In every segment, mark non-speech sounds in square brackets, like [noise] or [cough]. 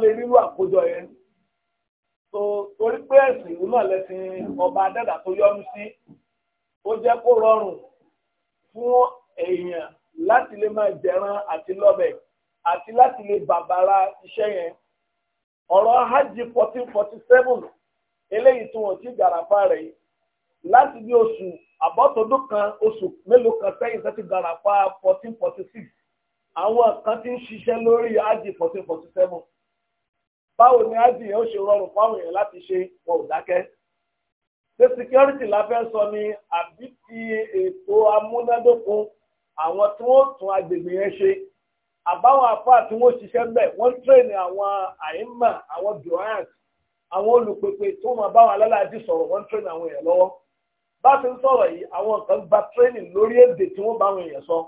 lè rírú àkójọ yẹn tó torí pé ẹ̀sìn ìlú náà lẹ́sìn ọba adẹ́dà tó yọ́nú sí ó jẹ́ kó rọrùn fún èèyàn láti lè máa jẹran àti lọ́bẹ̀ àti láti lè bàbára iṣẹ́ yẹn ọ̀rọ̀ hajj fourteen forty seven eléyìí tí wọ́n ti gàràfà rẹ̀ láti bí oṣù àbọ̀tọ̀dún kan oṣù mélòó kan sẹ́yìn tó ti fourteen forty six àwọn kan ti ń ṣiṣẹ́ lórí hajj fourteen forty seven báwo ni ájì yẹn ó ṣe rọrùn fáwọn èèyàn láti ṣe wọn ò dákẹ́ ṣé security la fẹ́ sọ ni àbí ti ètò amúnádókun àwọn tí wọ́n tún agbègbè yẹn ṣe àbáwọn àfáà tí wọ́n ṣiṣẹ́ ń bẹ̀ wọ́n tírèèni àwọn àìmọ̀ àwọn duhans àwọn olùpèpè tó máa báwọn alálàájì sọ̀rọ̀ wọ́n tírèèni àwọn èèyàn lọ́wọ́ bá ti ń sọ̀rọ̀ yìí àwọn kan gba tírèèni lórí èdè tí wọ́n báwọn èèyàn sọ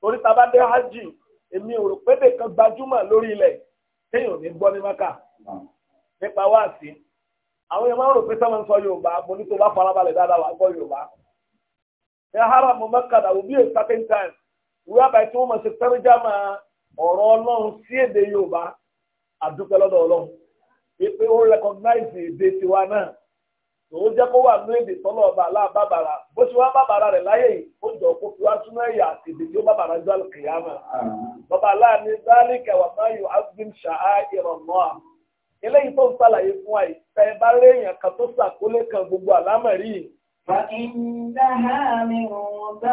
torí tá a bá dé hajj èmi ò rò pé èdè kan gbajúmọ̀ lórí ilẹ̀ téèyàn ò ní gbọ́ ní mẹ́kà nípa wáàsí àwọn yẹn máa ń rò pé sọ́mọ́ ń sọ yorùbá mo ní tó bá farabalẹ̀ dáadáa wà á gbọ́ yorùbá. ní haram mẹ́kà dàbò bí èyí certain time ìwé àbáyé tí wọ́n mọ̀ sí tẹ́rẹ́jà máa ọ̀rọ̀ ọlọ́run sí èdè yorùbá àdúpẹ́ lọ́dọ̀ òun jẹ́ kó wà ní èdè tọ́lọ̀ ọba aláàbàbàrà bó ṣe wá bàbàrà rẹ̀ láyé yìí ó jọ kó fi wá súnmọ́ ẹ̀yà àti èdè tí ó bàbàrà jọ àlùkìyàmà. bàbá aláàánú zálìkà yọ azim ṣáá à. eléyìí tó ń fún wa yìí bá rí èèyàn kan tó kan gbogbo àlámọ̀rí yìí. wà mi wà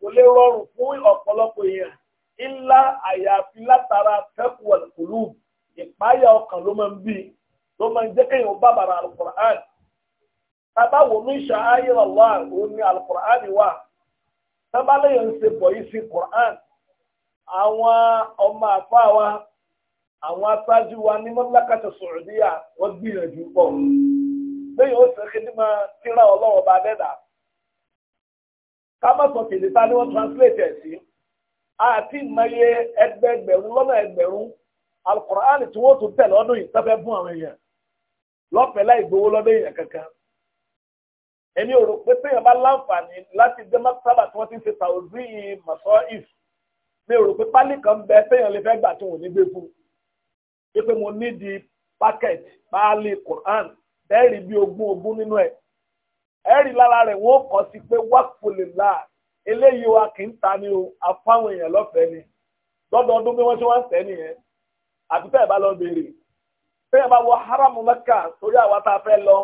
kò lè rọrùn fún ọ̀pọ̀lọpọ̀ èèyàn ló máa ń jẹ́ kéèyàn bá bàrà alukur'an tábà wò mí lọ́wọ́ òun ni alukur'an wà tábà lẹ́yìn ṣe bọ̀ yìí sí kur'an àwọn ọmọ àfa wa àwọn aṣáájú wa ni máa kíra ọlọ́wọ́ bá dẹ́dà ká sọ kìlì ni wọ́n translate ẹ̀ sí àti lọ́nà ẹgbẹ̀rún alukur'an tí wọ́n tún tẹ̀ lọ́dún yìí tẹ́fẹ́ fún àwọn èèyàn. lọ́fẹ̀ẹ́ láì gbowó lọ́dọ̀ èèyàn kankan èmi ò rò pé téèyàn bá láǹfààní láti dé mọ́tàbà tí wọ́n ti ń ṣe tàwùzí mọ̀sọ́ if mi ò rò pé pálí kan ń bẹ téèyàn lè fẹ́ gbà tí wọ́n ní gbé fún un pé mo ní di packet páálí Quran ẹ̀rí bíi ogún ogún nínú ẹ̀ ẹ̀rí lára rẹ̀ wọ́n kọ́ sí pé wákùlélà eléyìí wa kì í ta ni o àfáwọn èèyàn lọ́fẹ̀ẹ́ ni lọ́dọọdún bí wọ́n ṣe wá ń tẹ̀ nìyẹn àbí tẹ́ ẹ̀ bá lọ béèrè bẹ́ẹ̀ bá wọ haramu mẹ́kà sórí àwa tá a fẹ́ lọ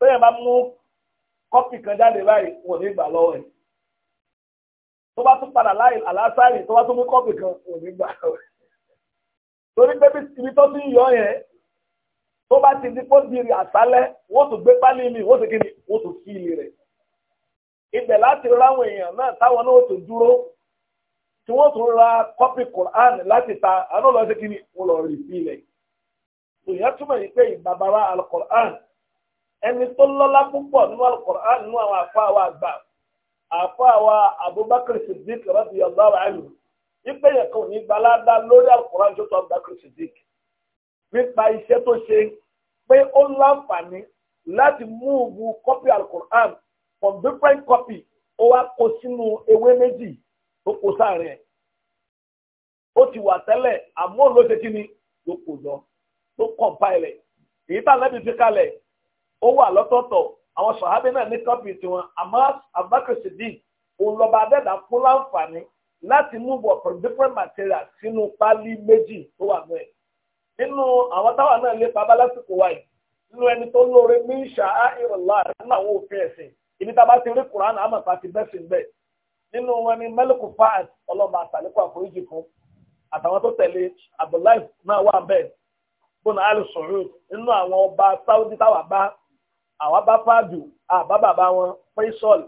bẹ́ẹ̀ bá mú kọ́pì kan jáde báyìí wọ́n ní gbà lọ́wọ́ ẹ̀ tó bá tún padà láì àlásàrì tó bá tún mú kọ́pì kan wọ́n ní gbà lọ́wọ́ ẹ̀ torí pé ibi tó ti ń yọ yẹn tó bá ti di kó di àṣálẹ́ wọ́n tún gbé pálí mi wọ́n tún kíni wọ́n tún fi ilé rẹ̀ ibẹ̀ láti ráwọn èèyàn náà táwọn náà tún dúró tí wọ́n tún ra kọ́pì Quran láti ta àánú lọ ìyẹn túmọ̀ yìí pé ìbàbára alukur'an ẹni tó lọ́lá púpọ̀ nínú alukur'an nínú àwọn àfa wa àgbà àfa wa abubakar yẹn kan ní gbalada lórí alukur'an tó tọ́ abubakar siddiq nípa iṣẹ́ tó ṣe pé ó láǹfààní láti múùbù kọ́pì alukur'an from different copy ó wá kó sínú ewé méjì tó kó ó ti wà tẹ́lẹ̀ àmọ́ ló ṣe kí ni ló kó ló kọ̀ǹpáìlẹ̀ èyí tá ànábì fi kalẹ̀ ó wà lọ́tọ̀ọ̀tọ̀ àwọn sàhábẹ́ náà ní kọ́pì tiwọn àmọ́ àbákẹ́sìdì òun lọ́ba adẹ́dà fún láǹfààní láti mú bọ̀ pẹ̀lú different material sínú pálí méjì tó wà nù ẹ̀ nínú àwọn táwa náà lé pabá lásìkò wa yìí nínú ẹni tó lóore mí ṣáá ìrọ̀lá nínú àwọn òfin ẹ̀sìn ibi tá a bá ti rí kùránù àmọ̀ pàtì bẹ́ẹ̀ sí bẹ́ẹ̀ nínú wọn ni mẹ́lẹ́kù fáàt ọlọ́mọ àtàlẹ́kọ̀ àforíjì fún àtàwọn tó tẹ̀lé Abdullahi náà wà bẹ́ẹ̀ fún al-Saud nínú àwọn ọba Saudi táwa bá àwa bá fáàdù àbá bàbá wọn Faisal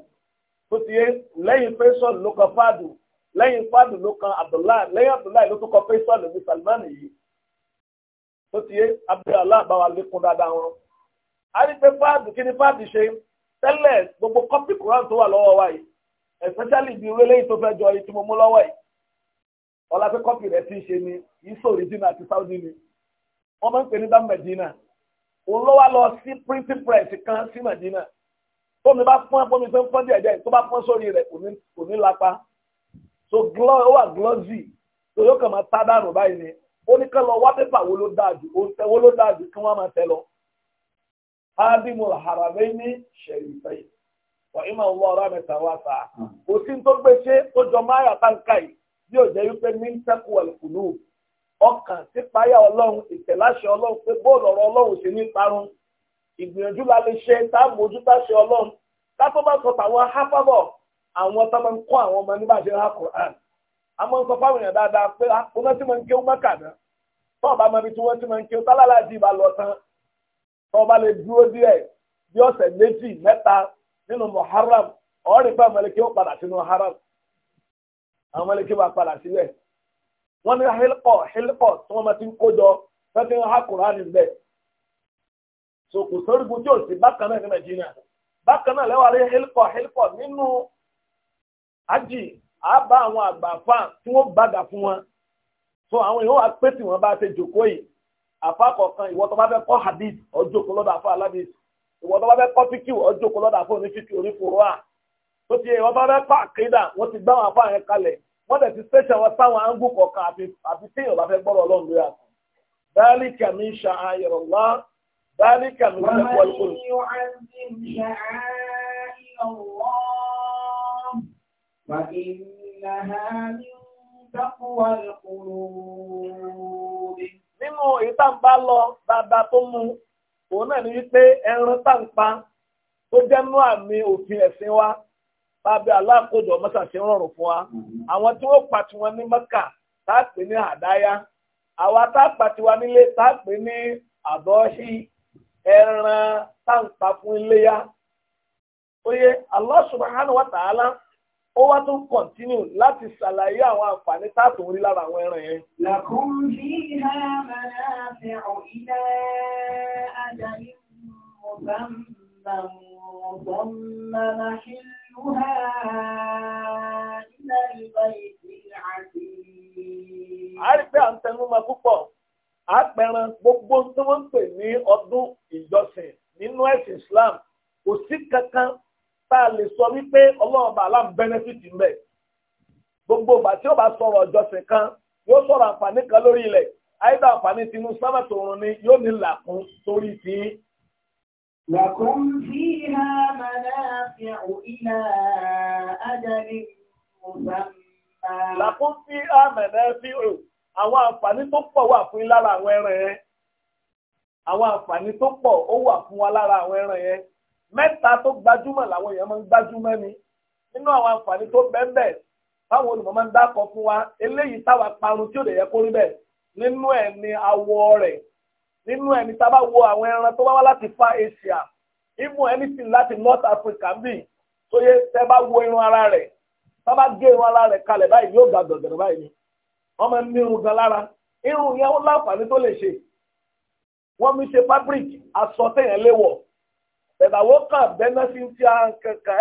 tó ti yé lẹ́yìn Faisal ló kan fáàdù lẹ́yìn fáàdù ló kan Abdullahi lẹ́yìn Abdullahi ló tún kan Faisal ní Salman yìí tó ti yé Abdullahi bá wa lékun dáadáa wọn. a rí pé fáàdù kí ni fáàdù ṣe tẹ́lẹ̀ gbogbo kọ́pì Quran tó wà lọ́wọ́ wa yìí especially bí irú eléyìí tó fẹ́ jọ èyí tí mo mú lọ́wọ́ yìí ọlá pé kọ́pì rẹ̀ ti ṣe ni yìí sọ wọ́n máa ń pè ní bá Medina òun ló wá lọ sí printing press kan sí Medina tómi bá pọ́n bómi tó ń pọ́n díẹ̀ díẹ̀ tó bá pọ́n sórí rẹ̀ kò ní lápá so ó wà glossy so yóò kàn máa tá dànù báyìí ni ó ní kán lọ wá pépà wo ló dáa jù wo ló dáa jù kí wọ́n máa tẹ lọ. ádìmù haramaini sharifaini wà ìmọ̀ ọ̀wọ́ ọ̀rọ̀ mẹ́ta wá sá hmm. kò sí tó gbé ṣe tó jọ máyà táǹkà yìí yóò jẹ́ wípé ní tẹ́kù ọkàn sí páyà ọlọ́run ìtẹ̀láṣẹ ọlọ́run pé bóòlù ọ̀rọ̀ ọlọ́run ṣe ní parun ìgbìyànjú la lè ṣe tá a mójú tá a ṣe ọlọ́run ká tó bá sọ tàwọn hápábọ̀ àwọn tó máa ń kọ́ àwọn ọmọ nígbà tí wọ́n á kọ̀ án a máa ń sọ fáwọn èèyàn dáadáa pé ah, oná tí máa ń kéwọ́ mọ́kàdá tó ọba máa bí tí wọ́n ti máa ń kéwọ́ tálálà dì bá lọ tán tó ọba lè dúró díẹ̀ bí ọ̀sẹ̀ méjì mẹ́ta nínú muharram ọ̀rẹ́ pé àwọn ọmọlẹ́kẹ́ wọ́n padà sínú haram àwọn ọmọlẹ́kẹ́ wọ́n padà sílẹ̀ wọ́n ní hílkọ̀ hílkọ̀ tí wọ́n máa ti ń kójọ fẹ́ẹ́ fi hàn kùránì bẹ́ẹ̀. so kò sórígun tí ò sí bákan náà ní nàìjíríà bákan náà lẹ́wọ̀ rí hílkọ̀ hílkọ̀ nínú ájì àbá àwọn àgbà fáà tí wọ́n gbàgà fún wọn so àwọn èèyàn wà pé tí wọ́n bá ṣe jòkó yìí àfa kọ̀ọ̀kan ìwọ tó bá fẹ́ kọ́ hadith ọjọ́kọ lọ́dọ̀ àfa aládìs ìwọ tó bá fẹ́ kọ́ fíkìw ọjọ́kọ lọ́dọ̀ àfa onífíkì orí fòrò à tó ti ìwọ tó bá fẹ́ kọ́ àkídà wọ́n ti gbá àwọn àfa yẹn kalẹ̀ wọ́n dẹ̀ ti ṣẹ̀ṣẹ̀ wọn sáwọn áńgù kọ̀ọ̀kan àfi téèyàn fẹ́ gbọ́rọ̀ ọlọ́run lórí àkọ́. kàmí ṣa ayọ̀rọ̀ kàmí ṣe pọ̀lùkù. nínú ìtàǹbá lọ dáadáa tó mú òun náà wípé ẹran tó jẹ́ nú àmì òfin ẹ̀sìn wa. lábẹ́ alákòjọ mọ́sàsí rọrùn fún wa mm-hmm. àwọn tí wọ́n pa ní mẹ́kà tá a pè ní àdáyá àwa tá a pa tiwa nílé tá a pè ní àdọ́ṣí ẹran tá a ń pa fún iléyá oyè Allah subhanahu wa ó wá tún kọ̀ntínú láti ṣàlàyé àwọn àǹfààní lára àwọn ẹran yẹn. ضم محلها إلى البيت العتيق àrígbé à ń tẹnumọ́ púpọ̀ àpẹran gbogbo tí wọ́n ń pè ní ọdún ìjọsìn nínú ẹ̀sìn Islam kò sí kankan tá a lè sọ wípé ọlọ́run bàálà ń bẹ́nẹ́fìtì mbẹ̀ gbogbo ìgbà tí ó bá sọ̀rọ̀ ìjọsìn kan yóò sọ̀rọ̀ àǹfààní kan lórí ilẹ̀ àìdá àǹfààní tinú sábà tòun ni yóò ní làkún torí tìyín لكم فيها منافع إلى أجل مسمى لكم فيها منافع àwọn àǹfààní tó pọ̀ wà fún lára àwọn ẹran yẹn àwọn àǹfààní tó pọ̀ ó wà fún wa lára àwọn ẹran yẹn mẹ́ta tó gbajúmọ̀ làwọn èèyàn máa ń gbajúmọ̀ ni nínú àwọn àǹfààní tó bẹ́ẹ̀ táwọn olùmọ̀ máa ń dákọ̀ fún wa eléyìí táwa parun tí ò lè yẹ kó rí bẹ́ẹ̀ nínú ẹ̀ ni awọ rẹ̀ nínú ẹni tá a bá wo àwọn ẹran tó bá wá láti fa Asia even láti North Africa ń tó yẹ bá wo irun ara rẹ tá a irun ara rẹ kalẹ̀ báyìí yóò ga gbọ̀gbẹ̀rẹ̀ báyìí ni máa ń ní irun gan lára irun yẹn tó lè ṣe wọ́n mi fabric aṣọ téèyàn ẹ̀dàwó kan sí ti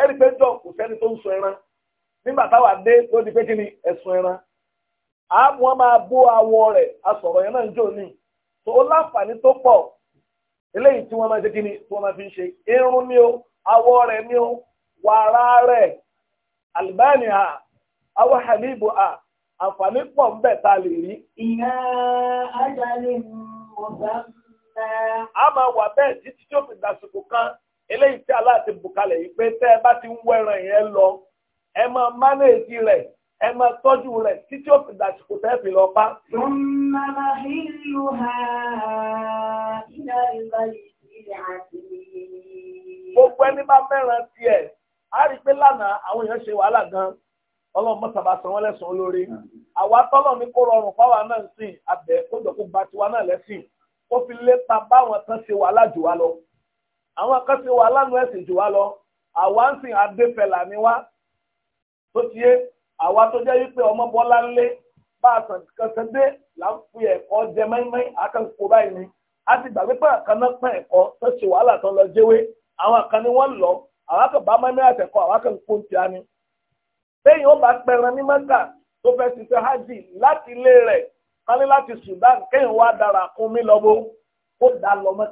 ẹ̀rí pé jọ kò sẹ́ni tó ń sun ẹran nígbà táwa dé ló di awọ rẹ̀ yẹn náà ń jò tó ó láǹfààní tó pọ̀ eléyìí tí wọ́n máa ṣe kíni tí wọ́n máa fi ń ṣe irun ni o awọ rẹ̀ ni o wàrà rẹ̀ alibani ha awọ halibu ha àǹfààní pọ̀ ń bẹ̀ tá a lè rí. ìyá ajáde mẹ́. a máa wà bẹ́ẹ̀ títí tí kan eléyìí tí aláàtì yìí pé tẹ́ ẹ bá ti ń wẹ́ran yẹn lọ ẹ máa mánéèjì ẹ máa tọ́jú rẹ̀ títí ó fi dàsìkò tẹ́ fi lọ pa. Màmá ìlú ha iná ìlà ìsìlẹ̀ àti. Gbogbo ẹni bá fẹ́ràn tiẹ̀, a rí i pé lánàá àwọn èèyàn ṣe wàhálà gan-an. Ọlọ́run mọ́ sábà san wọ́n lẹ́sàn-án olórí. Àwa tọ́lọ̀ ní kó rọrùn fáwa náà sìn abẹ́ kó jọ kó gba tiwa náà lẹ́sìn. Ó fi lépa báwọn kan ṣe wàhálà jù wá lọ. Àwọn kan ṣe wàhálà nù ẹ̀sìn jù wá lọ. Àwa ń sìn adéfẹ̀là ni wá. Tó ti yé àwa tó jẹ́ wípé ọmọ bọ́lá ńlé bá a sàn kankan dé là ń fi ẹ̀kọ́ jẹ mẹ́mẹ́ báyìí ni a ti gbàgbé pé àkànná ẹ̀kọ́ tó ṣe lọ jẹ́wé àwọn ni wọ́n lọ àwọn mẹ́mẹ́ àtẹ̀kọ́ àwọn ń lẹ́yìn ó bá pẹran ní mẹ́ta tó Sudan kéèyàn wá dara dá lọ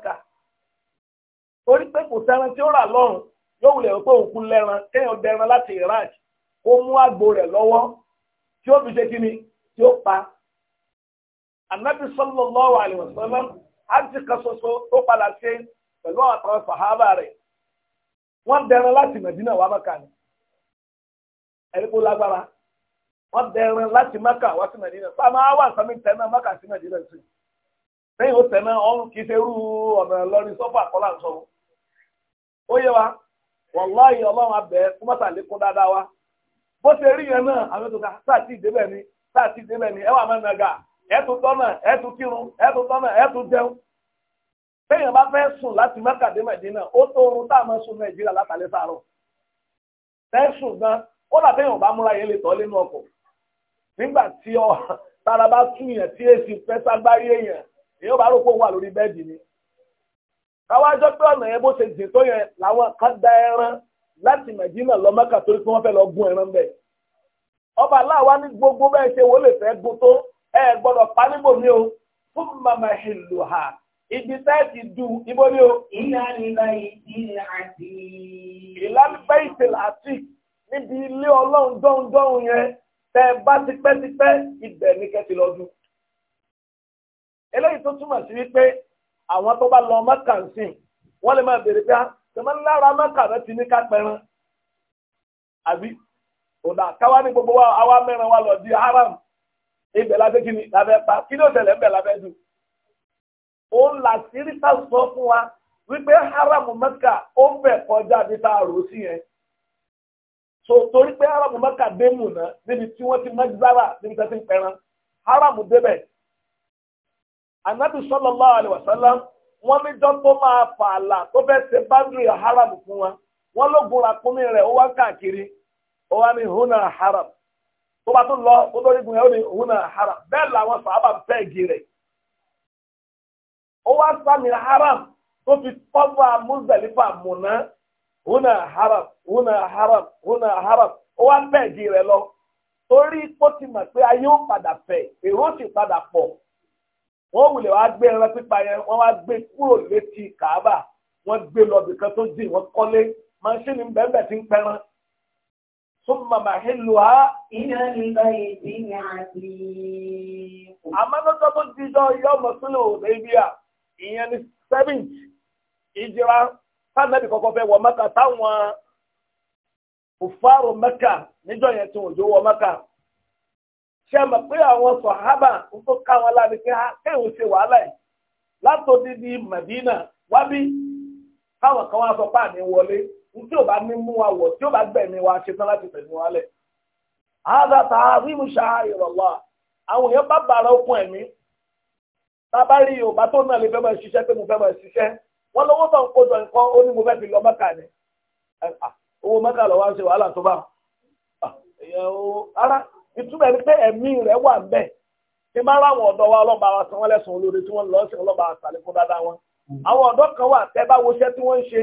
torí pé kò sẹ́ran tí ó rà lọ́rùn yóò wulẹ̀ o mú àgbo rẹ̀ lọ́wọ́ tí ó fi ṣe kí ni tí ó pa anabi sallallahu alaihi wasallam àti kan tó padà ṣe pẹ̀lú àwọn sàhábà rẹ̀ wọ́n dẹran láti Mẹ̀dínà wá Mẹ́kà ni ẹni kó lágbára wọ́n dẹran láti Mẹ́kà wá sí Mẹ̀dínà si máa wà sọmi tẹ̀nà Mẹ́kà sí Mẹ̀dínà sí lẹ́yìn ó ọ̀run kì í wa ọlọ́run wa bó ṣe rí yẹn náà àwọn ètò kan sáà tí ì débẹ̀ ni sáà tí ì débẹ̀ ni ẹ wà máa nàgà ẹ tún tọ́nà ẹ tún kírun ẹ tún tọ́nà ẹ tún jẹun. téèyàn bá fẹ́ sùn láti Mẹ́kà dé Mẹ̀dínà ó tó oorun tá a máa sùn Nàìjíríà látàlẹ́ sàárọ̀. fẹ́ sùn gan ó là téèyàn bá múra yẹn lè tọ́ lẹ́nu ọkọ̀. nígbà tí ọ tára bá tún yẹn tí èsì fẹ́ ságbárí èèyàn èèyàn bá rò pé òun wà lórí bẹ́ẹ̀dì ni. káwájọ́ pé ọ̀nà láti Mẹ̀dínà lọ Mẹ́kà torí pé wọ́n fẹ́ lọ gún ẹran bẹ́ẹ̀. ọba aláwa ní gbogbo bẹ́ẹ̀ ṣe wọlé fẹ́ gun tó ẹ gbọ́dọ̀ pa níbò ní o fún mama ìlú ha ibi tẹ́ ti du ibo ní o. ìlànà ìdílé àti. ìlànà ìdílé àti níbi ilé ọlọ́run dọ́ndọ́run yẹn tẹ́ ẹ bá tipẹ́tipẹ́ ibẹ̀ ní kẹ́tì lọ́dún. eléyìí tó túmọ̀ sí wípé àwọn tó bá lọ Mẹ́kà ń sìn wọ́n lè máa béèrè pé tẹmọ lára mẹ́kà rẹ ti ní ká pẹran àbí ọ̀dà káwá ní gbogbo àwa mẹ́rin wa lọ di haram ibẹ̀ lábẹ́ kí ni lábẹ́ pa kí ni ó tẹ̀lé ńbẹ̀ lábẹ́ dùn. ó ń là síríta sọ fún wa wípé haram mẹ́kà ó fẹ̀ kọjá bí tá a rò sí yẹn. so torí pé haram mẹ́kà dé mù náà níbi tí wọ́n ti mẹ́gbára níbi tí wọ́n ti pẹran haram débẹ̀. anabi sallallahu alaihi wasallam. wọ́n ní dọ́gbó máa fà tó fẹ́ ṣe bádùrì haram fún wa wọ́n ló gun ràkúnmí rẹ̀ ó wá káàkiri ó wá ní haram tó bá lọ ó lórí gun yẹn ó ní húnà haram bẹ́ẹ̀ làwọn sàábà rẹ̀ ó wá sàmì haram tó fi kọ́fà Muzdalifa múná húnà haram húnà haram húnà haram ó wá fẹ́ rẹ̀ lọ torí pé ayé ó wọ́n wulẹ̀ wá gbé ẹran pípa yẹn wọ́n wá gbé kúrò létí kàábà wọ́n gbé lọ bìkan tó dì wọ́n kọ́lé máṣíìnì bẹ́ẹ̀ ti ń pẹran. Súnmọ̀ màhílù á. Iná nígbà èdè ní àti. Àmọ́ lọ́jọ́ tó jíjọ́ yọ̀mọ̀ sílẹ̀ òde ibi à, ìyẹn ni seventh ìjìra sanabi kọ́kọ́ fẹ́ wọ Mẹ́kà táwọn òfààrò Mẹ́kà níjọ́ yẹn tí wọ́n jó wọ Mẹ́kà ṣe mọ̀ pé àwọn sọ̀hábà ń tó ká wọn láàrin pé ah, kéwòn ṣe wàhálà yìí látòdì ní Mẹ̀dínà wábí káwọn kan wá sọ páàní wọlé ní tí ò bá ní mú wa wọ̀ tí ò bá gbẹ̀mí wa ṣe tán láti tẹ̀mí wa lẹ̀. àádọ́ ta rímu ṣáá ìrọ̀lọ́ àwọn èèyàn bá bàrà okun ẹ̀mí tábà rí Yorùbá tó náà lè fẹ́ máa ṣiṣẹ́ pé mo fẹ́ máa ṣiṣẹ́ wọn lọ́wọ́ tó ń kójọ nǹkan ó ní mo fẹ́ fi lọ Mẹ́kà ni owó Mẹ́kà lọ́wọ́ ṣe wàhálà tó bá ara ìtumọ̀ ẹni pé ẹ̀mí rẹ̀ wà ń bẹ̀ máa láwọn ọ̀dọ́ wa ọlọ́ba wa sanwó lẹ́sùn olóore tí wọ́n lọ sí ọlọ́ba àtàlẹ́ fún dáadáa wọn. àwọn ọ̀dọ́ kan wà tẹ́ bá wo tí wọ́n ń ṣe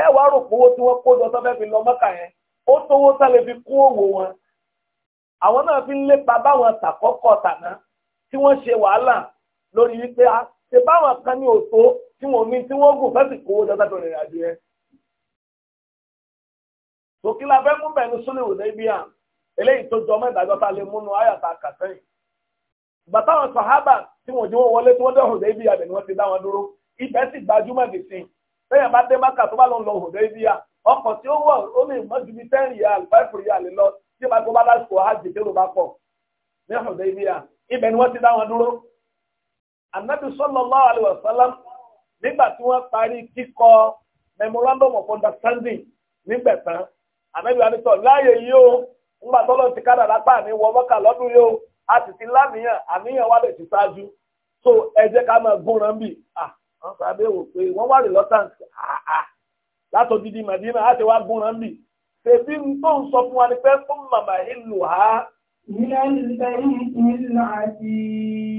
ẹ wàá rò pé owó tí wọ́n kó fẹ́ fi lọ mọ́kà yẹn ó tówó sálẹ̀ fi kún òwò wọn. àwọn náà fi ń lépa báwọn ah, kan ní òtó tí wọ́n mi tí wọ́n gùn sì kówó àjò yẹn. eléyìí tó jọ mọ́ ìdájọ́ tá a lè múnú ayàtà kàtẹ́yìn bàtà àwọn sàhábà tí wọ́n jẹ́ wọ́n wọlé tí wọ́n dé Hudaybiya ni wọ́n ti dá wọn dúró ibẹ̀ sì gbajúmọ̀ nìsín bẹ́ẹ̀ bá dé Mákà tó bá lọ lọ Hudaybiya ọkọ̀ tí ó wọ̀ ó lè mọ́ ju bí ten rial five rial lọ tí ó bá gbọ́ bá lásìkò hajj tí ó bá pọ̀ ní Hudaybiya ibẹ̀ ni wọ́n ti dá wọn dúró. ńgbà tọ́lọ́ ti kádà lápá mi wọ mọ́kà lọ́dún yóò a sì ti láníyàn àníyàn wà lè ti ṣáájú so ẹ jẹ́ ká máa gúnran bì àwọn sàbẹ̀ wò pé wọ́n wà lè lọ́tàn látọ̀dídì màdínà á ti wá gúnran bì ṣèbí tó ń sọ fún wa ni pé fún màmá ìlú ha.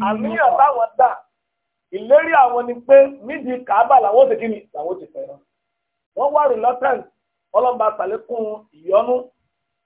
àníyàn táwọn dà ìlérí àwọn ni pé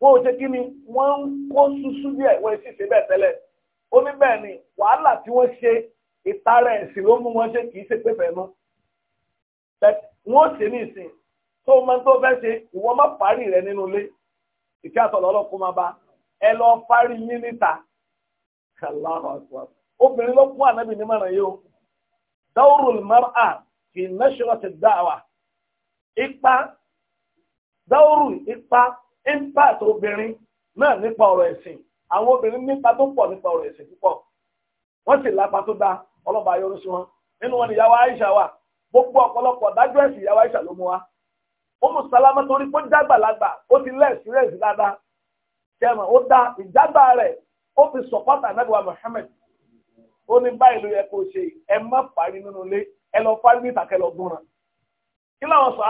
wọn ò ṣe kí ni wọ́n ń kó ṣuṣú díẹ̀ wọ́n sì ṣe bẹ́ẹ̀ tẹ́lẹ̀ ó ní bẹ́ẹ̀ ni wàhálà tí wọ́n ṣe ìtara ẹ̀sìn ló mú wọn ṣe kì í ṣe pé fẹ́ẹ́ mọ́ wọ́n ṣe ní ìsìn tó o máa tó fẹ́ ṣe ìwọ má parí rẹ nínú ilé ìkẹ́ àtọ̀lọ́ ọlọ́kùn máa bá ẹ lọ parí yín níta obìnrin ló kún ànábì nímọ̀ràn yìí o dawrul mar'a fi nashrati da'wa ipa dawrul ipa impact obìnrin náà nípa ọ̀rọ̀ ẹ̀sìn àwọn obìnrin nípa tó pọ̀ nípa ọ̀rọ̀ ẹ̀sìn púpọ̀ wọ́n sì lápá tó dáa ọlọ́ba ayọ́rú sí wọn nínú wọn ìyàwó Aisha wà gbogbo ọ̀pọ̀lọpọ̀ dájọ́ ẹ̀sìn ìyàwó Aisha ló mú wa Umu Salama torí pé jágbàlagbà ó ti lẹ́ẹ̀sì rẹ̀sì dáadáa kẹmọ̀ ó dá ìjágbá rẹ̀ ó fi sọ̀pọ̀tà nàbẹ̀wá Muhammad ó ní báyìí ló yẹ kó ṣe ẹ má parí nínú ilé ẹ lọ parí níta kẹ lọ gbọ́ràn kí làwọn sọ̀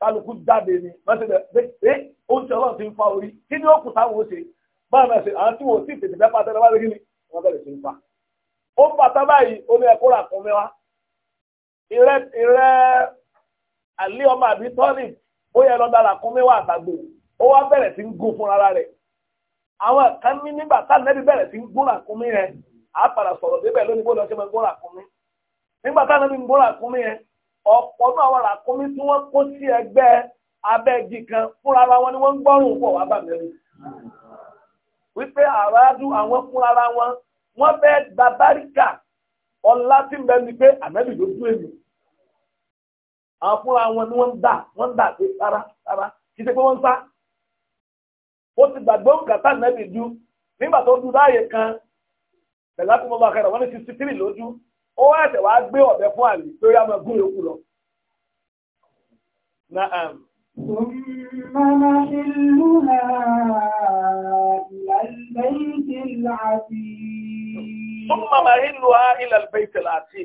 kálukú jáde ni mọ́tẹ́lẹ̀ ẹ́ oúnjẹ ọlọ́run ti ń fa orí kí ni ó kù táwọn ó ṣe báwo náà ṣe àwọn tí wọ́n sì tètè fẹ́ pàtẹ́lẹ́ wá lé kí ni wọ́n bẹ̀rẹ̀ sí ń fa. ó ń bàtà báyìí omi ẹ̀kọ́ rà kún mi wá. ìrẹ́ ìrẹ́ àlẹ́ ọmọ àbí tọ́lì ó yẹ lọ́dà rà kún mi wá àtàgbò ó wá bẹ̀rẹ̀ sí ń gún fún ara rẹ̀. àwọn kan ní nígbà tá bẹ̀rẹ̀ sí ń gún rà kún mi yẹn ọ̀pọ̀ náà wà ràkúnmí tí wọ́n kó sí ẹgbẹ́ abẹ́gi kan fúnra ara wọn ni wọ́n ń gbọ́rùn pọ̀ wá bàmẹ́rin wípé àràádú àwọn fúnra ara wọn wọ́n fẹ́ gba báríkà ọlá tí ń bẹ ni pé àmẹ́bí ló dún èmi àwọn fúnra wọn ni wọ́n ń dà wọ́n ń dà pé rárá rárá kì í ṣe pé wọ́n ń sá ó ti gbàgbé òǹkà tá àmẹ́bí dún nígbà tó dún láàyè kan pẹ̀lú àkómọ́ kẹrẹ̀ wọ́n ní sixty three lójú ó wá ẹ̀sẹ̀ wá gbé ọ̀bẹ fún àmì lórí àmọ́ gún yòókù lọ. Súnmọ́ màrí lu ha ilẹ̀ ìbẹ̀tẹ̀ láti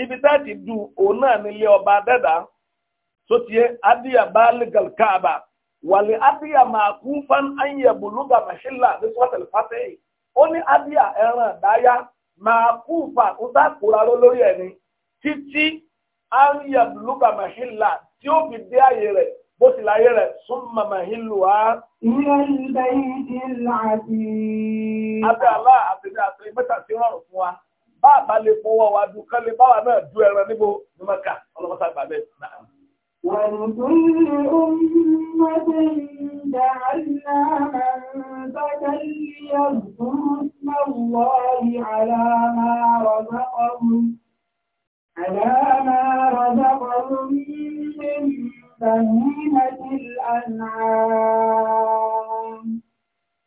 ibi táàtì du òun náà nílé ọba dẹ́dà tó tiẹ̀ adìyà bá lẹ́gàl káàbà wàlẹ̀ adìyà máa kú fún ayẹ̀bùlúgà màṣílà ní sọ́tẹ̀lẹ̀ fàtẹ́yì ó ní adìyà ẹran dáyà máa kú fà kó sákòrà lórí ẹni títí ariam luka mahila tí ó fi dé ààyè rẹ̀ bó ti láyé rẹ̀ súnmọ́ mahilu wa. ìyá ìgbà yìí ti ń là sí. abẹ́ àlá àtẹ̀lé àtẹ̀lé mẹ́ta ti rọrùn fún wa bá a bá lè fọwọ́ wa dùn kán lè bá wa náà du ẹran níbo ní mẹ́ka ọlọ́mọta gbà bẹ́ẹ̀ náà. ولكل أمة جعلنا منبتا ليذكروا اسم الله بهيمة الأنعام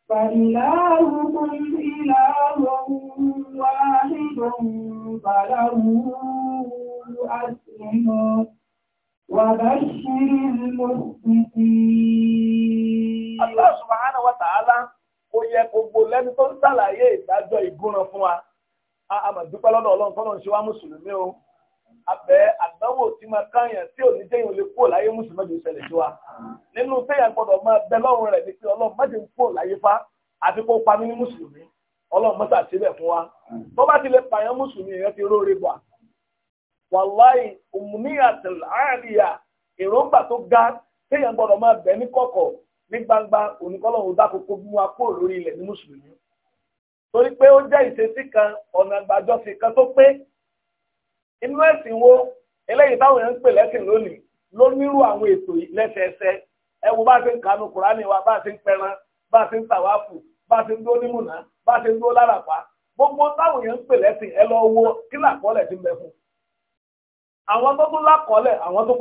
فإلهكم إله واحد فله أسلموا وبشر المسلمين الله سبحانه وتعالى kò yẹ gbogbo lẹ́ni tó ń ṣàlàyé ìdájọ́ ìgúnran fún wa a máa dúpẹ́ lọ́dọ̀ Ọlọ́run tọ́lọ́run ṣe wá mùsùlùmí o abẹ́ àdánwò tí máa káyàn tí ò ní jẹ́ ìhòòlè kúrò láyé mùsùlùmí ọdún ìṣẹ̀lẹ̀ sí wa nínú téyà gbọ́dọ̀ máa bẹ lọ́rùn rẹ̀ ní pé ọlọ́run má jẹ́ ń kúrò láyé fá àti kó pa mí ní mùsùlùmí ọlọ́run mọ́tà síbẹ̀ fún wa tó bá ti lè pààyàn mùsùlùmí èèyàn ti róore bọ̀ wàláì òmùníyàtìl àríyà èròǹgbà tó ga téèyàn gbọ́dọ̀ máa bẹ̀ ní kọ̀kọ̀ ní gbangba oníkọ́lọ́run dákòókò bí wọn kúrò lórí ilẹ̀ ní mùsùlùmí torí pé ó jẹ́ ìṣesí kan ọ̀nà àgbàjọsìn kan tó pé inú ẹ̀sìn wo eléyìí táwọn èèyàn ń pè lẹ́sìn lónìí ló nírú àwọn ètò lẹ́sẹẹsẹ ẹ bá kanu kùránì wa bá a ti ń pẹran bá a ti ń tàwáfù bá ti ń gbogbo táwọn èèyàn ń pè lẹ́sìn ẹ lọ wo kí làkọọ́lẹ̀ ti ń bẹ fún àwọn tó tún àwọn tó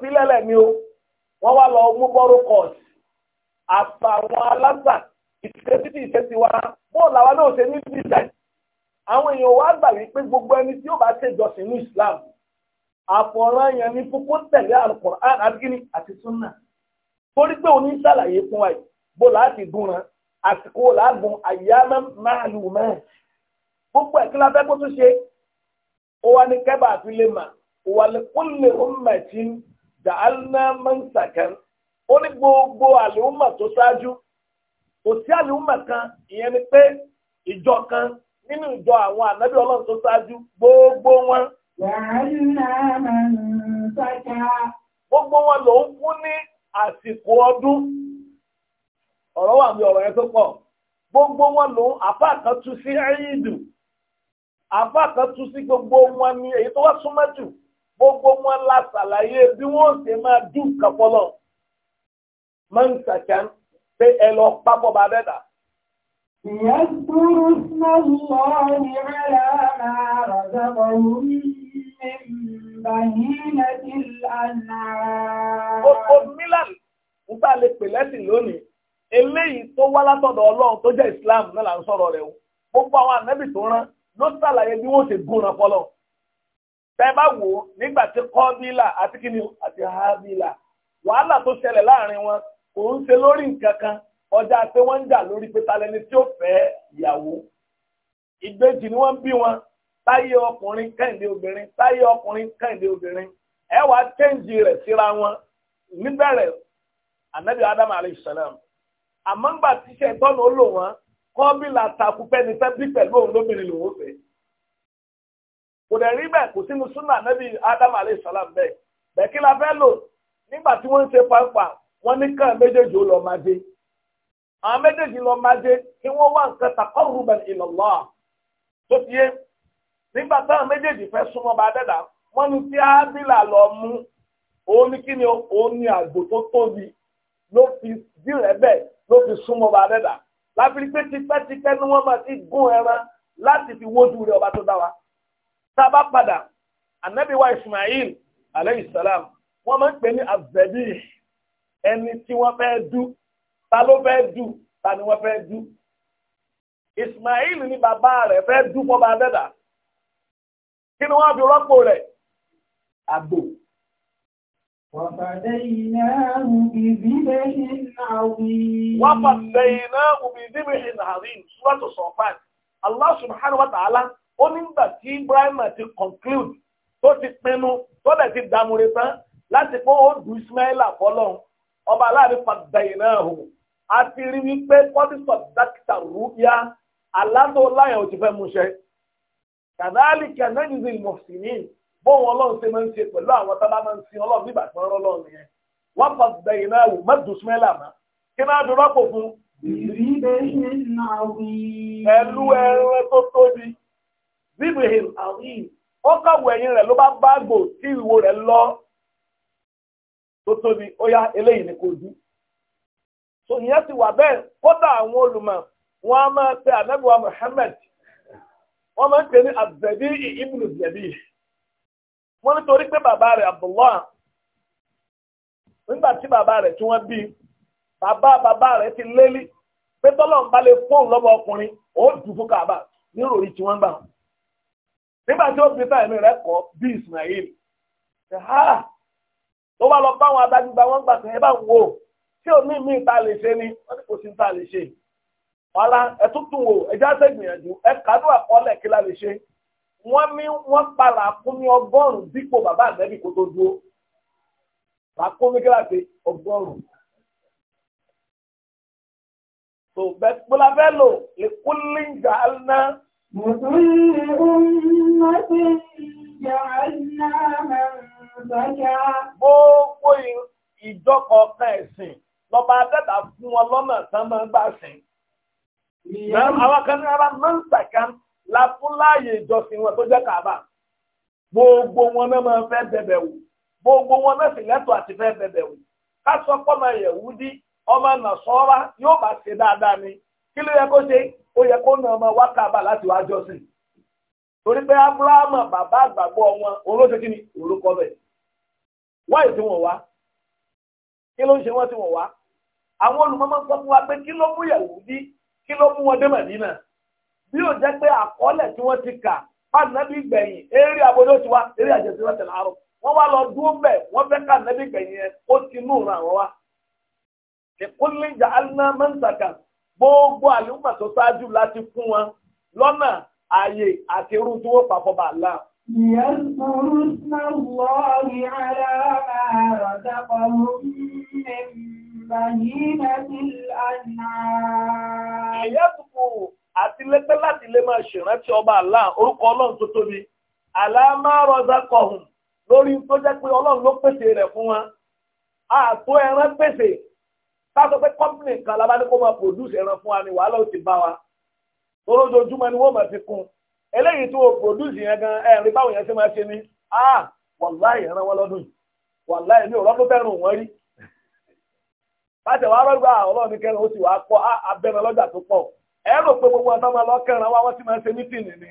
fi lẹ́lẹ̀ ni o wọ́n wá lọ mú bọ́rọ̀ kọ́ọ̀sì àtàwọn alágbà ìṣesí ti ìṣesí wa bóòlù náà ṣe ní àwọn èèyàn wá gbà wípé gbogbo ẹni tí ó bá ṣèjọsìn ní Islam àfọ̀ràn yẹn ní kókó tẹ̀lé Al-Qur'an àdìgínní àti súnà torí pé òní ṣàlàyé fún wa yìí bó láti gúnran àsìkò làágùn àyámẹ́ máàlù mẹ́ẹ̀ gbogbo ẹ̀ kí la fẹ́ kó tún ṣe ó wá ní kẹ́bà àfi lè mà wà lè kó lè ó mà tí dàálná máa ń sàkán ó ní gbogbo àlè tó ṣáájú kò sí àlè kan ìyẹn ni pé ìjọ kan nínú ìjọ àwọn ànábì ọlọ́run tó ṣáájú gbogbo wọn. gbogbo wọn ló ń fún ní àsìkò ọdún ọ̀rọ̀ wà ní ọ̀rọ̀ yẹn tó pọ̀ gbogbo wọn ló ń apá kan tú sí ẹ̀yìndù apá kan tú sí gbogbo wọn ní èyí tó wá súnmọ́ jù gbogbo wọn la ṣàlàyé bí wọ́n ṣe máa dùn kápọ́lọ̀ máa ń ṣàkíyàn pé ẹ lọ pápọ̀ bá bẹ́ẹ̀ dà. ليذكروا اسم الله على ما رزقهم من بهيمة الأنعام. Gbogbo Milan pè lẹ́sìn lónìí. Eléyìí tó wá látọ̀dọ̀ Ọlọ́run tó jẹ́ Islam náà là ń sọ̀rọ̀ rẹ̀ o. Gbogbo àwọn ànábì tó rán ló ṣàlàyé bí wọ́n ṣe gúnra bá wò ó nígbà tí Kọ́bílà àti àti wàhálà tó ṣẹlẹ̀ láàrin wọn kò ń ṣe lórí ọjà pé wọ́n ń jà lórí pé talẹ́ni tí ó fẹ́ ìyàwó ìgbéjì ni wọ́n bí wọn táyé ọkùnrin kẹ́hìndé obìnrin táyé ọkùnrin kẹ́hìndé obìnrin ẹ wá kéǹjì rẹ̀ síra wọn níbẹ̀rẹ̀ anabi adam alayhisalam àmọ́ ńgbà tíṣẹ́ tọ́nà ó lò wọ́n kọ́bílà takú pẹ́ni fẹ́ bí pẹ̀lú òun lóbìnrin lòun ó fẹ́ kò dẹ̀ rí bẹ́ẹ̀ kò sínú súnà anabi adam alayhisalam bẹ́ẹ̀ bẹ́ẹ̀ kí la fẹ́ lò nígbà tí wọ́n ń ṣe pàápàá wọ́n ní kàn méjèèjì ó lọ́ọ́ máa dé àwọn méjèèjì lọ máa dé kí wọ́n wá nǹkan taqarruban ila Allah tó ti yé nígbà táwọn méjèèjì fẹ́ súnmọ́ bá dẹ́dà wọ́n ní tí ábílà lọ mú òun ní kí ni òun ní àgbò tó tóbi ló fi dìrẹ́ bẹ́ẹ̀ ló fi súnmọ́ bá dẹ́dà láfi pé tipẹ́tipẹ́ ni wọ́n máa ti gún ẹran láti fi wójú rẹ̀ ọba tó dá wa tá a bá padà anabi Ismail alayhi salam wọ́n máa ń pè ní azẹ́bí ẹni tí wọ́n fẹ́ dú ta ló fẹ́ dù ta ni wọ́n fẹ́ dù Ismail ni bàbá rẹ̀ fẹ́ dù fọ́ba abẹ́dà kí ni wọ́n fi rọ́pò rẹ̀ àgbò. Wọ́n fàdé iná òbí bíbé ìhìn àrín Súrọ́tù Sọ̀fàn. Allah subhanahu wa ta'ala ó nígbà tí Ibrahim ti conclude tó ti pinnu tó dẹ̀ ti dàmúre tán láti pé ó dù Ismaila fọ́lọ́run. Ọba aláàrin fàdé iná òbí. a ti rí wípé kọ́dísọ̀ dákítà rúbíà alátó ò ti fẹ́ mú ṣe kàdáàlì kẹ̀nẹ́gìzì mọ̀sìnì bóun ọlọ́run ṣe máa ń ṣe pẹ̀lú àwọn tábà máa ń sin ọlọ́run yẹn wọ́n fọ na náà wò kí náà dúró pò fún. tó tóbi bíbélì àwìn ó ló bá bá gbò so ìyẹn ti wà bẹ́ẹ̀ kódà àwọn olùmọ̀ wọn a máa pe anabiwa Muhammad wọn máa ń pè ní azẹbi ibùdó zẹbi wọn nítorí pé bàbá rẹ̀ Abdullah nígbà tí bàbá rẹ̀ tí wọ́n bí bàbá bàbá rẹ̀ ti lélí pé tọ́lọ̀ ń balẹ̀ fóun lọ́wọ́ ọkùnrin ó dùn fún kàbà níròrí tí wọ́n nígbà tí ó fi kọ́ bí Ismail tí omi mi ta lè ṣe ni wọ́n ní kò sí ta lè ṣe ọ̀la ẹ̀tútùn wò ẹ̀já sẹ́gbìyànjú ẹ̀kánú àkọọ́lẹ̀ kí la lè ṣe wọ́n ní wọ́n pa làákúnmí ọgọ́rùn-ún dípò bàbá àgbẹ̀bí kó tó dúró làákúnmí kí la ṣe ọgọ́rùn tó bẹ́ẹ̀ gbọ́dọ̀ fẹ́ lò ìkúlíńjà ìjà ná gbogbo ìjọ kọ̀ọ̀kan ẹ̀sìn lọ́ba abẹ́ta fún wọn lọ́nà tán máa ń gbà sìn. àwọn kan ní ara máa ń sàkán la fún láàyè ìjọsìn wọn tó jẹ́ kàbà gbogbo wọn náà máa fẹ́ bẹ̀bẹ̀ wò gbogbo wọn náà sì lẹ́tọ̀ọ́ àti fẹ́ bẹ̀bẹ̀ wò ká sọ pọ́nmọ yẹ̀wúdí ọmọ nàṣọ́ra yóò bá ṣe dáadáa ni kí ló yẹ kó ṣe ó yẹ kó nà ọmọ wá kàbà láti wá jọ́sìn torí pé Ábúráhámù bàbá àgbàgbọ́ wọn olóṣè kí ni orúkọ bẹ̀ wáyé tí wọ́n wá kí ló ń ṣe wọ́n tí wọ́n wá àwọn olùmọ́mọ́ sọ fún wa pé kí ló mú Yẹ̀húdí kí ló mú wọn dé bí ó jẹ pé àkọọ́lẹ̀ tí wọn ti kà pàdánù gbẹ̀yìn eré abodó ti wá eré àjẹsí wọn tẹ̀lé àárọ̀ wọn wá lọ dúró wọ́n fẹ́ ká nẹ́bí gbẹ̀yìn yẹn ó ti nù ràn wá. ìkúnlẹ̀ ìjà gbogbo àlùmọ̀ tó ṣáájú láti fún wọn lọ́nà àti irú tí wọ́n bá Ìyẹ́sùkù àti lẹ́gbẹ́ láti lè máa ṣèrántí ọba àlá orúkọ ọlọ́run tó tóbi. Àlámá rọ́dá kọ̀hùn lórí tó jẹ́ pé ọlọ́run ló pèsè rẹ̀ fún wọn. Ààtò ẹran pèsè. Táṣọ pé kọ́mpìnì kan lábá ní kó máa pòdúsì ẹran fún wa ni wàhálà ó ti bá wa. Lójoojúmọ́ ni wọ́n máa fi kún. Eléyìí tó pòdúsì yẹn gan ẹ̀rín báwọn yẹn ṣe máa ṣe ni. Ah! Wàláì ẹran wọn lọ́dún yìí. Wàláì mi ò rọ́pọ̀ fẹ́ràn wọn rí. láti wàá rọgbà ọlọ́ọ̀ni kẹrin ó sì wàá pọ̀ abẹ́rẹ́ lọ́jà tó pọ̀ ẹ rò pé gbogbo ọ̀nà ọmọ ọlọ́kẹrin wọ́n ti máa ṣe mítìnì ni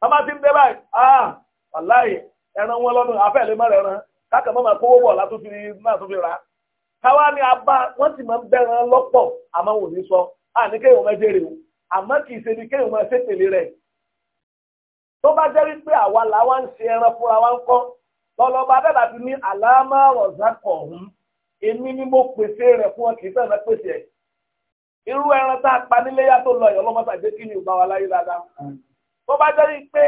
wọ́n máa ti ń dé báyìí ah wàláyé ẹran wọn lọ́nu àfẹ́lẹ́ mọ́ ẹran káàkiri máa kówó bọ̀ látó fi náà tó fi rà ni abá wọ́n sì máa ń bẹ̀rẹ̀ sọ àní kéèyàn máa jèrè o àmọ́ kì í ṣe ni máa ti ní àlámà ọ̀hún èmi ni mo pèsè rẹ̀ fún wọn kì í sẹ́yìn pèsè ẹ̀ irú ẹran tá a pa níléyà tó lọ ìyọ́ lọ́mọ́ta jẹ́ kí ni ò bá wa láyé dáadáa tó bá jẹ́ pé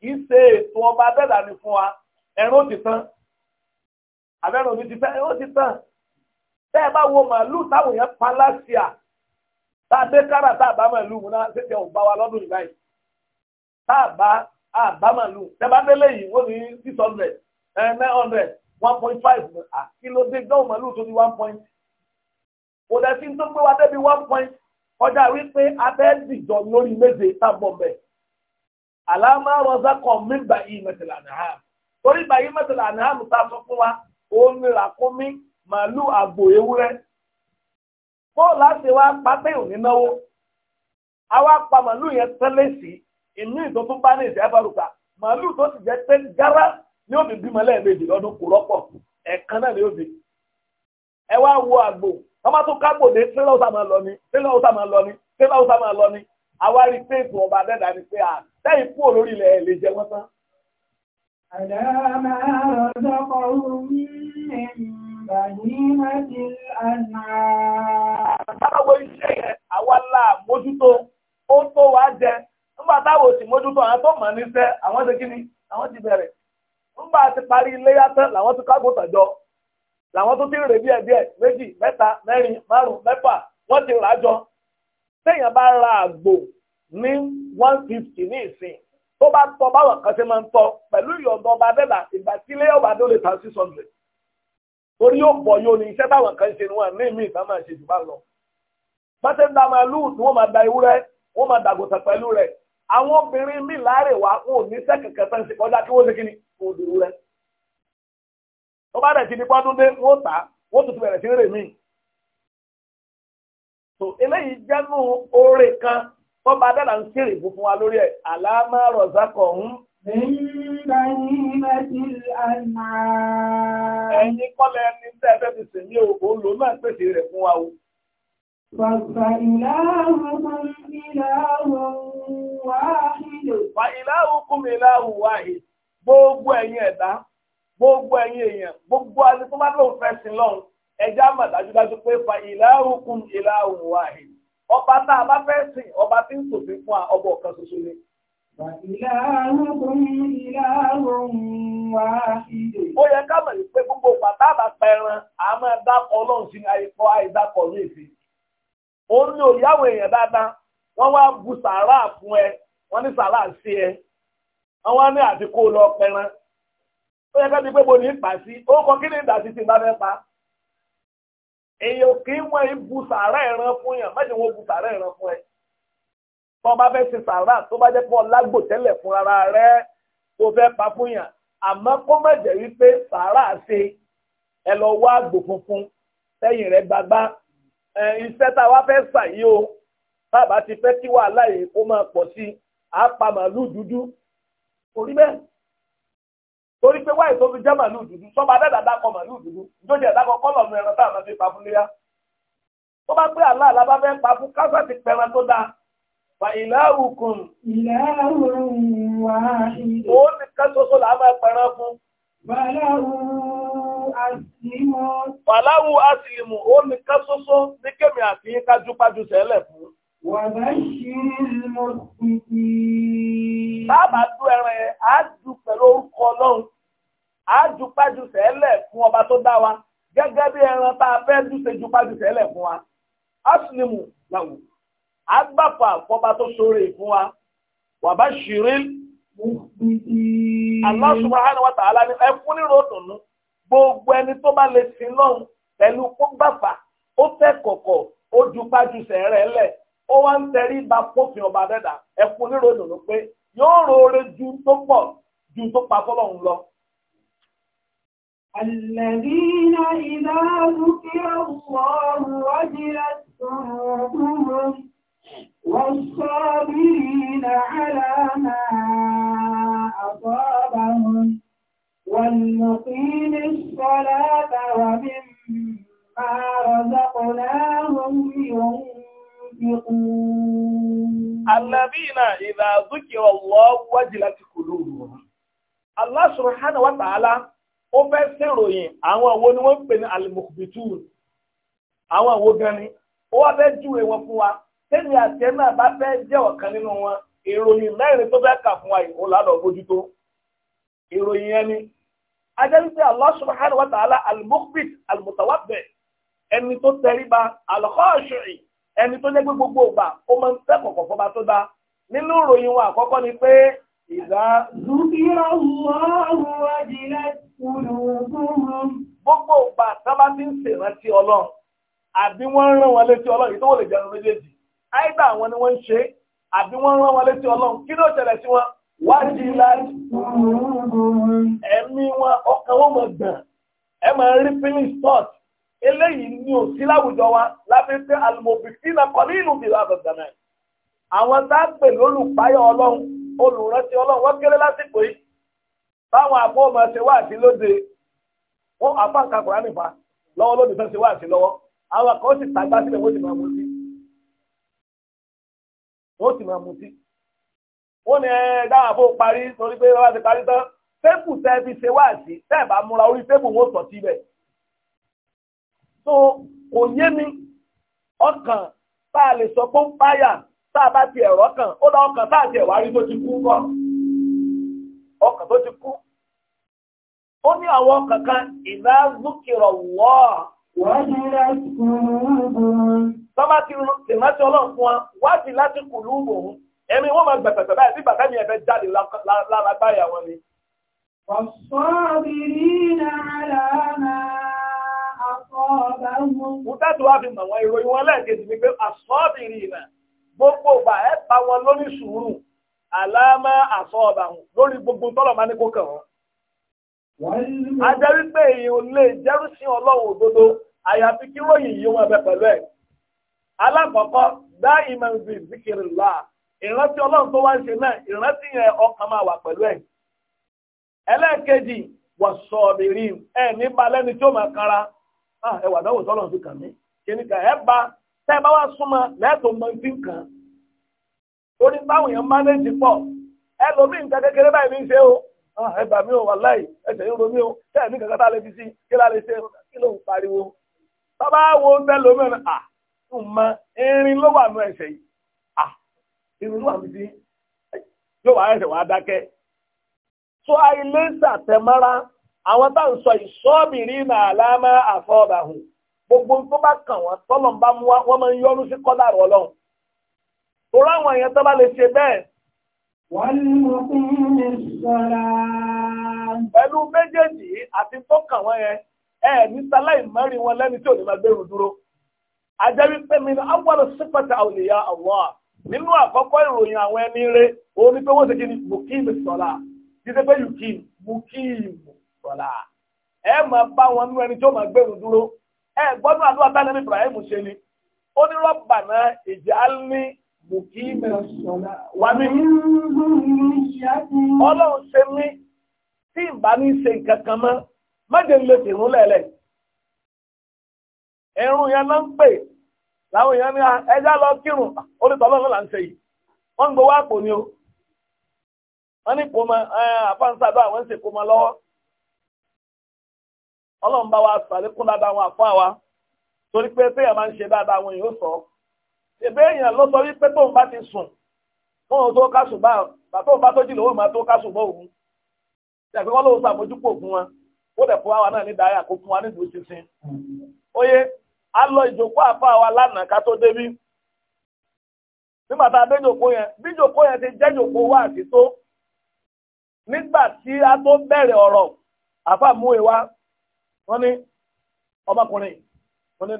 kì í ṣe ètò ọba abẹ́dà ni fún wa ẹ̀rọ ti tán abẹ́rẹ́ òní ti tán ẹ̀rọ ti tán tẹ́ẹ̀ bá wo màálùú táwọn èèyàn pa láṣìá tá a dé kára tá a bá màálùú náà ṣé ti wa lọ́dún ìgbà yìí tá a bá a bá màálùú tẹ́ bá délé yìí wọ́n ní six hundred nine hundred 1.5 point five ah, kí ló dé gbọ́n màálù tó di one point kò dẹ̀ sí tó gbé wa débi one point kọjá wípé abẹ́ dìjọ lórí méje tábọ̀ mẹ́ àlámà rọ́sákọ̀ mi gbà yìí mẹ́tẹ̀lá nàá torí gbà yìí mẹ́tẹ̀lá nàá mi ta sọ fún wa òun ni ràkúnmí màálù àgbò ewúrẹ́ bọ́ọ̀lù àti wa pápẹ́ òní náwó àwa pa màálù yẹn tẹ́lẹ̀ sí ìmú ìdótó bá ní ìjẹ́ bá rúkà màálù tó ti jẹ́ pé gárá ní òbí bímọ lẹ́ẹ̀mejì lọ́dún kò rọ́pọ̀ ẹ̀ẹ̀kan náà ní òbí ẹ wá wo àgbò wọ́n máa kágbò dé tẹ́lẹ̀ ọ̀sà máa lọ ni ọ̀sà máa lọ ni tẹ́lẹ̀ ọ̀sà máa lọ ni àwa rí ọba dẹ́dà ni pé à tẹ́yìn kú olórí ilẹ̀ lè jẹ wọ́n tán. Báwo iṣẹ́ yẹn àwa la mójútó ó tó wá jẹ nígbà mójútó àwọn tó mọ̀ níṣẹ́ àwọn ṣe kí ni àwọn nígbà tí parí iléyà tán làwọn tó kágùn tàjọ làwọn tó ti rè díẹ̀ díẹ̀ méjì mẹ́ta mẹ́rin márùn mẹ́fà wọ́n ti ràjọ téèyàn bá ra àgbò ní one fifty ní ìsìn tó bá tọ́ báwọn kan ṣe máa ń tọ́ pẹ̀lú ìyọ̀ǹdọ̀ ọba dẹ́dà ìgbà tí ilé ọba dé lè ta six hundred torí yóò bọ̀ yóò ní iṣẹ́ táwọn kan ṣe ni wọ́n ní ìmí ìta máa ṣe jù bá lọ. bàtẹ́ ń da màálù ni wọ́n máa da ewúrẹ́ wọ́n máa dàgòtà pẹ̀lú rẹ̀ àwọn obìnrin míì láàrè wá wọn ò ní iṣẹ́ kankan tán ṣe kọjá kí wọ́n ṣe kí ni fún odi wúrẹ́ tó bá dẹ̀ ti di pọ́dún wọ́n tà wọ́n tuntun bẹ̀rẹ̀ sí rè mí. tó eléyìí jẹ́nu oore kan tó bá dára ń kéré fúnfún wa lórí ẹ̀ àlámà rọ̀zákọ̀ ń. Ẹ̀yin kọ́lẹ̀ ní tẹ́ẹ̀fẹ́ ti sìn ní òun lò náà pèsè rẹ̀ fún wa o. Fàìláhùn kùn ìláhùn wáhìd. gbogbo ẹyin ẹ̀dá gbogbo ẹyin èèyàn gbogbo àti tó bá lóun fẹ́ sin lọ́hùn ẹja dájúdájú pé fa ilahukum ilahun ọba tá a bá ọba tí ń sòfin fún wa ọba ọ̀kan ṣoṣo ni. ó yẹ ká mọ̀ pé gbogbo bàtà a máa dákọ̀ ọlọ́run sí àìkọ́ àìdákọ̀ ní òyàwó èèyàn dáadáa wọ́n wá bu fún ẹ wọ́n ní sí ẹ. àwọn àmì àti kó lọ pẹran ó yẹ ká pé mo ní ìpà sí ó kọ kí ni ìdà sí ti bá fẹ́ pa èèyàn kì í wọ́n bu sàárà ẹran fún yàn má jẹ́ wọ́n bu sàárà ẹran fún ẹ tó bá fẹ́ ṣe sàárà tó bá jẹ́ pọ̀ lágbò tẹ́lẹ̀ fún ara rẹ tó fẹ́ pa fún yàn àmọ́ kó má jẹ́ wípé sàárà ṣe ẹ lọ wá àgbò funfun sẹ́yìn rẹ̀ gbagbá iṣẹ́ tá a wá fẹ́ ṣàyí o bàbá ti fẹ́ kí wàhálà yìí kó máa pọ̀ sí i àá kò rí bẹ́ẹ̀ torí pé wáyé tó fi jẹ́ màlúù dúdú sọ́ba dẹ́dà dákọ̀ màlúù dúdú nítorí ẹ̀ dákọ̀ kọ́lọ̀ nu ẹran táwọn fi pa fún léyà tó bá pé àlá àlá bá fẹ́ pa fún kásá ti pẹran tó dáa fa ilahukum. ilahun wahid. òun nìkan ṣoṣo làá máa pẹran fún. Fàláwù asìlìmù. Fàláwù asìlìmù, ó nìkan ṣoṣo ní kémi àti yín kájú pájú sẹ́lẹ̀ fún. Bàbá dú ẹran ẹ̀, a dú pẹ̀lú orúkọ Ọlọ́run, a dú pájú sẹ́lẹ̀ fún ọba tó dá wa, gẹ́gẹ́ bí ẹran tá a fẹ́ dú ṣe ju pájú sẹ́lẹ̀ fún wa. Aslimu làwù, a gbàpà fọba tó ṣoore fún wa, wà bá ṣìrí. Allah subhanahu wa ta'ala kọ̀kọ̀, ó ju pájú lẹ̀ ó wá ń tẹrí ba pófin ọba dẹ́dà ẹkùn níròyìn ló pé yóò roore ju tó pọ̀ ju tó pa fọlọ́run lọ. الذين إذا ذكر الله وجلت قلوبهم والصابرين على ما أصابهم والمقيم الصلاة ومما رزقناهم ينفقون ينفقون الذين إذا ذكر الله وجلت قلوبهم Allah subhanahu wa ta'ala ó fẹ́ ṣèròyìn àwọn wo ni wọ́n ń pè ní al-mukhbitun àwọn wo gan ni ó wá fẹ́ júwe wọn fún wa tẹ́lẹ̀ àti ẹ̀ náà bá fẹ́ jẹ́ ọ̀kan nínú wọn ìròyìn mẹ́rin tó fẹ́ kà fún wa yìí ó lálọ́ bójútó ìròyìn ẹni ajẹ́lẹ́sẹ̀ Allah subhanahu wa ta'ala al-mukhbit ẹni tó tẹríba al ẹni tó jẹ́ pé gbogbo ìgbà ó máa ń fẹ́ kọ̀kọ̀ fọba tó dá nínú ìròyìn wọn àkọ́kọ́ ni pé ìdá. dúkìá ọlọ́run ajílẹ̀ kùlùkùrù. gbogbo ìgbà sábà ti ń ṣèrántí ọlọ́run àbí wọ́n ń rán wọn létí ọlọ́run ìtọ́wò lè jẹun méjèèjì àìdá àwọn ni wọ́n ń ṣe àbí wọ́n rán wọn létí ọlọ́run kí ló ṣẹlẹ̀ sí wọn wájú láti ẹ̀mí eléyìí ni ò sí láwùjọ wa lábẹ́ pé alimobifi náà kọ́ ní ìlú bìlá àbẹ̀bẹ̀ náà àwọn tá a pè lólùpáyọ̀ ọlọ́run olùrántí ọlọ́run wọ́n kéré lásìkò yìí báwọn àbọ̀ ọmọ ṣe wá àti lóde wọn àfa nǹkan kọ̀ọ̀rán nìfà lọ́wọ́ lóde tó ṣe wá àti lọ́wọ́ àwọn kan sì tàgbá sílẹ̀ wọ́n sì máa mutí wọ́n sì máa mutí wọ́n ní ẹ dáhà bó parí torí pé wọ́n ti parí tán tébù tẹ́ fi ṣe wá àti tẹ́ẹ̀ bá múra orí tébù wọn sọ̀ síbẹ̀ so kò yé mi ọkàn tá a lè sọ pé ń páyà tá a bá ti ẹ̀rọ kàn ó lọ ọkàn tá a ti ẹ̀wà rí tó ti kú kọ́ ọkàn tó ti kú ó ní àwọn ọkàn kan ìlà zúkìrọ̀ wọ́ tọ́bá ti rántí ọlọ́run fún wa wájì láti kù lúùbò hún ẹ̀mí wọ́n máa gbẹ̀gbẹ̀gbẹ̀ báyìí bí bàbá mi ẹ̀fẹ́ jáde lára gbáyà wọn ni. Wàsọ́bìrì náà Mo tẹ́tù wá fi mọ̀ wọn ìròyìn wọn lẹ́ẹ̀kejì ni pé àsọ́ọ̀bìnrin gbogbo ìgbà ẹ pa wọn lórí sùúrù àlámà àsọ́ọ̀bà lórí gbogbo tọ́lọ̀ máa ní kó kàn wọ́n. A jẹ́ wípé àyàfi kí ròyìn yìí wọn pẹ̀lú ẹ̀. Alákọ̀ọ́kọ́ ìmọ̀ ìbí ìrántí ọlọ́run tó wá ń ṣe náà ìrántí yẹn ọkàn máa wà pẹ̀lú ẹ̀. Ah, ẹwà dáwò tọ́lọ̀ fi kàn mí kíní kan ẹ bá tẹ́ ẹ bá wá súnmọ́ lẹ́ẹ̀tọ́ mọ́ fi kàn torí báwọn èèyàn mánéjì pọ̀ ẹ lómi nǹkan kékeré báyìí ní í ṣe o ah, ẹ gbà mí o wàláì ẹsẹ̀ yóò romi o tẹ́ ẹ̀ ní kankan tá a lè fi sí kí la lè ṣe kí ló ń pariwo bàbá wo ń bẹ lómi ọ̀nà à ń mọ irin ló wà nù ẹsẹ̀ yìí à irin ló wà nù sí yóò wá ẹsẹ̀ wá dákẹ́ tó àìlè ṣàtẹ̀mọ́ra àwọn bá ń sọ ìsọ́bìrì màlámà àfọ́bàhù gbogbo tó bá kàn wọ́n tọ́lọ̀ ń bá mú wọ́n máa ń yọ́nú sí kọ́dàrú ọlọ́run torí àwọn èèyàn tó bá lè ṣe bẹ́ẹ̀. wọ́n mú mi sọ́ra. pẹ̀lú méjèèjì àti tó kàn wọ́n yẹn ẹ ní sáláì mẹ́rin wọn lẹ́ni tí ò ní máa gbèrú dúró. àjẹ́ wípé mi ni awọ́lọ̀ sípàtà àwòlẹ́yà Allah nínú àkọ́kọ́ ìròyìn ti kí ni sọ́ra jíde pé sọlá ẹ máa bá wọn nú ẹni tí ó máa gbẹrù dúró ẹ gbọ́dọ̀ àdúrà tálẹ ní Ibrahim ṣe ni ó ní rọba náà ìjà ní bùkí mẹsànán wà mí. Ọlọ́run ṣe mí tí ìbá ní ṣe nǹkan kan mọ́ méje ń lè fìrún lẹ́lẹ̀. ẹ̀rùn yẹn ló ń pè láwọn èèyàn ní ẹja lọ kírun orítọ́ ọlọ́run là ń ṣe yìí wọ́n ń gbowó àpò ni o wọ́n ní kò mọ àfáǹsá bá àwọn ń ṣe kò mọ lọ́wọ́ ọlọ́run bá wa sàlékún dáadáa wọn àfọ́ àwa torí pé téèyàn máa ń ṣe dáadáa wọn yóò sọ ṣèbí èèyàn ló sọ wípé tóun bá ti sùn tóun tó ká sùn bá bàtó bá tó jìlówó máa tó ká sùn bọ́ òun ṣàfihàn wọn lóun sàmójúpò fún wọn ó dẹ̀ fún wa náà ní dáyà kó fún wa nídìí ṣinṣin oyè a lọ ìjókòó àfọ́ àwa lánàá ká tó débí nígbà tá a dé yẹn bí yẹn ti jẹ́ wá àti tó nígbà tí a tó bẹ̀rẹ̀ ọ̀rọ̀ àfàmúwe wa wọ́n ní ọmọkùnrin wọ́n ní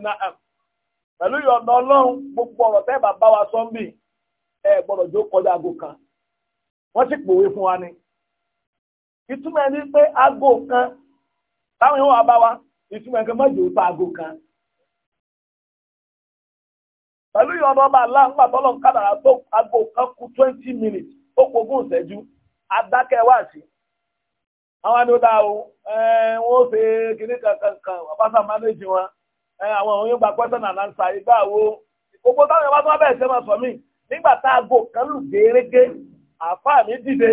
pẹ̀lú ìyọ̀nà ọlọ́run gbogbo ọ̀rọ̀ tẹ́ bàbá wa sọ́ńbì gbọ́dọ̀ jó wọ́n sì pòwe fún wa ni ìtumọ̀ ẹni pé aago kan táwọn èèyàn wà wa ìtumọ̀ ẹni pé aago kan pẹ̀lú ìyọ̀nà ọba aláǹgbà kádàrà tó aago kan twenty minutes ó kogún ìṣẹ́jú àwọn ni ó dá wọn ó ṣe kankan ọbaṣà mánéjì wọn àwọn òun yóò gba question and answer ìgbà wo gbogbo táwọn ìwà tó wá máa sọ mí nígbà tá a gò kan lù gérégé àáfàá mi dìde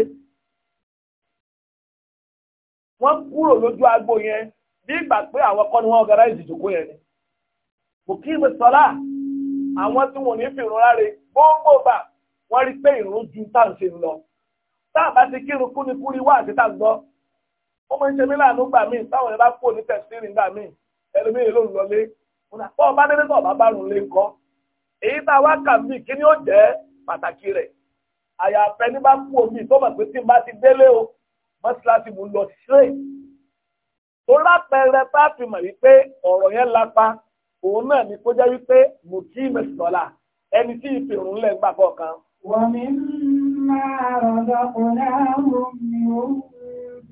wọ́n kúrò lójú agbo yẹn bí ìgbà pé àwọn kọ́ ni wọ́n organize ìjòkó yẹn ni kò kí ìwé sọlá àwọn tí wọn ò ní fi ìrún láre gbogbo gbà wọ́n rí pé ìrún ju táǹṣe lọ táà ti kírun kúnikúni wọ́n máa ń ṣe mí láàánú gbà míì táwọn ẹ̀ bá kó ní tẹ̀síìrì gbà míì ẹlòmíì ló ń lọlé pọ́ ọba délé tó ọba bá rùn lé ńkọ́ èyí tá a wá kà mí kí ni ó jẹ́ pàtàkì rẹ̀ àyàfẹ́ ní bá kú omi tó mọ̀ pé tí n bá ti délé o mọ́síláṣí mo lọ ṣe tó lápẹẹrẹ tá a fi mọ̀ wípé ọ̀rọ̀ yẹn lápá òun náà ni kó jẹ́ wípé mo kí mẹ́sìlọ́lá ẹni tí ìfì òun lẹ̀ ń gbà kọ̀ọ̀kan. wọ́n mi máa mi ò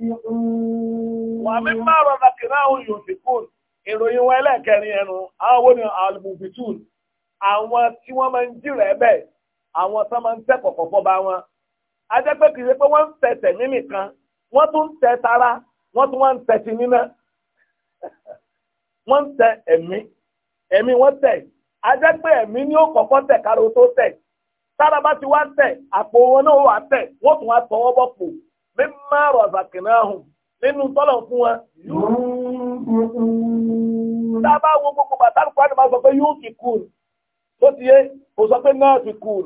Wà mí máa rọ Nàkìrá òun yóò fi kún. Ìròyìn wọn ẹlẹ́ẹ̀kẹrin ẹnu, àwọn wo ni Al-Mubitun? Àwọn tí wọ́n máa ń jìrẹ̀ ẹ̀bẹ̀, àwọn tó máa ń tẹ́ kọ̀kọ̀ fọba wọn. A jẹ́ pé kì í ṣe pé wọ́n ń tẹ̀tẹ̀ mí nìkan, wọ́n tún ń tẹ tara, wọ́n tún wá ń tẹ̀tì níná. Wọ́n ń tẹ ẹ̀mí, ẹ̀mí wọ́n tẹ̀. A jẹ́ pé ẹ̀mí ni ó kọ́kọ́ tẹ̀ káro tó tẹ̀. Tára bá ti wá tẹ̀, àpò wọn náà wà tẹ̀, wọ́n tún wá tọwọ́ bọ̀ pò mímá rọ̀zàkìnà ọ̀hún nínú tọ́lọ̀ fún wa. tá a bá wo gbogbo bàtà kó àdìmọ́ sọ pé yóò fi kùn tó ti yé kò sọ pé náà fi kùn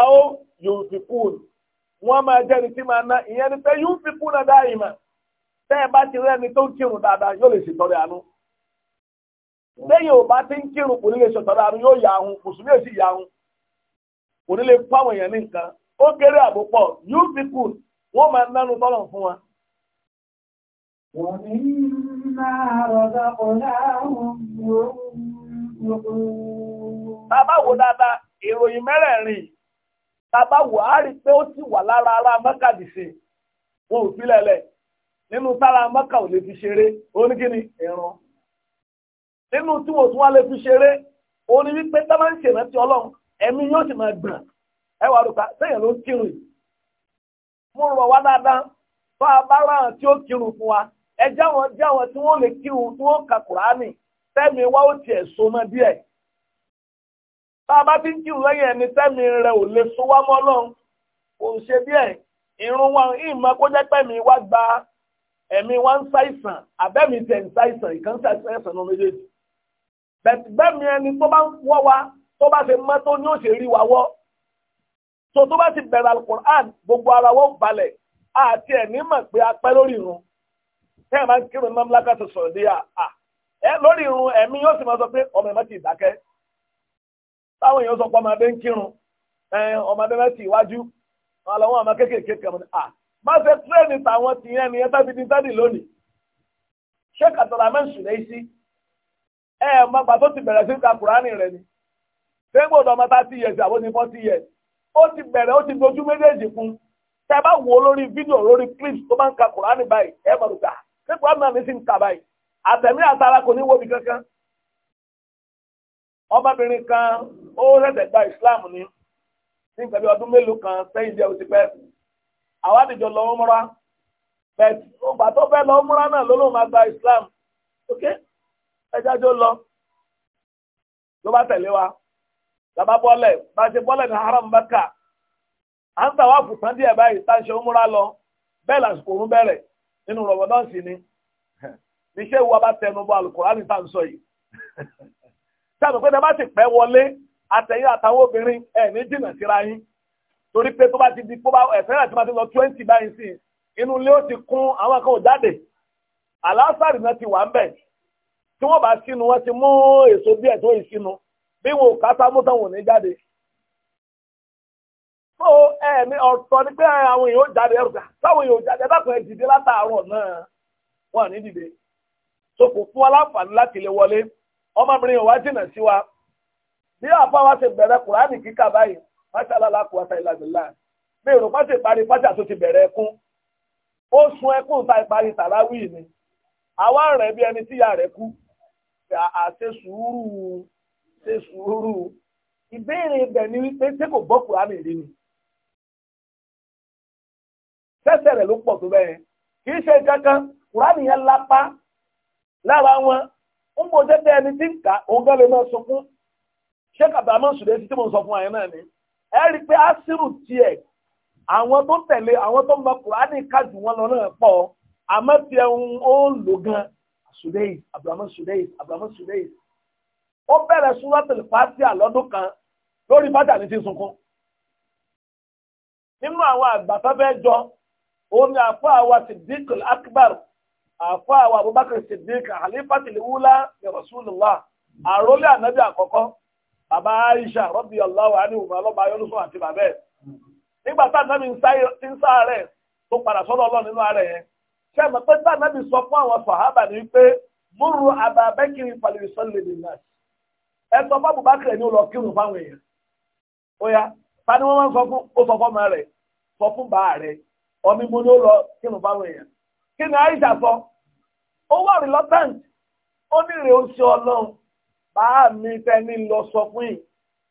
àó yóò fi kùn wọ́n máa tí máa ná ìyẹn ni pé yóò fi kùn náà dáhìí mà tẹ́ ẹ bá ti tó ń kírun dáadáa yóò lè àánú lẹ́yìn ò bá ti ń kírun kò ní lè yóò yà yà kò ní lè wọ́n máa mẹ́nu tọ́lọ̀ fún wa. Wọ́n ní máa rọ̀dá ọ̀lá Bàbá wo dáadáa, ìròyìn mẹ́rẹ̀ẹ̀rin, bàbá wo á rí pé ó sì wà lára ara mọ́kàdìsí, wọn ò fi lẹ́lẹ̀. Nínú sára mọ́kà ò lè fi ṣeré, ó ní kíni ẹ̀ràn. Nínú tí wọ́n tún wá lè fi ṣeré, ó ní wípé tá máa ń ṣèrántí Ọlọ́run, ẹ̀mí yóò sì máa gbọ̀n. Ẹ wà sẹ́yìn ló kírun yìí mú rọ̀ wá dáadáa tó a tí ó kírun fún wa ẹ jáwọn jáwọn tí wọ́n lè kírun tí wọ́n ka kùránì tẹ́mi wá ó tiẹ̀ so mọ́ díẹ̀ tá a bá ti ń kírun lẹ́yìn ẹni tẹ́mi rẹ̀ ò lè so wá mọ́ lọ́hùn kò ń ṣe díẹ̀ irun wa ìmọ̀ kó jẹ́ pẹ́mi wá gba ẹ̀mí wá ń ṣàìsàn àbẹ́mi tẹ̀ ń ṣàìsàn ìkànnì ṣàìsàn náà méjèèjì bẹ̀tùbẹ́mi ẹni tó bá ń wọ́ wa tó bá ṣe mọ́ tó ní òṣèré wa wọ́ so tó bá ti bẹ̀rẹ̀ alukur'an gbogbo ara wọn balẹ̀ àti ẹ̀ ní mọ̀ pé apẹ́ lórí irun tẹ́ ẹ̀ máa ń kírun mọ́ lákà tó sọ̀rọ̀ dé à ẹ lórí irun ẹ̀mí yóò sì máa sọ pé ọmọ ẹ̀ má ti dákẹ́ táwọn èèyàn sọ pé ọmọ abẹ́ ń kírun ọmọ abẹ́ má ti iwájú àwọn ọmọ kéékèèké kan à má ṣe tírẹ́ẹ̀nì tàwọn tìyẹn ni ẹ tá fi di tẹ́ẹ̀nì lónìí ṣé kàtàlà mẹ́sù lè sí ẹ ẹ̀ mọ́ pàtó ti bẹ̀rẹ̀ sí ka Kùránì rẹ̀ ni ṣé gbọ́dọ̀ ọmọ tá ti yẹ̀ sí àbó fọ́ ti yẹ̀ ó ti bẹ̀rẹ̀ ó ti dojú méjèèjì fún tẹ bá wò ó lórí fídíò lórí clips tó ń ka kùránì báyìí ẹ bá dùgbà ah, ṣé kùránì náà ní sí ń wo báyìí àtẹ̀mí àtara kò ní wóbi kankan ọmọbìnrin kan ó rẹ̀dẹ̀ gba Islam ní ní nǹkan kan sẹ́yìn díẹ̀ ó pẹ́ àwa àdìjọ lọ múra bẹ́ẹ̀ tó fẹ́ lọ múra Islam ok lọ ló bá tẹ̀lé bàbá bọ́lẹ̀ bá ṣe bọ́lẹ̀ ní haram baka à ń tàwa fùtán díẹ̀ báyìí tá a ṣe múra lọ bẹ́ẹ̀ lásìkò òun bẹ̀rẹ̀ nínú rọ̀bọ̀dán sì ni níṣẹ́ ìwọ bá tẹnu bọ alukurani tá à ń sọ yìí sábà pé bá ti pẹ́ wọlé àtẹ̀yìn àtàwọn obìnrin ẹ̀ ní jìnnà síra yín torí pé tó bá ti di ẹ̀fẹ́ náà ti máa ti lọ twenty báyìí sí inú ilé ó ti kún àwọn kan ò jáde àlàáfàrì náà ti wà ń bẹ̀ tí wọ́n bá sínú wọ́n ti mú èso díẹ̀ tó yìí sínú bí wọn ò ká sámú tán wọn ò ní jáde. so ẹ̀ẹ̀mí ọ̀tọ̀ ni pé àwọn èèyàn ò jáde ẹ̀rù gbà ah, táwọn èèyàn ò jáde ẹ̀dàkùn ẹ̀ dìde látàárọ̀ náà wọn à ní dìde. so kò fún wa láǹfààní láti lè wọlé ọmọbìnrin ò wá jìnà sí wa bí àfa wa ṣe bẹ̀rẹ̀ kùránì kíkà báyìí máṣáláàlá kù wáta ìlàjìlá bí èrò pàṣẹ ìparí pàṣẹ àti ti bẹ̀rẹ̀ ẹkún ó sun ẹkún ta ìparí tàláwì ni àwa rẹ̀ bí ẹni tíya rẹ̀ kú àṣẹ sùúrù ṣe sùúrù ìbéèrè ibẹ̀ ni wípé ṣé kò gbọ́ kùránì rí ni sẹ́sẹ̀ rẹ̀ ló pọ̀ tó bẹ́ẹ̀ kì í ṣe kankan kùránì yẹn lápá lára wọn ń bọ̀ tẹ́tẹ́ ẹni tí ń kà òun gan lè máa sunkún ṣé kàbà máa sùn létí tí mo sọ fún àyẹ̀ náà ni ẹ rí i pé ásírù tiẹ̀ àwọn tó tẹ̀lé àwọn tó mọ kùránì kájú wọn lọ náà pọ̀ àmọ́ tiẹ̀ ń ó lò gan sùdẹ́yì Abdulrahman sùdẹ́yì Abdulrahman sùdẹ́yì ó bẹ̀rẹ̀ súrọ́tìlì fásíà lọ́dún kan lórí fásíà ní ti sunkún. nínú àwọn jọ òun ni àfọ́ àwa Akbar àfọ́ àwa Abubakar ni Rasulullah ànábì àkọ́kọ́ bàbá Aisha radiyallahu anhuma ọlọ́ba ayọ́lùsùn àti bàbẹ́ nígbà tá ànábì ń sáré tó padà sọ́dọ̀ Ọlọ́run nínú ara yẹn ṣé pé tá ànábì sọ fún àwọn sàhábà ní pé múrù àbàbẹ́kiri pàlẹ́ ìsọ́lẹ̀ nìyàtì ẹ sọ fún Abubakar ní olọ kírun fáwọn èèyàn ó yá ta ni wọ́n máa ń sọ fún ó sọ fún ọmọ rẹ̀ sọ fún bàá rẹ̀ ọmọ mo ní ó lọ kírun fáwọn èèyàn kí ni Aisha sọ ó wà reluctant ó ní ìrè oṣù Ọlọ́run bàá mi tẹni lọ sọ fún yìí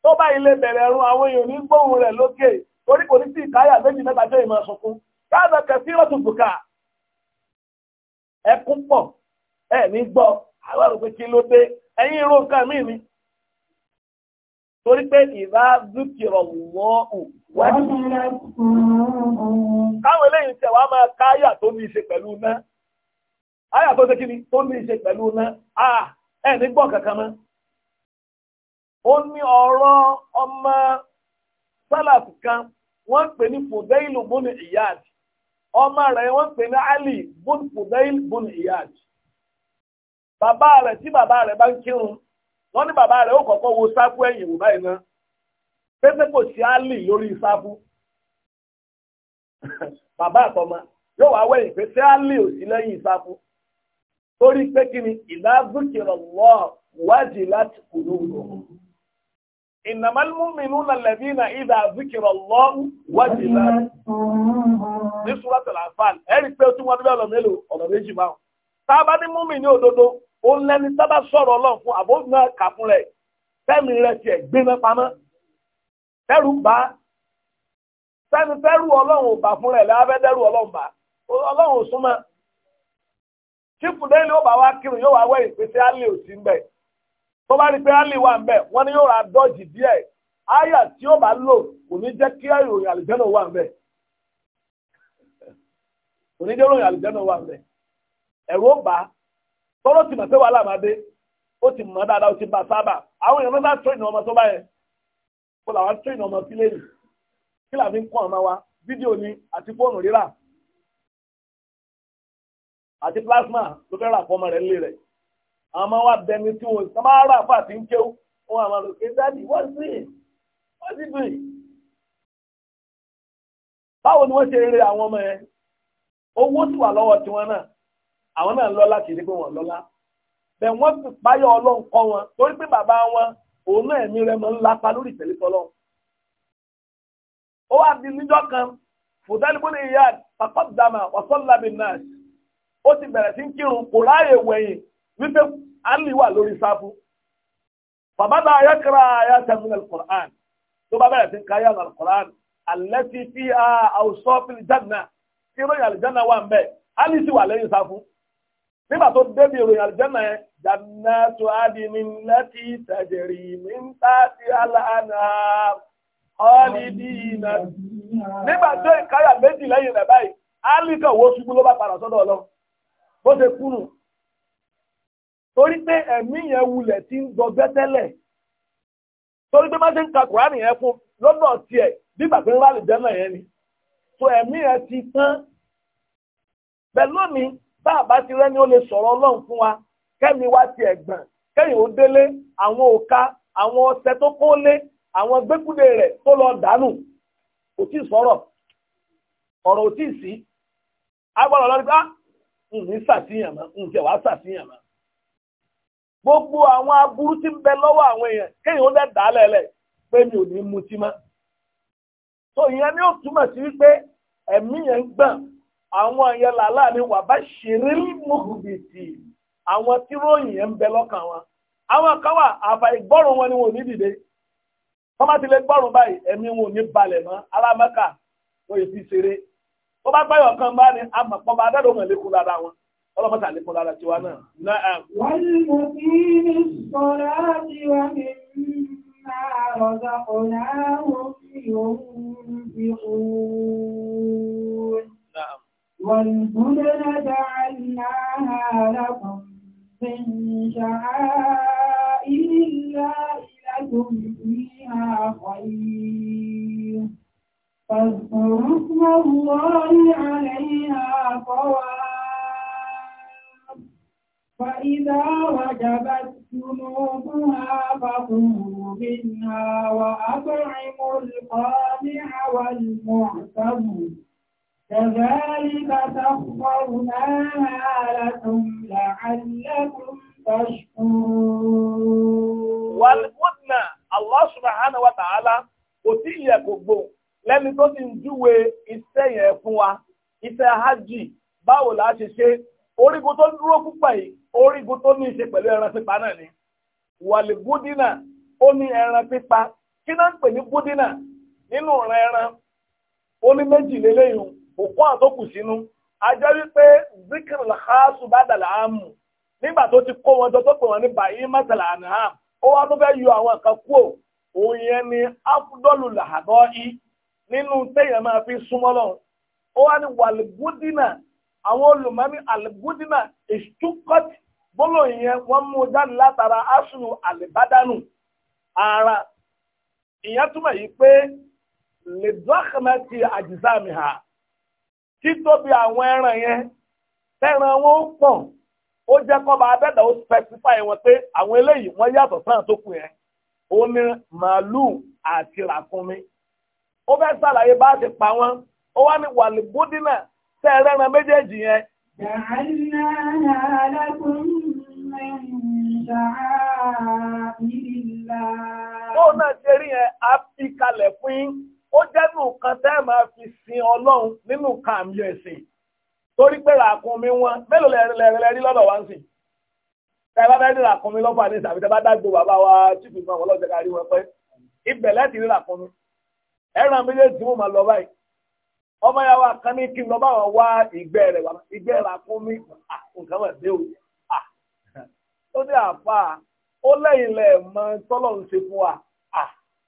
tó bá ilé bẹ̀rẹ̀ ẹ̀rùn àwọn èèyàn ní gbóhùn rẹ̀ lókè torí kò ní sí ìkáyà méjì mẹ́ta jẹ́ ìmọ̀ ṣọ̀kún káàdà kẹsí ọ̀tún bùkà ẹkún pọ̀ ẹ̀ ní gbọ́ àwọn àròpé kí ló dé ẹ̀yìn irú nǹkan míì torí pé ìbá zúkìrọ̀ wọ́ọ̀hù wájú. káwọn eléyìí tẹ̀ wá máa ká àyà tó ní í ṣe pẹ̀lú náà àyà tó ṣe kí ni tó ní í ṣe pẹ̀lú náà gbọ́ kankan mọ́. ó ní ọ̀rọ̀ ọmọ sálàfù kan wọ́n pè ní fùdẹ́ìlù bùn ìyáàd ọmọ rẹ̀ wọ́n pè ní ali bùn fùdẹ́ìlù bùn ìyáàd bàbá rẹ̀ tí bàbá rẹ̀ bá ń kírun wọ́n ní bàbá rẹ̀ ó kọ́kọ́ wo sáfù ẹ̀yìn wò báyìí náà pépé kò sí áàlì lórí sáfù bàbá àtọmọ yóò wá wẹ̀yìn pé sí áàlì ò sí lẹ́yìn sáfù torí pé kí ni ìlàzùkìrọ̀ wọ́ wájì láti kùnú ìnàmà múmìnúnà lẹ́bínà ìdá àzíkìrọ̀ lọ wájì ó lẹ́ni sábà sọ̀rọ̀ ọlọ́run fún rẹ̀ rẹ̀ tiẹ̀ gbé mẹ́ pamọ́ bá ọlọ́run ò bá fún rẹ̀ lábẹ́ ọlọ́run bá ọlọ́run ò súnmọ́ chifu délé ó bá wá kírun yóò wá wẹ́ ìpèsè alẹ́ òsì ń bẹ̀ tó bá rí pé alẹ́ wà ń bẹ̀ wọ́n ní yóò ra dọ́jì díẹ̀ àyà tí tọ́lọ́ ti mọ̀ pé wàhálà máa dé ó ti mọ̀ dáadáa ó ti bá sábà àwọn èèyàn mẹ́ta tó ìnà ọmọ tó bá yẹn kó làwọn tó ìnà ọmọ sí lẹ́yìn kí làbí ń kọ́ ọmọ wa fídíò ni àti fóònù rírà àti plasma ló fẹ́ rà fọmọ rẹ̀ lé rẹ̀ àwọn ọmọ wa bẹni tí wọn sọ máa rà fún àti ń kéw wọn àwọn àlọ́ pé dáàdì wọ́n sì wọ́n sì bì. báwo ni wọ́n ṣe rere àwọn ọmọ yẹn owó sì wà lọ́wọ́ tiwọn náà àwọn náà lọ́lá kì í rí pé wọ́n lọ́lá bẹ́ẹ̀ wọ́n sì páyọ̀ ọlọ́run kọ́ wọn torí pé bàbá wọn òun náà ẹ̀mí rẹ̀ máa ń lápa lórí ìtẹ̀lé tọ́lọ́run ó wá di níjọ́ kan fòtẹ́lì bó lè yá àkọ́dàmà wàsọ́lábì náà ó ti bẹ̀rẹ̀ sí kírun kò ráàyè wẹ̀yìn wípé alì wà lórí sáfù bàbá náà ayákẹ́rẹ́ ayáta min al-Qur'an tó bá bẹ̀rẹ̀ sí ń káyà al-Qur'an allati fiha awsafil janna kí lóyè àlùjáná wà ń bẹ̀ alì sì wà lẹ́yìn sáfù nígbà tó débi ìròyìn àlùjànnà yẹn jannatu adinin lati tajri min tati alana ọlidina nígbà tó ìkáyà méjì lẹ́yìn rẹ̀ báyìí alika wo ṣubú ló bá padà sọ́dọ̀ ọlọ bó ṣe kúrù torí pé ẹ̀mí yẹn wulẹ̀ ti ń gbọgbẹ́ tẹ́lẹ̀ torí pé má ṣe ń ka kùránì yẹn fún lọ́nà tiẹ̀ nígbà pé ń rálì jẹ́nà yẹn ni so ẹ̀mí yẹn ti tán bẹ́ẹ̀ lónìí bá àbá ti le ó lè sọ̀rọ̀ ọlọ́run wa kẹ́mi wá ti ẹ̀gbọ̀n kẹ́yìn ó délé àwọn òka àwọn ọ̀sẹ̀ tó kó lé àwọn rẹ̀ tó lọ dànù kò tí ì sọ̀rọ̀ ọ̀rọ̀ ò tí ì sí agbọ́dọ̀ lọ́dún ah, mọ́ gbogbo àwọn aburú ti ń bẹ lọ́wọ́ àwọn èèyàn kéèyàn ó dẹ̀ dà mi ò ní mutí mọ́ so ìyẹn ni ó túmọ̀ sí wípé ẹ̀mí yẹn àwọn yẹn làlá ni wà bá ṣeré mùkùbìtì àwọn tí ròyìn yẹn ń bẹ lọ́kàn wọn àwọn kan wà àfà ìgbọ́rùn wọn ni wọn ò ní dìde wọ́n bá ti lè gbọ́rùn báyìí ẹ̀mí wọn ò ní balẹ̀ mọ́ alámẹ́ka wọ́n yìí ti ṣeré ó bá gbáyọ̀ kan bá ní amọ̀pọ̀ bá dẹ́rù mọ̀ lékún dáadáa wọn ọlọ́mọta lékún dáadáa tiwa náà. wọ́n mú kí ní sọ̀rọ̀ àti wọn ní máa والبدن جعلناها لكم من شعائر الله لكم فيها خير فاذكروا اسم الله عليها طواف فإذا وجبت جنوبها فقوموا منها وأطعموا القانع والمعتمر كذلك سخرناها لكم لعلكم تشكرون والهدنة الله سبحانه وتعالى kò tí ìyẹ kò gbò lẹ́ni tó ti ń júwe iṣẹ́ yẹn fún wa iṣẹ́ hajj báwo la ṣe ṣe orígun tó dúró púpọ̀ yìí náà ni ó ní ẹran pípa kí náà ń nínú ọ̀ràn ẹran ó ní òkú àtòkù sínú ajọ́ wípé zikr lakasu badal amu nígbà tó ti kó wọn jọ tó pè wọn ní bàyí masala anaham ó wá tó fẹ́ yọ àwọn kan kú òun yẹn ni afudọ́lù làhàdọ́ yìí nínú téèyàn máa fi súnmọ́ lọ́hùn ó wá ní wàlúgúdínà àwọn olùmọ́ni àlùgúdínà ìṣúkọ́tì gbólóhùn yẹn wọ́n mú jáde látara asùnù àlìbádánù ara ìyẹn túmọ̀ yìí pé lè dọ́kàmẹ́tì àjísàmì hà títóbi àwọn ẹran yẹn tẹ́ran wọn ó pọ̀ ó jẹ́ kọ́ba abẹ́dà ó specify wọn pé àwọn eléyìí wọ́n yàtọ̀ sáà tó kù yẹn ó ní màálù àti ràkúnmí ó fẹ́ sàlàyé bá ti pa wọ́n ó wá ní wàlúbúdínà tẹ́ ẹ̀rẹ́ran méjèèjì yẹn. ja'alnaha náà ṣe rí yẹn á fi kalẹ̀ fún yín ó jẹ́ nǹkan tẹ́ máa fi sin ọlọ́run nínú kàmí ẹ̀sìn torí pé ràkúnmí wọn mélòó lẹ́rìnlẹ́rìn rí lọ́dọ̀ wá ń sìn tẹ́ bá fẹ́ẹ́ rí ràkúnmí lọ́fà ní ìsàbí tẹ́ bá dágbò bàbá wa tìbí mọ́ wọn lọ́jọ́ kárí wọn pé ibẹ̀ láti rí ràkúnmí ẹran méjèèjì wọn máa lọ báyìí ọmọ yà wá kan ní kí n lọ bá wọn wá ìgbẹ́ rẹ̀ wá ìgbẹ́ ràkúnmí nǹkan mọ̀ dé o ó dé àfà ó lẹ́yìn lẹ́ẹ̀ mọ́ tọ́lọ́ ń ṣe fún wa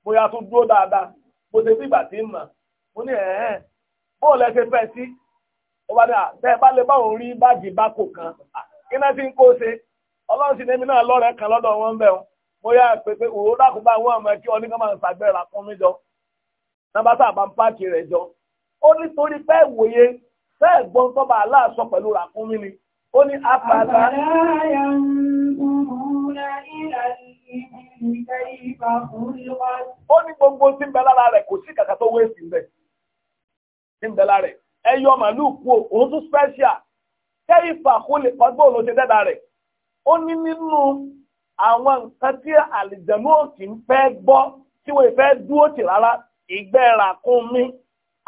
bóyá tó dúró dáadáa mo ṣe bí ìgbà tí ń mà mo ní ẹ̀ẹ́ bóun lẹ fẹ́ sí ó dà tẹ́ bá lè bá òun rí báàgì bákò kan kí náà ń kó ṣe ọlọ́run sì ní èmi náà lọ́rẹ̀ẹ́ kan lọ́dọ̀ wọn ń bẹ̀ wọn mo yá pé òwò dákúbá àwọn ọmọ ẹ kí ọ ní ká máa ṣàgbẹ́ra fún mi jọ nàbà sábà ń pààkì rẹ̀ jọ ó nítorí pé wòye fẹ́ gbọ́n tó bá aláàṣọ pẹ̀lú ràkúnmí ni ó ní apàdà. àbáyá yà ń gbòòrò ilẹ̀ ó ní gbogbo tí ń bẹ lára rẹ̀ kò sí kàkà tó wéèsì ń bẹ tí ń bẹ lára rẹ̀ ẹyọ màálù kú òun tún special kẹ́yìfà kó lè pàgbọ́ òun ṣe dẹ́dà rẹ̀ ó ní nínú àwọn nǹkan tí àlìjẹ̀mú òkì ń fẹ́ gbọ́ tí wọ́n fẹ́ dúró tì rárá ìgbẹ́ ràkúnmí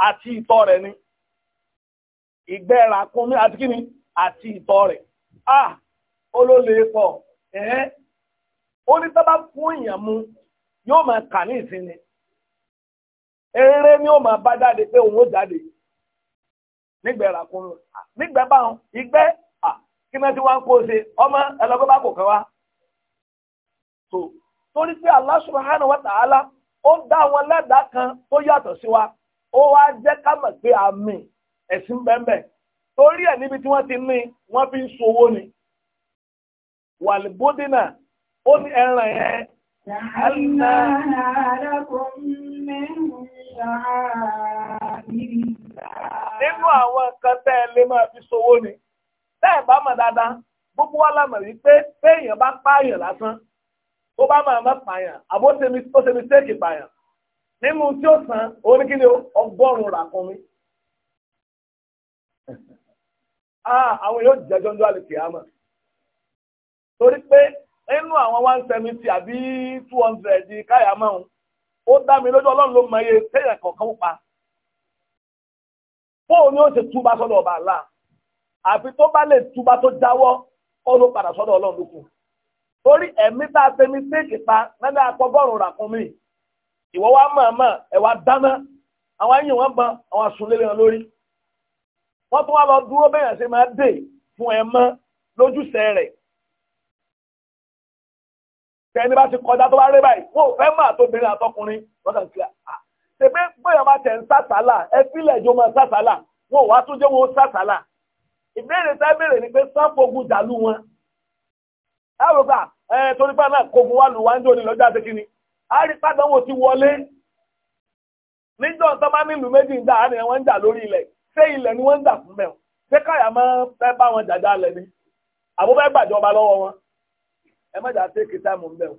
àti ìtọ̀ rẹ̀ ni ìgbẹ́ ràkúnmí àti kíni àti ìtọ̀ rẹ̀ ah olólè pọ̀ ẹ̀ẹ́. ó tó bá fún èèyàn mu yóò máa kà ni ó máa bá jáde pé òun ó jáde nígbà ìràkúnú nígbà báwọn ìgbẹ́ kí ti wá ń kó ṣe ọmọ ẹlọgbẹ́ bá kò kẹ́ wá. torí pé Allah subhanahu wa ta'ala ó dá wọn lẹ́dàá kan tó yàtọ̀ wa ó wá jẹ́ ká mọ̀ pé àmì ẹ̀sìn torí ẹ̀ níbi tí ti ní wọ́n fi ń ṣòwò ni wàlúbódínà ó ní ẹran yẹn. Nínú àwọn nǹkan tẹ́ lè máa fi ṣòwò ni. Tẹ́ bá mọ̀ dáadáa, gbogbo wa lámọ̀ wípé téèyàn bá pààyàn lásán, tó bá máa má pààyàn, àbó ó ṣe mistake pààyàn. Nínú tí ó san, òun ọgọ́rùn-ún ràkúnmí. [laughs] Ah, àwọn yóò jẹ́jọ́ ń àlè kìámà. Torí pé nínú àwọn one seventy àbí two hundred káyà mọ́hún ó dá mi lójú ọlọ́run ló mọ iye téèyàn kọ̀ọ̀kan pa fóun ni ó ṣe túbá sọ́dọ̀ ọba àlá àfi tó bá lè túbá tó jáwọ́ ó ló padà sọ́dọ̀ ọlọ́run lókun torí ẹ̀mí tá a ṣe mi séèkì pa lẹ́nu àpọ̀gọ́rùn-ún ràkún mi ìwọ wa mọ̀ọ́mọ̀ ẹ̀ wá dáná àwọn ẹ̀yìn wọn ban àwọn asunlé wọn lórí wọ́n tún wá lọ dúró bẹ́yàn ṣe máa dè fún ẹ mọ́ lójúṣe rẹ̀ tẹni bá ti kọjá tó bá rí báyìí wọn ò fẹ́ máa tóbìnrin àtọkùnrin wọn kàn kí a ṣèpé bóyá máa tẹ̀ ń sàṣàlà ẹ fílẹ̀ ìjọ máa sàṣàlà wọn ò wá tún jẹ́ wọn ó sàṣàlà ìbéèrè tá béèrè ni pé sáfogun jàlú wọn á rò gbà ẹ torí pé náà kogun wà lù wá ń jò ní lọ́jọ́ àti kínní á rí pàdánwò ti wọlé níjọ́ tó bá nílùú méjì ń dà á ní wọ́n ń jà lórí ilẹ̀ ṣé ilẹ̀ ni wọ́n ń jà fún mẹ́wọ̀n ṣé káyà máa fẹ́ bá wọn jàjà lẹ̀ ni àbúfẹ́ gbàjọba lọ́wọ́ wọn ẹ má jà á tẹ́kì táìmù mbẹ́ o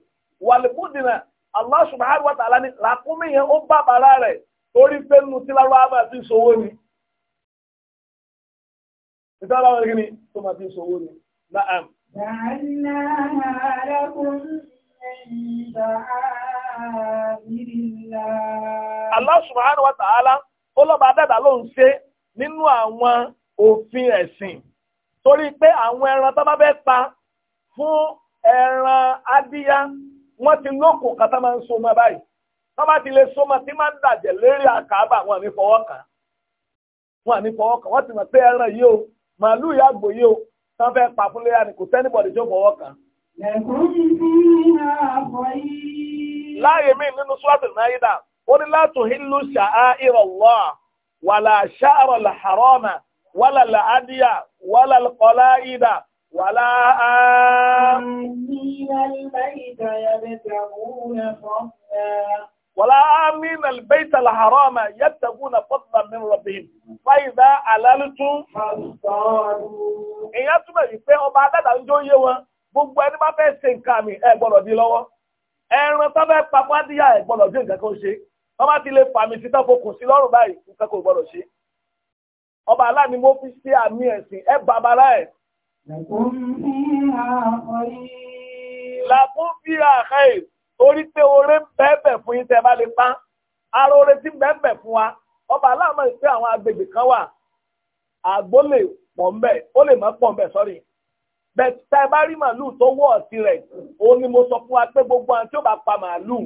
wàlúkúdìnà Allah subhanahu wa ta'ala ni làkúnmí yẹn ó bá bàrà rẹ̀ torí pé nínú tí lárúbá bá ti sọ̀wọ́ ni ìtàn láwọn ẹ̀rí tó máa ti sọ̀wọ́ ni naam. جعلناها لكم من شعائر الله Allah subhanahu wa ta'ala ó lọ́ba dẹ́dà ló ń ṣe nínú àwọn òfin ẹ̀sìn torí pé àwọn ẹran tó bá fẹ́ pa fún ẹran adíyá wọ́n ti lókùn kan tá máa ń so mọ́ báyìí tó bá ti lè so mọ́ tí máa ń dàjẹ́ lérí àkàbà wọn àní fọwọ́ kàn wọn àní fọwọ́ kàn wọ́n ti mọ̀ pé ẹran yìí o màálù yà yìí o tán fẹ́ pa fún léyà ni kò sẹ́nìbọ̀dì tó fọwọ́ kàn. láàyè mi nínú swati náírà ó ní látò hílù ṣàá ìrọ̀lọ́ wàlà ṣàárọ̀ wàlà làádìyà wàlà kọlá ولا آمين البيت يبتغون فضلا ولا آمين البيت الحرام يبتغون فضلا من ربهم فإذا حللتم فاصطادوا ìyẹn túmọ̀ yìí pé ọba adáda wọn gbogbo ẹni bá fẹ́ ṣe nǹkan mi ẹ gbọ́dọ̀ di lọ́wọ́ ẹran tó fẹ́ papọ̀ ẹ gbọ́dọ̀ di nǹkan kan ṣe ti lè fàmì sí tó fokùn sí lọ́rùn báyìí nǹkan gbọ́dọ̀ ṣe ọba aláàánú mo fi ṣe àmì Làkún bí àkáì, orí pé oré ń bẹ́ẹ̀bẹ̀ fún yín tẹ́ bá lè pa, ara oré tí ń bẹ́ẹ̀bẹ̀ fún wa, ọba aláàmọ́ ìpé àwọn agbègbè kan wà, àgbó lè pọ̀ ń bẹ̀, ó lè mọ́ pọ̀ ń bẹ̀ sọ́rí. Bẹ̀tẹ̀ tẹ́ bá rí màlúù tó wọ̀ ọ̀tí rẹ̀, òun ni mo sọ fún wa pé gbogbo àwọn tí ó bá pa màlúù,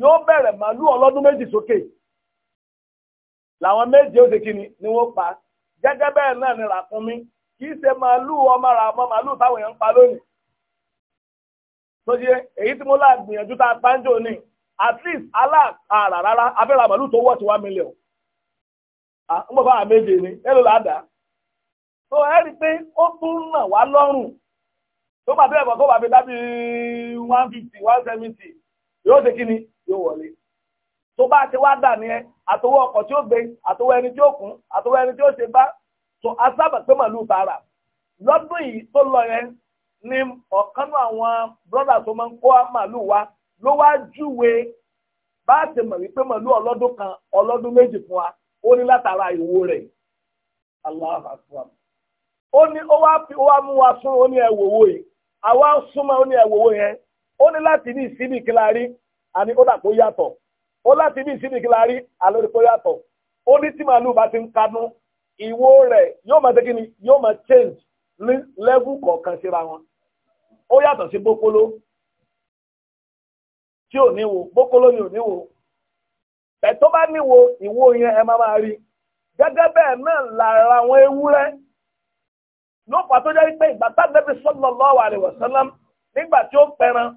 yóò bẹ̀rẹ̀ màlúù ọlọ́dún méjì sókè. Làwọn méje ó ṣe kí ni wọ́n pa. Gẹ́gẹ́ bẹ́ẹ̀ náà ni ràkúnmí kì í ṣe màálù ọmọ àmọ́ ọmọ màálù táwọn èèyàn ń pa lónìí. tó ṣe èyí tí mo lá gbìyànjú tá a at least aláàkàrà rárá abẹ́rẹ́ màálù tó wọ́ọ̀tì one million. ń bọ̀ ni ẹ ló là á dà. ẹ rí i pé one fifty one seventy yóò ṣe kí ni yóò wọlé tó bá ti wá dà ẹ àtọwọ́ ọkọ̀ tí ó gbé àtọwọ́ ẹni tí ó kún so asábà pé màlúù tààrà lọ́dún yìí tó lọ yẹn ni ọ̀kan náà àwọn brọ́dà tó máa ń kó màlúù wá ló wá júwe bá a ti mọ̀ wípé màlúù ọlọ́dún kan ọlọ́dún méjì fún wa ó ní látara ìwo rẹ̀ Allahu Akbar ó ní ó wá fi ó wá mú wa sún ó ní ẹ̀wòwò yìí àwa ń súnmọ́ ó ní ẹ̀wòwò yẹn ó ní láti ní ìsinmi kílárí àní ó dà kó yàtọ̀ ó láti ní ìsinmi kílárí àlọ́ kó yàtọ̀ ó ní tí màlúù bá ti ń kanú ìwo rẹ̀ yóò máa tẹ́kí ni yóò máa change level lẹ́vù kọ̀ọ̀kan síra wọn ó yàtọ̀ sí bókóló tí ò níwo bókóló ni ò níwo ẹ̀ tó bá níwo ìwo yẹn ẹ máa máa rí gẹ́gẹ́ bẹ́ẹ̀ náà lára àwọn ewúrẹ́ ló fà tó jẹ́ pé ìgbà tábìlẹ́bí sallallahu alaihi wasallam nígbà tí ó pẹran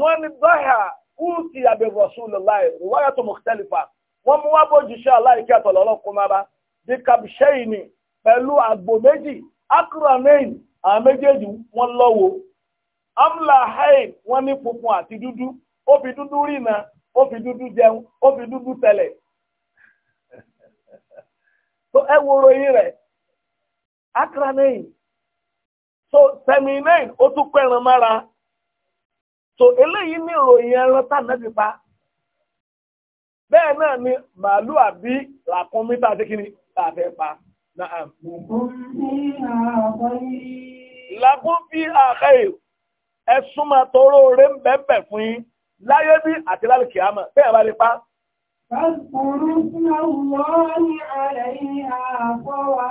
wọ́n ní dọ́hà kúùtì àbẹ̀wọ̀sùn lọ́láì riwayatu mukhtalifa wọ́n mú wá bójú aláìkẹ́ àtọ̀lọ́lọ́kùnmára bí kabṣẹ́yìnì pẹ̀lú àgbò méjì akramain àwọn méjèèjì wọ́n lọ́wọ́ amla haid wọ́n ní funfun àti dúdú ó fi dúdú rìnà ó fi dúdú jẹun ó fi dúdú tẹ̀lẹ̀ [laughs] so ẹ wo ròyìn rẹ̀ akramain so seminain ó tún pẹ̀ràn mára so eléyìí ní ìròyìn ẹran tànàbí pa bẹ́ẹ̀ náà ni màálù àbí làkúnmí tá a tá a fẹ́ pa náà. Lagún bí àbẹ́ yìí, ẹ súnmọ́ ń bẹ̀bẹ̀ fún yín láyé bí àti lálùkì àmọ́ bẹ́ẹ̀ bá lè pa. Fàkùrú sí ọwọ́ ní àlẹ́ àfọ́ wa.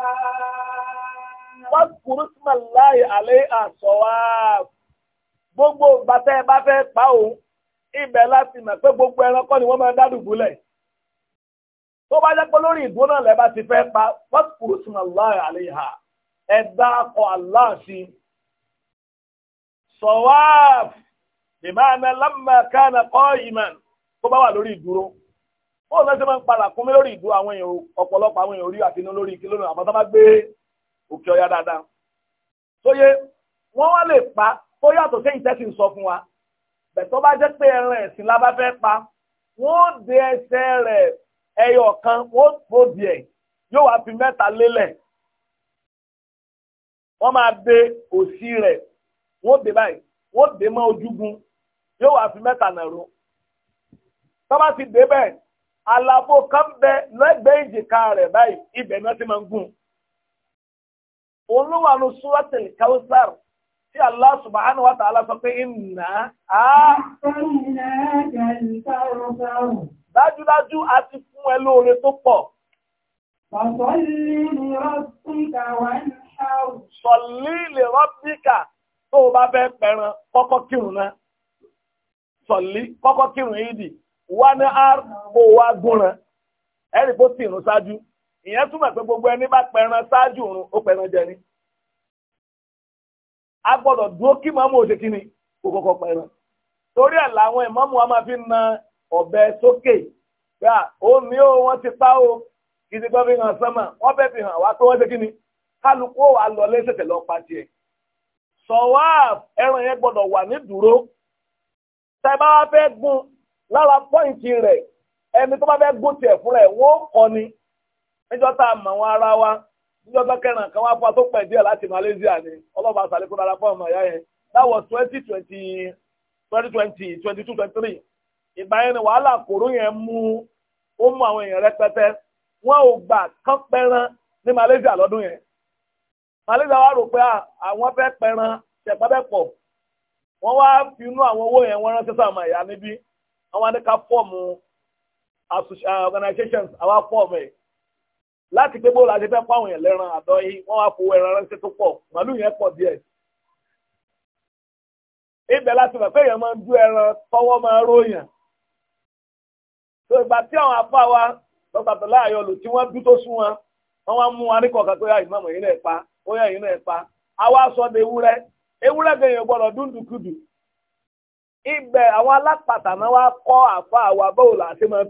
Fàkùrú sí láyé àlẹ́ àsọ wa. Gbogbo ìgbà bá fẹ́ pa òun, ibẹ̀ láti mọ̀ pé gbogbo ẹranko ni wọ́n máa dádùbúlẹ̀ tó bá jẹ́pọ̀ lórí ìgbóná lẹ́bà ti fẹ́ pa fọ́sùkúrú sí aláì àléhà ẹ̀dá akọ aláàṣì sọ̀wáàf ìmáàmẹ́ lámà kánà kọ́ ìmàn tó bá wà lórí ìdúró ó lọ́sẹ̀ máa ń padà kúnmí lórí ìdúró àwọn èèyàn ọ̀pọ̀lọpọ̀ àwọn èèyàn orí àtinú lórí kí lónìí àbọ̀tán bá gbé òkè ọ̀yà dáadáa tóyé wọ́n wá lè pa tó yàtọ̀ sí ìtẹ́sí ń sọ fún wa bẹ̀tọ́ bá jẹ́ pé ẹran ẹ̀sìn la fẹ́ pa wọ́n de ẹsẹ̀ rẹ̀ ẹyọ kan wọ́n fòdì ẹ̀ yóò wá fi mẹta lélẹ̀ wọ́n máa de òsì rẹ. wọ́n dé báyìí wọ́n dé mọ́ ojúgun yóò wá fi mẹ́ta nàró tọ́ba ti dé bẹ́ẹ̀ àlàfo kan bẹ lẹ́gbẹ̀ẹ́ ìjìká rẹ̀ báyìí ibẹ̀ náà ti máa ń gùn olúwànú súrọ́tì káwùsàr tí Allah subhanahu wa ta'ala sọ pé ìnà á. dájúdájú a ti fún ẹ lóore tó pọ̀. Sọ̀lí lè rọ́bíkà tó o bá fẹ́ pẹran kọ́kọ́ kírun náà. Sọ̀lí kọ́kọ́ kírun yìí wá ní àpò wa gúnran, ẹ̀rì kó tì ìrun ṣáájú. Ìyẹn túmọ̀ pé gbogbo ẹni bá pẹran ṣáájú ìrun ó pẹran jẹ ni. A gbọ́dọ̀ dúró kí màmú òṣèkí ni kò kọ́kọ́ pẹran. Torí ẹ̀ làwọn ìmọ̀mù wa máa fi na ọbẹ sókè ya omi o wọ́n ti pa ti fi hàn sánmà wọ́n fẹ́ fi hàn wá wọ́n ṣe kí kálukú ó wà lọ lẹ́sẹ̀tẹ̀ lọ pa tiẹ̀ sọ̀wá ẹran wà ní dúró wá fẹ́ bá fẹ́ gún tiẹ̀ ni níjọ́ tá a mọ̀ wọn ara wa ni ọlọ́ba ọmọ ìyá yẹn that was twenty twenty twenty twenty two twenty three. ìgbà yẹn ni wàhálà kòró yẹn mú ó mú àwọn èèyàn rẹpẹtẹ wọn ò gbà kán pẹran ní Malaysia lọ́dún yẹn Malaysia wá rò pé ah, àwọn fẹ́ pẹran ṣẹ̀pẹ́pẹ́ pọ̀ wọ́n wá fi inú àwọn owó yẹn wọ́n ránṣẹ́ sáà màyà níbí àwọn adéka fọ́ọ̀mù ah, organizations àwọn fọ́ọ̀mù ẹ̀ láti pé bóòlù àti fẹ́ fáwọn yẹn lẹ́ran àdọ́ yìí wọ́n wá fowó ẹran ránṣẹ́ tó pọ̀ màálù yẹn pọ̀ díẹ̀ ibẹ̀ láti mọ̀ èèyàn máa ń dú ẹran tọwọ́ máa róyàn tó ìgbà tí àwọn afá wa lọ́gbàtọ̀ láàyò tí wọ́n bí tó sún wọn wọ́n wá mú wọn níkọ̀ọ̀kan pé yá náà pa ó yá yìí náà pa àwa sọ de ewúrẹ́ ewúrẹ́ gẹ̀yìn gbọ́dọ̀ dúndùnkudù ibẹ̀ àwọn alápàtà náà wá kọ́ báwo là ṣe máa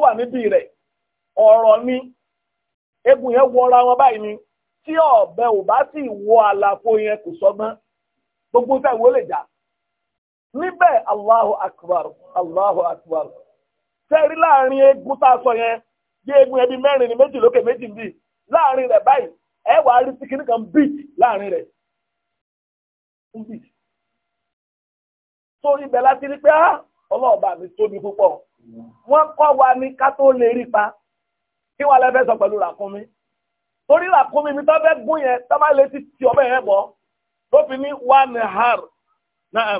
bá yóò ni egun yẹn wọn báyìí ni tí ọ̀bẹ ò bá sì wọ àlàfo yẹn kò sọgbọ́n gbogbo táwọn ò lè jà níbẹ̀ Allahu Akbar Akbar sẹ́rí láàrin egun tá a sọ yẹn bí egun mẹ́rin ni méjì lókè méjì ń bì láàrin rẹ̀ báyìí ẹ wà á rí kan bì láàrin rẹ̀ ń bì. tó ibẹ̀ láti rí pé ah, púpọ̀ wọ́n kọ́ wa ní ká tó lè sọ pẹ̀lú ràkúnmí. torí làkúnmí mi tábẹ́ gún yẹn tábà lè ti ti ọbẹ̀ yẹn bọ̀ ló fi ní wà ní har náà.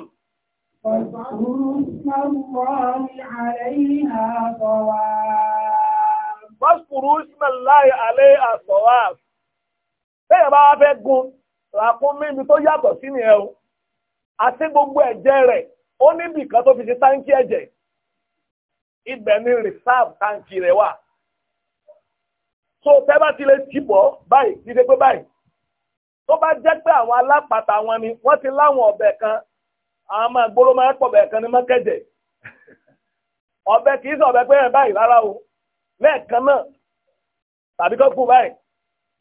Bọ́sùkúrú Ismailáì Alẹ́ Àsọ̀wá. Bẹ́ẹ̀ bá wá fẹ́ gun làkúnmí mi tó yàtọ̀ sí ni ẹ o. Àti gbogbo ẹ̀jẹ̀ rẹ̀, ó níbì kan tó fi ṣe táǹkì ẹ̀jẹ̀. Ibẹ̀ ni rìsáàbù táǹkì rẹ̀ wà so tẹ́ bá ti lè tìbọ̀ báyìí ti dé pé báyìí tó bá jẹ́ pé àwọn alápàtà wọn ni wọ́n ti láwọn ọ̀bẹ kan àwọn ọmọ ìgboro máa ń pọ̀ bẹ̀ kan ní mọ́kẹ́jẹ̀ [laughs] ọ̀bẹ kì í sọ ọ̀bẹ pé ẹ̀ báyìí rárá o lẹ́ẹ̀kan náà tàbí kọ́ gùn báyìí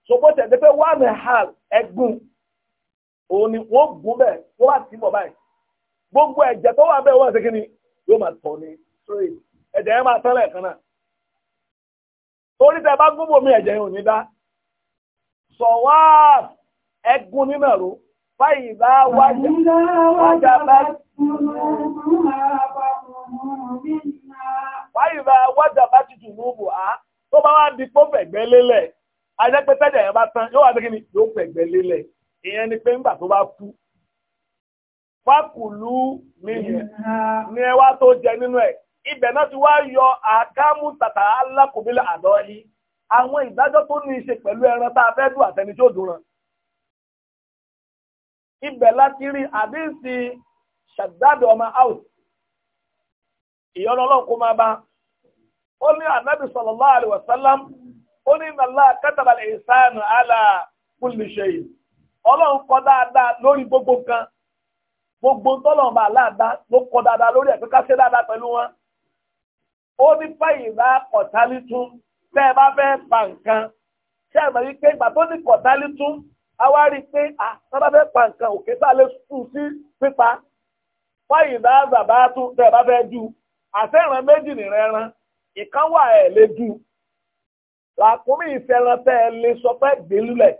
ṣògbọ́n tẹ̀lé pé one and a half ẹ̀gùn òun ni wọ́n gùn bẹ́ẹ̀ wọ́n wá tìbọ̀ báyìí gbogbo ẹ̀jẹ̀ tó wà bẹ́ẹ̀ wọ́n ṣe kí ni yóò máa tọ̀ ní straight ẹ̀jẹ̀ yẹn máa tán lẹ́ẹ̀kan náà torí tẹ bá gúnbò mi ẹ̀jẹ̀ yóò ní dá sọ̀wá ẹgún nínú ẹ̀rọ fáyì bá wájà bá fáyì bá wájà bá tutù lóòbù á tó bá wá di pọ́ fẹ̀gbẹ́ lélẹ̀ ajẹ́pẹ́tẹ́jẹ̀ yẹn bá tán yóò wá sí kí ni yóò fẹ̀gbẹ́ lélẹ̀ ìyẹn ni pé ńgbà tó bá kú fákùlù mi yẹn ni ẹ wá tó jẹ nínú ẹ̀. ibẹ̀ náà ti wá yọ àkámú tàtà alákòbílẹ̀ àdọ́ yìí àwọn ìdájọ́ tó ní í ṣe pẹ̀lú ẹran tá a fẹ́ dùn àtẹni tí dùn ràn. ibẹ̀ láti rí àdínsì ọmọ ìyọ́nà ó ní ànábì sallallahu ó ní nàlá Àlà lórí gbogbo kan gbogbo tọ́lọ̀ ló lórí ẹ̀ pé pẹ̀lú wọn. ó ní fẹ́yìn bá kọ̀tálí tún tẹ́ ẹ bá fẹ́ pa nǹkan ṣé ẹ mọ̀ wípé ìgbà tó ní kọ̀tálí a wá rí i pé à tọ́ bá fẹ́ pa nǹkan òkè tá a lè sùn sí pípa fẹ́yìn bàbá tún tẹ́ bá fẹ́ ju àtẹ̀ràn méjì nìrẹ̀ràn ìkan wà ẹ̀ lè ju làkúnmí ìfẹ́ràn tẹ́ ẹ lè sọ pé gbélúlẹ̀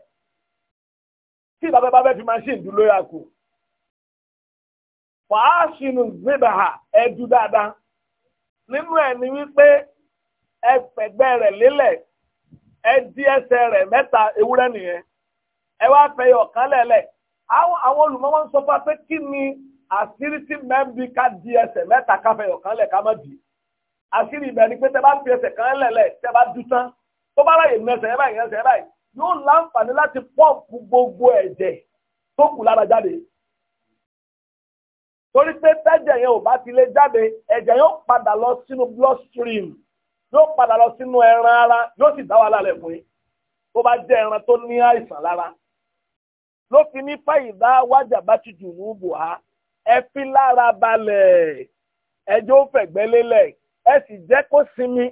tí ìbáfẹ́ bá fẹ́ fi machine dúró yà kù fàásìnù zébàá ẹ ju dáadáa nínú ẹ̀ ni wípé ẹ fẹ̀gbẹ́ rẹ̀ lélẹ̀ ẹ di ẹsẹ̀ rẹ̀ mẹ́ta ewúrẹ́ nìyẹn ẹ wá fẹ́ yọ ọ̀kan lẹ́lẹ̀ àwọn olùmọ́wọ́n ń sọ fún wa pé kí ni àṣírí tí mẹ́bí ká di ẹsẹ̀ mẹ́ta ká fẹ́ yọ ọ̀kan ká má di àṣírí ibẹ̀ ni pé tẹ bá fi ẹsẹ̀ kan lẹ̀lẹ̀ tẹ bá dùn tán tó bá ráyè ní ẹsẹ̀ yẹn báyìí ẹsẹ̀ yẹn báyìí yóò láǹfààní láti pọ́ǹpù gbogbo ẹ̀jẹ̀ tó kù lára jáde torí pé tẹ́jẹ̀ yẹn ò bá ti lè jáde ẹ̀jẹ̀ yóò padà lọ sínú bloodstream yóò padà lọ sínú ẹran ara yóò sì dá wa lálẹ́ fún yín tó bá jẹ́ ẹran tó ní àìsàn lára ló fi ní fàyìdá wájà bá ti jù ní bùhá ẹ fi lára balẹ̀ ẹjọ́ ó fẹ̀gbẹ́ lélẹ̀ ẹ sì jẹ́ kó sinmi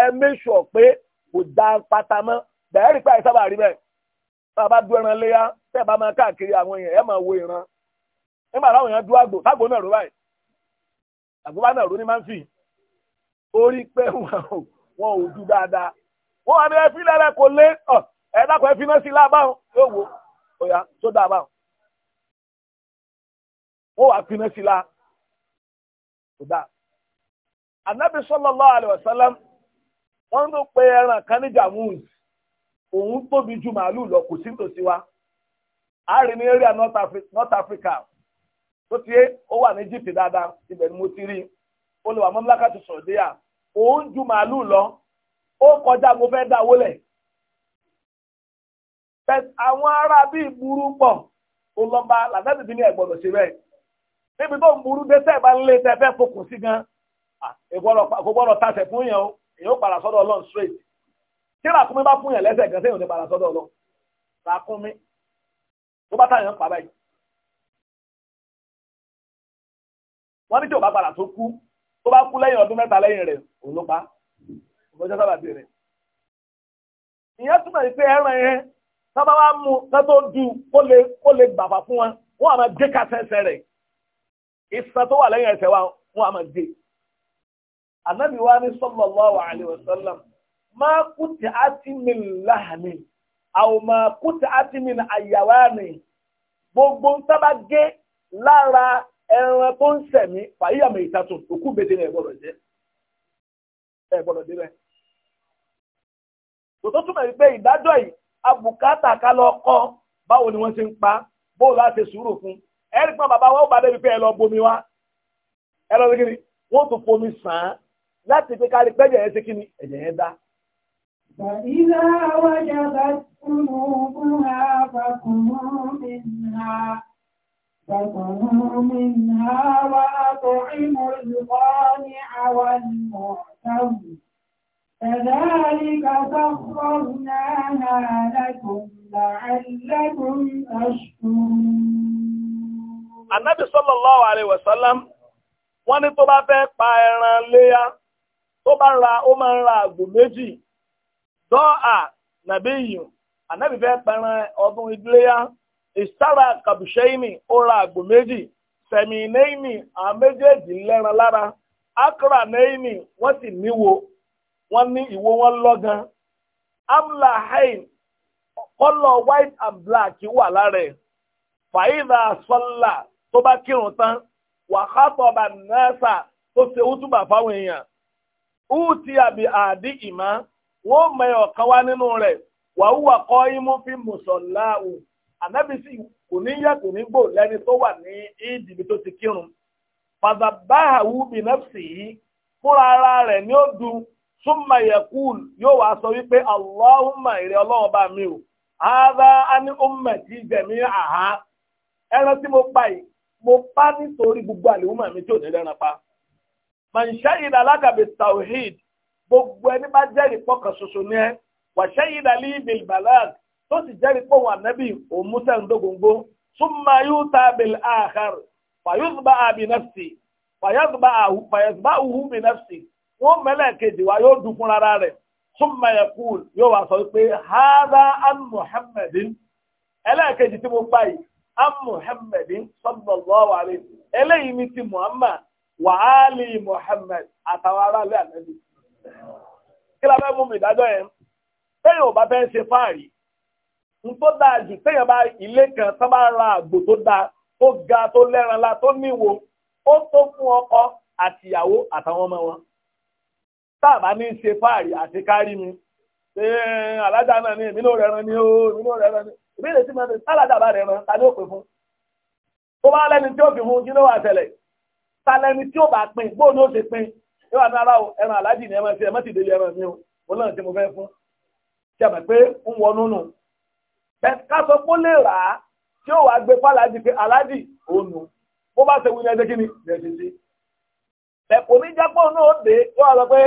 ẹ méṣọ̀ pé kò dá pátá mọ́ bẹ̀rẹ̀ rí pé àìsábà rí bẹ́ẹ̀ bá du ẹran léyà tẹ́ bá máa káàkiri àwọn èèyàn ẹ máa wo ìran nígbà táwọn èèyàn dú àgbò tágbò náà ró báyìí àgbò bá náà ní máa ń orí pé [laughs] wọn ò dú dáadáa wọn wà ní ẹfí lẹ́rẹ́ kò lé ẹ dákọ̀ ẹfí náà sí lábáwọn yóò wò ó yá tó dáa báwọn wọn wà fi náà sí lá kò anabi pe ẹran kan ní òun tóbi ju màálù lọ kò sí tòsí wa a tó ti yé ó wà ní Egypt dáadáa ibẹ̀ ni mo ti rí ó lè wà mọ́mílákà tó sọ̀rọ̀ dé yà òun ju màálù lọ ó kọjá mo fẹ́ dáwó lẹ̀ àwọn ará bíi burú pọ̀ ó lọ bá làbẹ́bí bí ní ẹ̀gbọ́dọ̀ ṣe bẹ́ẹ̀ níbi tó ń burú dé tẹ́ẹ̀ bá ń lé tẹ́ẹ̀ fẹ́ fokùn sí gan kò gbọ́dọ̀ tasẹ̀ fún yẹn o èyàn ó padà sọ́dọ̀ Ọlọ́run straight tí ràkúnmí bá fún yẹn lẹ́sẹ̀ gan sẹ́yìn ò ní padà sọ́dọ̀ Ọlọ́run ràkúnmí tó bá táyàn pa báyìí wọ́n ní tí ò bá padà tó kú tó bá kú lẹ́yìn ọdún mẹ́ta lẹ́yìn rẹ̀ òun ló pa ọjọ́ sábà bí rẹ̀. ìyẹn túmọ̀ sí pé ẹran yẹn sábà wá mú sẹ́tò du kó lè kó lè gbàfà fún wọn wọ́n àmọ́ gé kásẹ̀sẹ̀ rẹ̀ ìsàn tó wà lẹ́yìn ẹsẹ̀ wa wọ́n àmọ́ gé. ànábì wa ní sallallahu alaihi wasallam máa kú ti àti mi láhàmì àwọn máa kú ti àti mi àyàwá mi gbogbo ń sábà gé lára ẹran tó ń sẹ̀mí fàyíyàmọ̀ ìtàtùn òkú bèdè ẹ̀ gbọ́dọ̀ jẹ́ ẹ̀ gbọ́dọ̀ dé bẹ́ẹ̀. tòótọ́ túmọ̀ wípé ìdájọ́ yìí abùkátà ká lọ kọ́ báwo ni wọ́n ti ń pa bóòlù láti sùúrù fún ẹ̀rí pọ́n bàbá wọn ó bá débi pé ẹ lọ bomi wá ẹ lọ síkiri wọ́n tún fomi sàn án láti pé kárí pẹ́jẹ̀ yẹn síkiri ẹ̀jẹ̀ yẹn dá. فإذا وجبت جنوبها فكلوا فكلوا منها وأطعموا القانع والمعتم كذلك سخرناها لكم لعلكم تشكرون النبي صلى الله عليه وسلم wọ́n ní tó bá fẹ́ pa ẹran léyá tó bá ra ó máa ń ra àgbò méjì dọ́à nàbí yìí ànábì fẹ́ pa ẹran ọdún iléyá ìsára kàbùṣẹ́ìmì ó ra àgbò méjì sẹ̀mìnẹ́ìmì àwọn méjèèjì lẹ́ran lára akra nẹ́ìmì wọ́n sì níwo wọ́n ní ìwo wọn lọ́gan amla hain kọ́lọ̀ white and black wà lára ẹ̀ fàyídà sọ́là tó bá kírun tán wàhátọ̀ bá nẹ́ẹ̀sà tó ṣe útùbà fáwọn èèyàn úùtì àbí àdí ìmá wọ́n mẹ́yọ̀ kan wá nínú rẹ̀ wàhùwà kọ́ imú fi mùsọ̀lá òkú ànábì sì kò ní yẹ ní gbò lẹ́ni tó wà ní tó ti kírun ara rẹ̀ ni ó du súnmọ̀ yẹ̀kúl yóò wá sọ wípé allahumma ìrẹ́ ọlọ́run bá mi o ara ani ummati jẹ̀mí àhá ẹran tí mo pa yìí mo pa nítorí gbogbo àlèhùnmọ̀ mi tí ò ní lẹ́ran pa. mànṣẹ́ ìdá alágàbẹ̀ gbogbo ẹni bá jẹ́rìí ṣoṣo ní ẹ wàṣẹ́ tó sì jẹ́rìí pé òun ànábì òun musa ń dógóńgó súnmọ́ yóò ta bil akhar fàyọ́sùbá àbí nafsi fàyọ́sùbá àhú bí nafsi wọ́n mẹ́lẹ̀ kejì wa yóò dùn fún rárá rẹ̀ súnmọ́ yaqul yóò wá sọ pé hada an muhammadin ẹlẹ́ẹ̀kejì tí mo gbà yìí an muhammadin sallallahu alayhi eléyìí ni ti muhammad wa ali muhammad àtàwọn aráàlú ànábì kí la fẹ́ mú mi dájọ́ yẹn bẹ́ẹ̀ yóò bá fẹ́ ṣe fáàrí n tó dáa jù téèyàn bá ilé kan tó bá ra àgbò tó dáa tó ga tó lẹ́ranla tó níwo ó tó fún ọkọ àtìyàwó àtàwọn ọmọ wọn tá a bá ní í ṣe fáàrí àti kárí mi ṣé alájà náà ní èmi náà rẹran ní o èmi náà rẹran ní ìbéèrè tí mo ní alájà bá rẹran ta ni ó pè fún tó bá lẹ́ni tí ó fi fún kí ló wà tẹ́lẹ̀ ta lẹ́ni tí ó bá pín bóun ni ó ṣe pín yóò wà ní ara ẹran alájì ni ẹ máa ṣe ẹ má ti délé ẹran mi o òun náà ti mo fẹ́ fún ṣe àmọ̀ pé ń wọnú nù. ká sọ pé ó lè tí ó gbé fàlàjì pé aláàjì bó bá ṣe wí ní ẹjẹ kí ni ẹjẹ sí. ní jápọ̀ náà dé ó wà lọ pé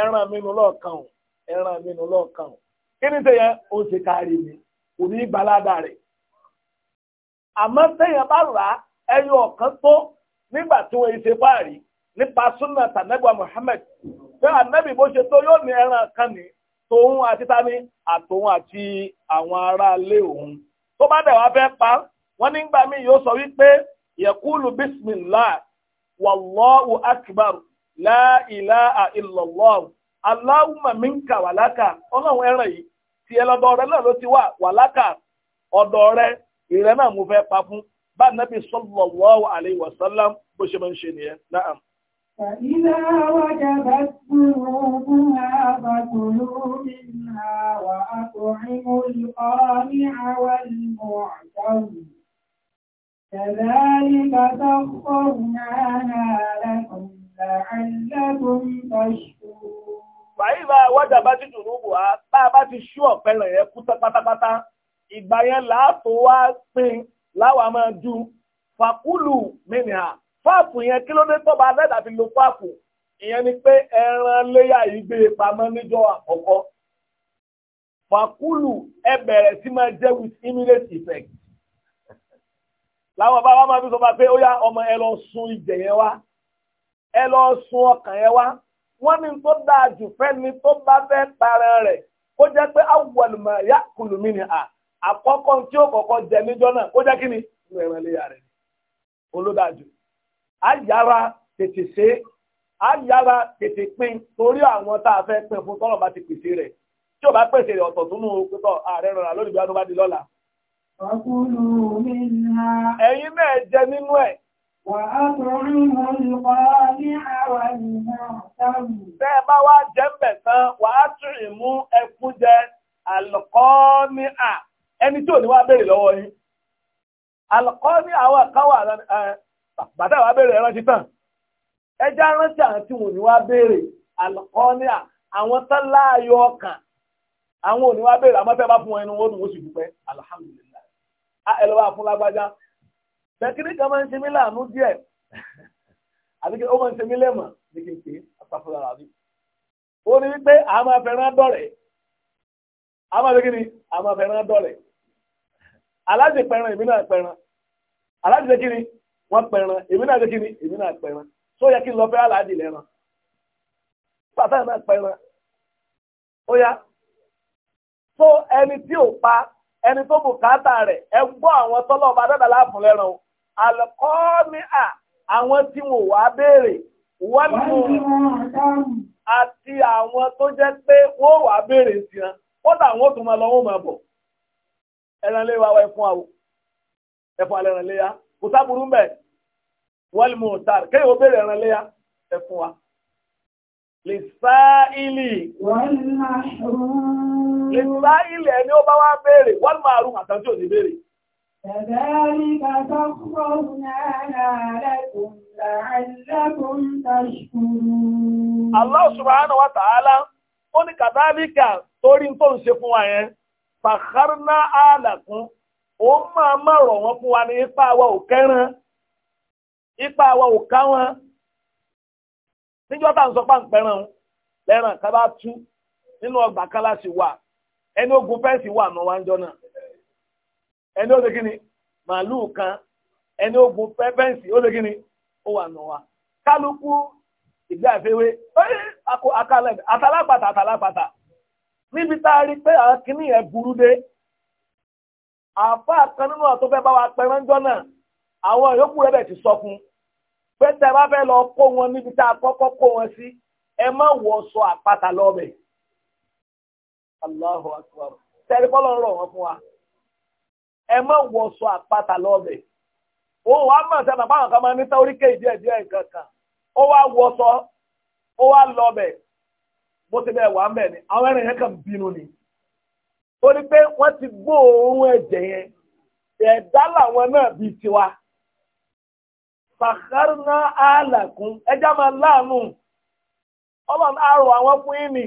ẹran mi nù lọ́ọ̀kan o ẹran mi nù o kí ni ó ṣe kò ní gbalada rẹ̀. bá rà á ẹyọ tó nígbà tí ṣe fáàrí nípa súnà ẹran kan tòun àti tani àtòun àti àwọn ará ilé òun tó bá dẹ̀ wá fẹ́ pa wọ́n nígbà míì yóò sọ wípé yẹkúlù bismillah wàlọ́hu akbar láìláà minka wàlákà ọlọ́run ẹran yìí ti ẹ rẹ náà ló ti wà wàlákà ọ̀dọ̀ rẹ ìrẹ mo fẹ́ pa fún bá sallallahu alaihi wasallam bó ṣe máa ń ṣe فإذا وجبت جنوبها فكلوا منها وأطعموا القانع والمعتم كذلك سخرناها لكم لعلكم تشكرون Fàíbà wọ́jà bá ti dùnú bù á, tá a bá ti ṣú ọ̀pẹ rẹ̀ yẹn kú tán pátápátá, ìgbà yẹn làá tó wá pín láwàá máa ju fàkúlù mìíràn fáàpù yẹn kí ló dé tọ́ba adẹ́dà fi lo fáàpù ìyẹn ni pé ẹran léyà yìí gbé e pamọ́ níjọ́ àkọ́kọ́ fàkúlù ẹ bẹ̀rẹ̀ sí máa jẹ́ with immediate effect láwọn bàbá máa fi sọ pé ó yá ọmọ ẹ lọ sun ìjẹ yẹn wá ẹ lọ sun ọkàn yẹn wá wọ́n ní tó dáa jù fẹ́ni tó bá fẹ́ tara rẹ̀ ó jẹ́ pé awọ̀lùmọ̀ ya kùlùmí ni à àkọ́kọ́ tí ó kọ́kọ́ jẹ níjọ́ náà ó jẹ́ kí ni ìrẹ̀lẹ́yà rẹ̀ olódàjù á yára tètè ṣe é á yára tètè pín torí àwọn tá a fẹ́ pín fún tọ́lọ̀ bá ti pèsè rẹ̀ tí ò bá pèsè rẹ̀ ọ̀tọ̀ tó pípọ̀ ààrẹ rọra lónìí bí wọn bá di lọ́la. ẹ̀yin náà jẹ nínú ẹ̀. Bẹ́ bá wá jẹ́ bẹ̀ tán, wà tún ìmú ẹkú jẹ alùkọ́ní à. Ẹni tí ò ní wá béèrè lọ́wọ́ yín. Alùkọ́ní àwọn kan bàtà wàá béèrè ẹran ti tàn ẹja rántí àwọn tí wọn ò ní wá béèrè àlọ́kọ́níà àwọn tán láàyò ọkàn àwọn ò ní wá béèrè àmọ́ tẹ́ bá fún ẹnu wọn ó sì dúpẹ́ alhamdulilayi ẹ lọ́ bá fún lágbájá bẹ́ẹ̀kiri kan máa ń ṣe mí láàánú díẹ̀ [laughs] àbíkí ó máa ń ṣe mí lẹ́mọ̀ ní kí n pè é àpapọ̀ ara mi ó ní wípé a máa fẹ́ràn dọ̀rẹ́ a máa fẹ́ràn a máa fẹ́ràn dọ̀rẹ́ alájẹpẹ̀ràn ìmí náà pẹ̀ràn alájẹpẹ̀ràn wọ́n pẹran èmi náà ṣe kí ni èmi náà pẹran tó yẹ kí n lọ fẹ́ aláàdì lẹ́ran pàtà náà pẹran ó yá tó ẹni tí ò pa ẹni tó bùkátà rẹ̀ ẹ gbọ́ àwọn tọ́lọ̀ ọba dọ́dà láàfún lẹ́ran o àlùkọ́ọ́mí à àwọn tí wọn ò wá béèrè wọ́n mú àti àwọn tó jẹ́ pé wọ́n ò wá béèrè sí wọn kódà àwọn tó máa lọ wọn máa bọ̀ ẹran léwa wa ẹ fún wa o ẹ fún alẹ́ ẹran léya kò sábúrú mẹ́ẹ̀ wal mu'tar kéyìn ó béèrè ẹran léyà ẹ fún wa. lìsáìlì lìsáìlì ẹni ó bá wá béèrè wal ma'ruf àtàntí ò ní béèrè. كذلك سخرناها لكم ní kàdálíkà fún wa yẹn fàkárná àlàkún ó máa rọ̀ wọ́n fún wa ní ipa wa ò kẹ́ràn ipa àwọn òkà wọn níjọ́ tá à ń sọ pàǹpẹ́ràn lẹ́ràn ká bá tú nínú ọgbà kan láti wà ẹni ogun fẹ́ǹsì wà náà wá ń jọ náà ẹni ó ṣe kí ni màálùú kan ẹni ogun fẹ́ǹsì ó ṣe kí ni ó wà náà wá kálukú ìgbé àfẹwé àtàlápàtà àtàlápàtà níbi tá a rí pé àwọn kìnnìyàn burú dé àáfàá kan nínú àtúnfẹ́ bá wa pẹ́ràn jọ náà. àwọn yòókù rẹ̀ bẹ̀ ti sọ fún pé tẹ bá wọn níbi tá a kọ́kọ́ kó wọn sí ẹ má wọ sọ àpáta lọ́bẹ̀. Allahu kọ́ fún wa ẹ má wọ sọ àpáta lọ́bẹ̀. ó wàá mọ̀ sẹ́ bàbá àwọn kan máa ní díẹ̀ díẹ̀ nǹkan kan ó wọ sọ wà ń ni àwọn ẹ̀rìn yẹn kàn bínú ni. pé wọ́n ti gbóòórùn ẹ̀jẹ̀ yẹn ẹ̀dá làwọn náà bíi tiwa. fàkàrùnà àlàkùn ẹjá máa láàánú ọlọ́run àrò àwọn fún yín ni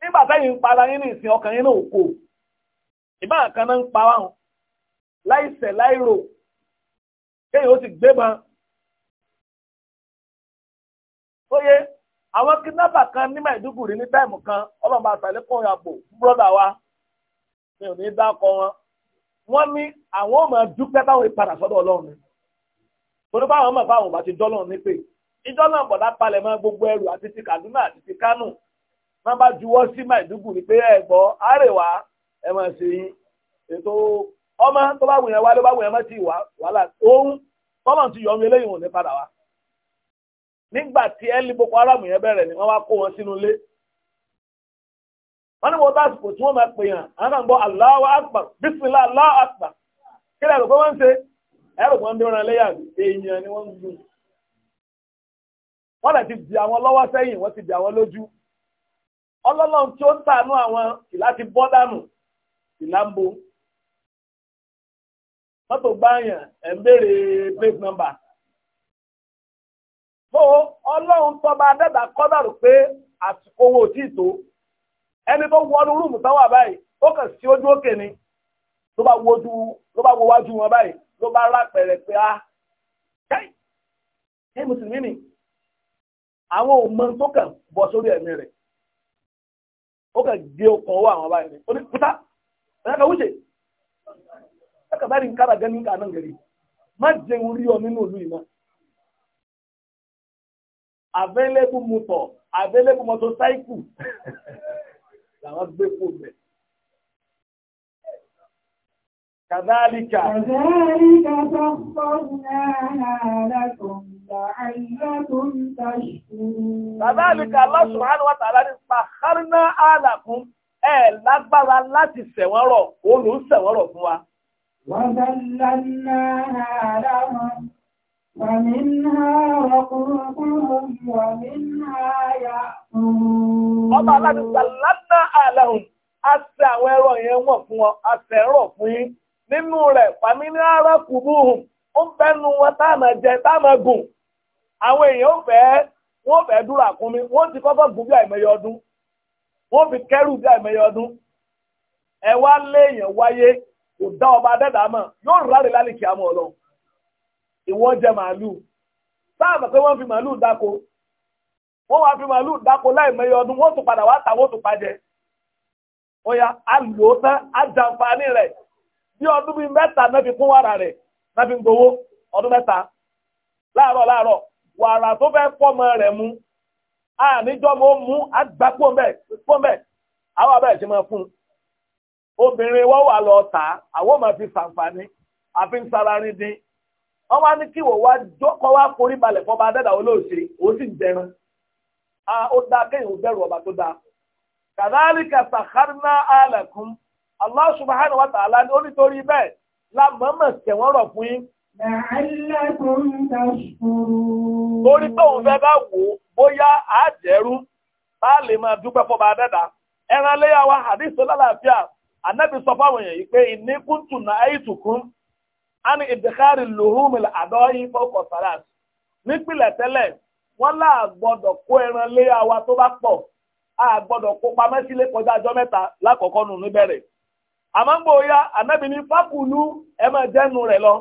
nígbà tẹ́yìn ń para yín ní ìsìn ọkàn yín náà kò ìbá kan náà ń pa wá hàn láìrò ó sì gbé ma àwọn kan ní Maiduguri ní táìmù kan ọlọ́run bá wa mi ò ní wọn wọ́n ní àwọn ò máa torí báwọn mọ̀ fáwọn bá ti dọ́lọ̀ ní pé ìdọ́lọ̀ bọ̀dá palẹ̀ mọ́ gbogbo ẹrù àti ti Kaduna àti ti Kánò wọ́n bá juwọ́ sí Maiduguri pé ẹ̀gbọ́ àrèwá ẹ̀ mọ̀ sí ètò ọmọ tó bá wùyẹn wá ló bá wùyẹn mọ́ ti wà wàhálà òun tọ́lọ̀ ti yọ̀ọ́ mi eléyìí wò ní padà wá. nígbà tí ẹ́lí Boko Haram yẹn bẹ̀rẹ̀ ni wọ́n wá kó wọn sínú ilé. wọ́n ní wọ́n tásìkò tí wọ́n máa pè ẹ̀rù kan dé ran léyà èèyàn ni wọ́n ń gùn. wọ́n lè ti di àwọn lọ́wọ́ sẹ́yìn wọ́n ti di àwọn lójú. ọlọ́lọ́run tí ó ń tànú àwọn ìlà ti bọ́ dànù ìlà ń mọ́tò gbáàyàn ẹ̀ ń béèrè plate number. tó ọlọ́run tọ́ba adẹ́dà kọ́dàrú pé àsìkò owó ò tí ì tó ẹni tó wọnú rúùmù táwọn àbáyé ó kàn sí ojú òkè ni ló bá wo wájú wọn báyìí ló bá rà pẹ̀rẹ̀ pé á káì ṣé mùsùlùmí ni àwọn ò mọ tó kàn bọ̀ sórí ẹ̀mí rẹ̀ ó kàn gbé ọkàn owó àwọn báyìí ó ní kúta ẹ̀yà kan wúṣe ẹ̀kà bá rí nǹkan àgbẹ̀ nǹkan náà gẹ̀rì má jẹun rí ọ nínú ìlú ìmọ̀ available motor available motorcycle [laughs] làwọn gbé fóònù rẹ̀. Kàdálíkà. Kàdálíkà Allah subhanahu wa ta'ala ní Fàhárínà Àlàkún ẹ̀ lágbára láti sẹ̀wọ́rọ̀, olù ń sẹ̀wọ́rọ̀ fún wa. Wàdàlánà àlàmọ́, wàmínà ọkùnkùnrùn, wàmínà yà Ọba aláàdùn sàlánà àlàhùn, a sẹ àwọn ẹ̀rọ yẹn wọ̀n fún ọ, a sẹ̀rọ̀ fún yín. nínú rẹ̀ pàmínú ara kùbúhùn ó ń fẹ́nu wọn tá a máa jẹ tá a máa gùn àwọn èèyàn ó fẹ́ wọ́n fẹ́ dúró ti kọ́kọ́ gùn bí àìmọye ọdún wọ́n fi kẹ́rù bí àìmọye ọdún ẹ wá léèyàn wáyé kò dá ọba adẹ́dàá mọ̀ yóò rari lálìkí àmọ́ ọlọ́run ìwọ jẹ màálùú sáà mọ̀ pé wọ́n fi màálùú dáko wọ́n wá fi malu dáko láìmọye ọdún wọ́n tún padà wá tà wọ́n tún pàjẹ́ ó lò ó tán bí ọdún bíi mẹ́ta náà fi kún wàrà rẹ̀ náà fi gbowó ọdún mẹ́ta láàárọ̀ láàárọ̀ wàrà tó fẹ́ fọ́mọ rẹ̀ mu àníjọ́ mo mú àgbà pọ́ńbẹ́ pọ́ńbẹ́ àwọn abẹ́rẹ́ ti máa fún un obìnrin wọ́n wà lọ tà á àwọn máa fi ṣàǹfààní àfi ń sararin dín wọ́n wá ní kí wò wá jókòó wá forí balẹ̀ fọba adẹ́dà olóòṣè ó sì ń jẹran ó dá kéèyàn ó bẹ̀rù ọba tó dáa kàdáàlì kàtàkárínà àlẹkùn Allah subhanahu wa ta'ala ní onítorí bẹ́ẹ̀ la mọ̀ọ́mọ̀ tẹ̀wọ́n rọ̀ fún yín. Lórí tóun fẹ́ bá wò ó, bóyá àádẹ́rú, bá lè máa dúpẹ́ fọba dẹ́dà. Ẹran léyà wa àdìsọ lálàáfíà, ànábì sọ fáwọn èèyàn yìí pé ìníkùntù náà ẹ̀yìtùkún, á ní ìdíkárì lùhùmìlì àdọ́ yìí fọ́kọ̀ sàràtì. Nípìnlẹ̀ tẹ́lẹ̀, wọ́n láà gbọ́dọ̀ kó ẹran léyà wa tó bá pọ̀, a kó pamẹ́sílé kọjá ọjọ́ mẹ́ta lákọ̀ọ́kọ́ nù níbẹ̀rẹ̀ àmọ́ gbò ya ànábì ní fákùlù ẹ máa jẹ́nu rẹ̀ lọ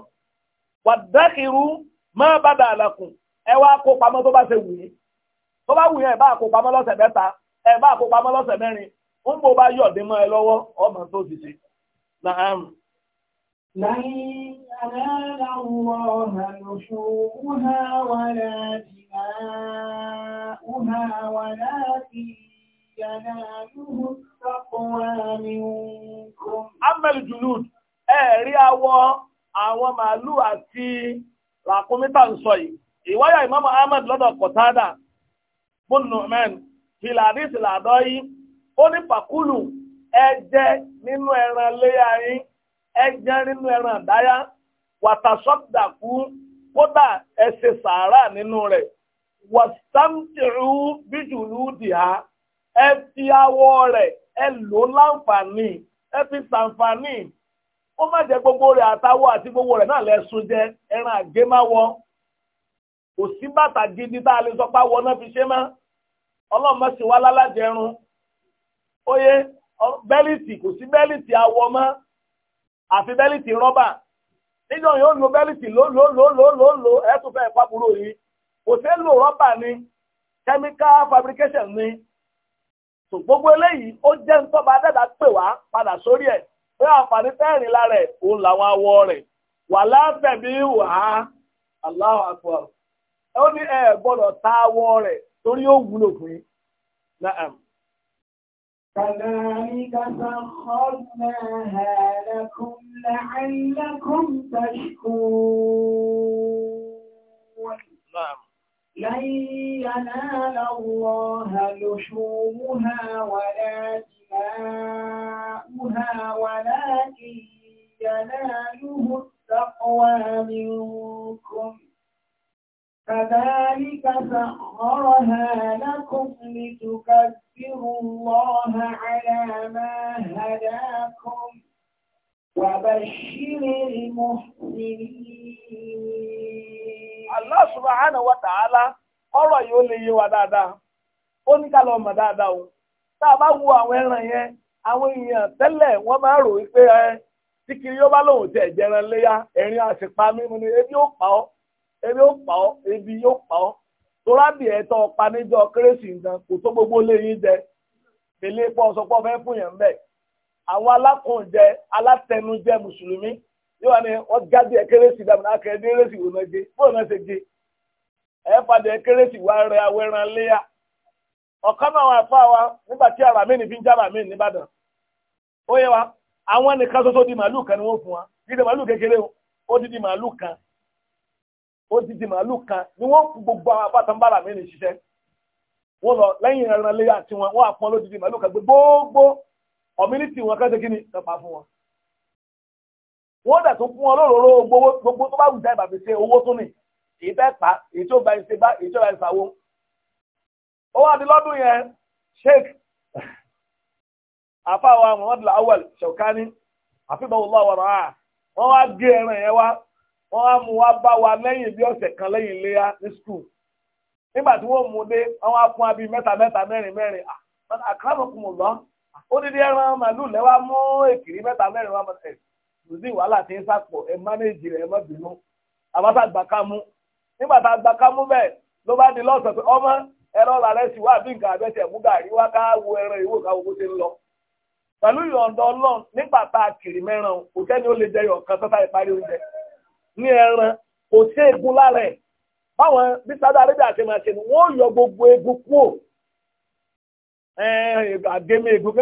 wà dákìrú máa bá dà àlàkùn ẹ wá kó pamọ́ tó bá ṣe wù yín tó bá wù yín ẹ bá kó pamọ́ lọ́sẹ̀ mẹ́ta ẹ bá kó pamọ́ lọ́sẹ̀ mẹ́rin ń bò bá yọ̀ dín mọ́ ẹ lọ́wọ́ ọmọ tó ti ṣe. لن ينال الله نشوءها ولا دماؤها ولكن Amẹ́lì Jùlùd, ẹ̀rí awọ àwọn màálù àti làkúnmítà ń sọ yìí. Ìwáyà Imam Ahmed lọ́dọ̀ Kọ̀tádà, Bùnú Mẹ́n, Filadis Làdọ́ yìí, ó ní Pàkúlù ẹ jẹ nínú ẹran léyà yín, ẹ jẹ nínú ẹran àdáyá, wàtàṣọ́dàkú, kódà ẹ ṣe sàárà nínú rẹ̀, wàtàmtìrú bíjùlù dìhá. ẹ fi awọ rẹ ẹ lò láǹfààní ẹ fi sàǹfààní ó má jẹ gbogbo rẹ àtàwọ̀ àti gbogbo rẹ̀ náà lẹ sun jẹ ẹran àgémáwọ kò sí bàtà gidi tá a lè sọ pé awọ náà fi ṣe mọ́ ọlọ́mọ sì wá lálàjẹrun ó yẹ bẹ́lìtì kò sí bẹ́lìtì awọ mọ́ àfi bẹ́lìtì rọ́bà níjọ yóò lo bẹ́lìtì lólólólólóló ẹ̀ tó fẹ́ pàbúrò yìí kò sí lò rọ́bà ni chemical fabrication ni gbogbo eléyìí ó jẹ́ ń tọ́ba dẹ́dà pè wá padà sórí ẹ̀ pé àǹfààní tẹ́rìn lára ẹ̀ òun làwọn awọ rẹ̀ wà lábẹ̀mí wà á Allahu akbar ó ní ẹ gbọ́dọ̀ ta awọ rẹ̀ torí ó wúlò fún yín. كذلك سخرناها لكم لعلكم لن ينال الله لحومها ولا دماؤها ولكن يناله التقوى منكم كذلك سخرها لكم لتكبروا الله على ما هداكم وبشر المحسنين Allah subhanahu wa ta'ala ọ̀rọ̀ yìí ó lè wa dáadáa ó ní ká lọ mọ̀ dáadáa o tá a bá wo àwọn ẹran yẹn àwọn èèyàn tẹ́lẹ̀ wọ́n máa rò wípé ẹ tí kiri yóò bá lòun tẹ̀ jẹran léyà ẹ̀rín mímu ebi pa ebi pa ebi yóò pa ọ́ ẹ̀tọ́ kò tó gbogbo léyìn jẹ fẹ́ fún yẹn bẹ́ẹ̀ àwọn alákùnjẹ yóò wá ní wọ́n jáde ẹ̀kẹ́rẹ́sì dàbí náà kẹ́rẹ́ dérẹ́sì wò náà gé bóun náà ṣe gé ẹ̀ padà ẹ̀kẹ́rẹ́sì wá rẹ náà wà nígbà wa àwọn di màálù kan ni wọ́n fún wa màálù kan ó di di màálù kan ni gbogbo àwọn lọ ẹran tiwọn di di màálù kan gbogbo community wọn kan ṣe kí ni wọ́n dẹ̀ tó fún ọlọ́rọ̀ọ́rọ́ gbogbo tó bá wù jáì bàbí ṣe owó tó nì èyí tẹ́ pa èyí tó bá ń ṣe bá èyí tó bá ń ṣàwó. ó wá di lọ́dún yẹn sheik àfàwà muhammadu awal Shawkani àfihàn ọlọ́wọ́rọ̀ à wọ́n wá gé ẹran yẹn wá wọ́n wá mú wá bá wa lẹ́yìn bí ọ̀sẹ̀ kan lẹ́yìn léyà ní skul nígbà tí wọ́n mú dé wọ́n wá fún abí mẹ́ta mẹ́ta mẹ́rin mẹ́rin àkàràmọ̀kùnmọ̀ lọ ó dídí ẹran màlúù lẹ́wà mú èkìrí mẹ́ta mẹ́rin wá mọ̀ ẹ̀sìn kò sí wàhálà tí ń sàpọ̀ ẹ mánéèjì rẹ̀ ẹ má bínú àbáta gbà nígbà tá a gbà bẹ́ẹ̀ ló bá di lọ́sàn-án pé ọmọ ẹ̀rọ làrẹ́ sì wá bí nǹkan àbẹ́sẹ̀ mú gàrí wá ká wo ẹran ìwò ká owó ti ń lọ pẹ̀lú ìyọ̀ǹda ọlọ́run nígbà tá a kiri mẹ́ran kò sẹ́ni ó lè jẹyọ̀ kan tó sáré parí oúnjẹ ní ẹran kò sí egun lára báwọn bí sáré arábíà ṣe máa ṣe ni wọ́n yọ gbogbo egun kúò àgémé egun kí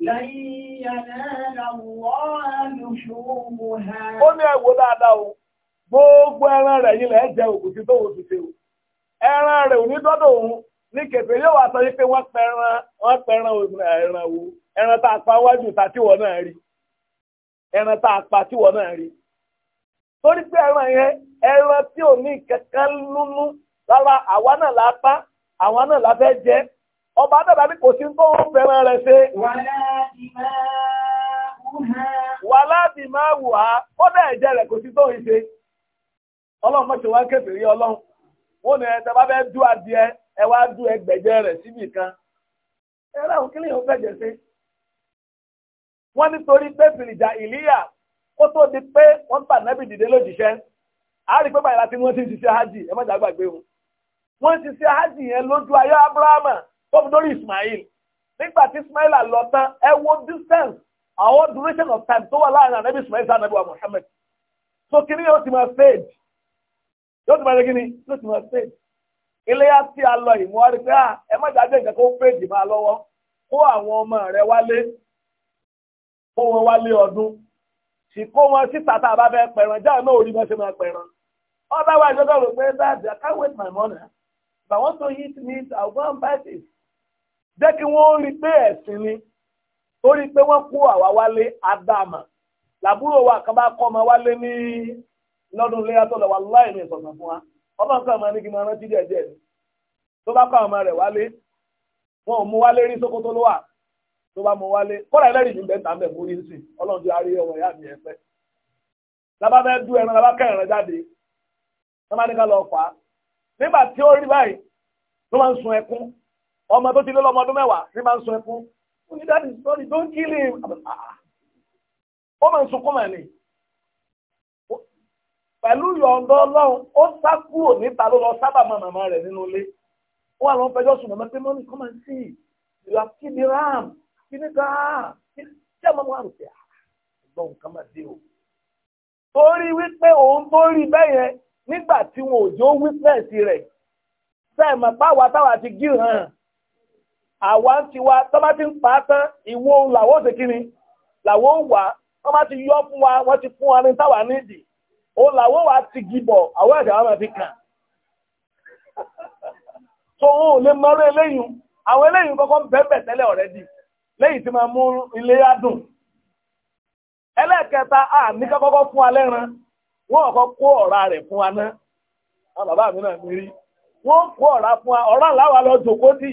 Lẹ́yìn ẹ̀rẹ́ na olùṣòwòhà. Ó ní ẹ̀wò dáadáa o, gbogbo ẹran rẹ̀ yìí lẹ́ jẹ òkùnkí tó wò ṣùṣe o. Ẹran rẹ̀ ò ní dọ́dọ̀ òun ní kẹfẹ́ yóò wá sọ yí pé wọ́n pẹran wọ́n pẹran ẹran wo ẹran tá a pa wájú ta tíwọ náà rí ẹran tá a pa náà rí. Torí pé ẹran yẹn ẹran tí ò la pa àwa náà la fẹ́ ọba dàbà ní kò sí tó ń fẹ́ràn rẹ̀ ṣe. wà láti máa wù á kọ́dà ẹ̀jẹ̀ rẹ̀ kò sí tó ń ṣe. ọlọ́run mọ̀ṣẹ̀ wá kẹfìrí ọlọ́run wọn ni ẹ̀ta bá fẹ́ dú adìẹ ẹ wá dú ẹgbẹ̀jẹ̀ rẹ̀ síbì kan. ẹ ráhùn kí lèèyàn fẹ̀jẹ̀ ṣe. wọ́n nítorí pé fìlìjà ìlíyà kó tó di pé wọ́n bà nẹ́bì dìde lójíṣẹ́ a rí pé báyìí láti wọ́n ti ń ṣiṣẹ́ hajj ẹ mọ̀jà gbàgbé wọn. wọ́n ń ṣiṣẹ́ hajj yẹn lójú ayé abrahamu tóbi lórí Ismail nígbà tí Ismail lọ tán ẹ wo distance àwọn duration of time tó wà láàrin ànábì Ismail sáà nàbí wa Muhammad so kí ni yóò ti máa fade yóò ti máa kí ni yóò ti máa fade iléyà tí a lọ yìí mo wá rí pé ah, ẹ má jáde nǹkan kó fade máa lọ́wọ́ kó àwọn ọmọ rẹ wálé kó wọn wálé ọdún sì kó wọn síta tá a bá fẹ́ pẹ̀ràn jáà náà orí wọn ṣe máa pẹ̀ràn ọba wa ìjọba rò pé dáàbì I can't wait my money if I want to eat meat I go and buy it jẹ́ kí wọ́n rí pé ẹ̀sìn ni torí pé wọ́n kó àwa wálé adama làbúrò wa kan bá kọ́ ọmọ wálé ní lọ́dún léyà tó lọ wà ní ìsọ̀tàn fún wa ọmọ nǹkan ọmọ ní máa rántí díẹ̀ ni tó bá kọ́ ọmọ rẹ̀ wálé wọn ò mú wálé rí Sókótó ló wà tó bá mú wálé kọ́ra ẹlẹ́rìí nígbẹ́ tà mẹ́ múrí sí ọlọ́run ti arí ọmọ ìyá mi ẹ̀fẹ́ lábá fẹ́ du ẹran lábá kẹrin rẹ jáde wọ́n bá ká lọ fà á nígbà tí ó rí báyìí tó máa ń sun ẹkún ọmọ tó ti lé lọ́mọ ọdún mẹ́wàá ní máa ń sun ẹkún ó ní dáàdì sọ́ọ̀rì don't kill him ah, ah. ó máa ń sunkún mọ̀ ni pẹ̀lú yọ̀ǹda ọlọ́run ó sá kúrò níta ló lọ sábà mọ màmá rẹ̀ nínú ilé wọn àwọn fẹjọ́ sùn màmá pé mọ́mí come and see you have kí ni ram kí ni ká kí ọmọ wa rò pé àgbọ̀n ah, nǹkan máa dé o torí wípé òun tó rí bẹ́ẹ̀ yẹn nígbà tí wọn ò jó witness rẹ̀ sẹ́ẹ̀ mọ̀ pàwọ́ táwa ti gíràn àwa ń ti wá tọ́ bá ti ń pa á tán ìwọ làwọ́ òsè kí ni ò wá wọ́n bá ti yọ fún wa wọ́n ti fún wa ní táwa nídìí ó làwọ́ wa ti gibọ̀ àwọn ẹ̀dá wa fi kàn tó [laughs] wọn ò lè mọ́rọ́ eléyìí àwọn eléyìí kọ́kọ́ ń bẹ́ẹ̀ tẹ́lẹ̀ ọ̀rẹ́dì lẹ́yìn tí máa mú ilé adùn ẹlẹ́ẹ̀kẹta a ní kọ́kọ́ fún wa lẹ́ran wọ́n kọ́ kó ọ̀rá rẹ̀ fún wa ná àwọn bàbá mi náà mi rí wọ́n kó ọ̀rá fún wa ọ̀rá làwa lọ jòkó dì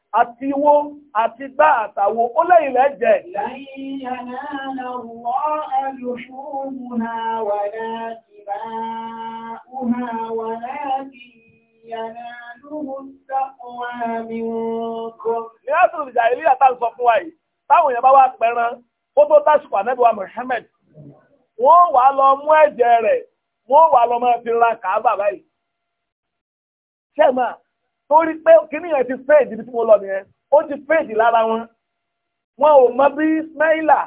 àti iwó àti gbá àtàwò ó lẹ́yìn lẹ́jẹ̀. Ní ẹ́sùn ìjà ilé àtà ń sọ fún wa yìí, táwọn èèyàn bá wá pẹran, ó tó tásùkò ànẹ́bí wa Muhammad. Wọ́n wà lọ mú ẹ̀jẹ̀ rẹ̀, wọ́n wà lọ mọ́ fi kàá bàbá yìí. Ṣé torí pé kíní yẹn ti fèèdì bí tí mo lọ nìyẹn ó ti fèèdì lára wọn wọn ò mọ bí ismaila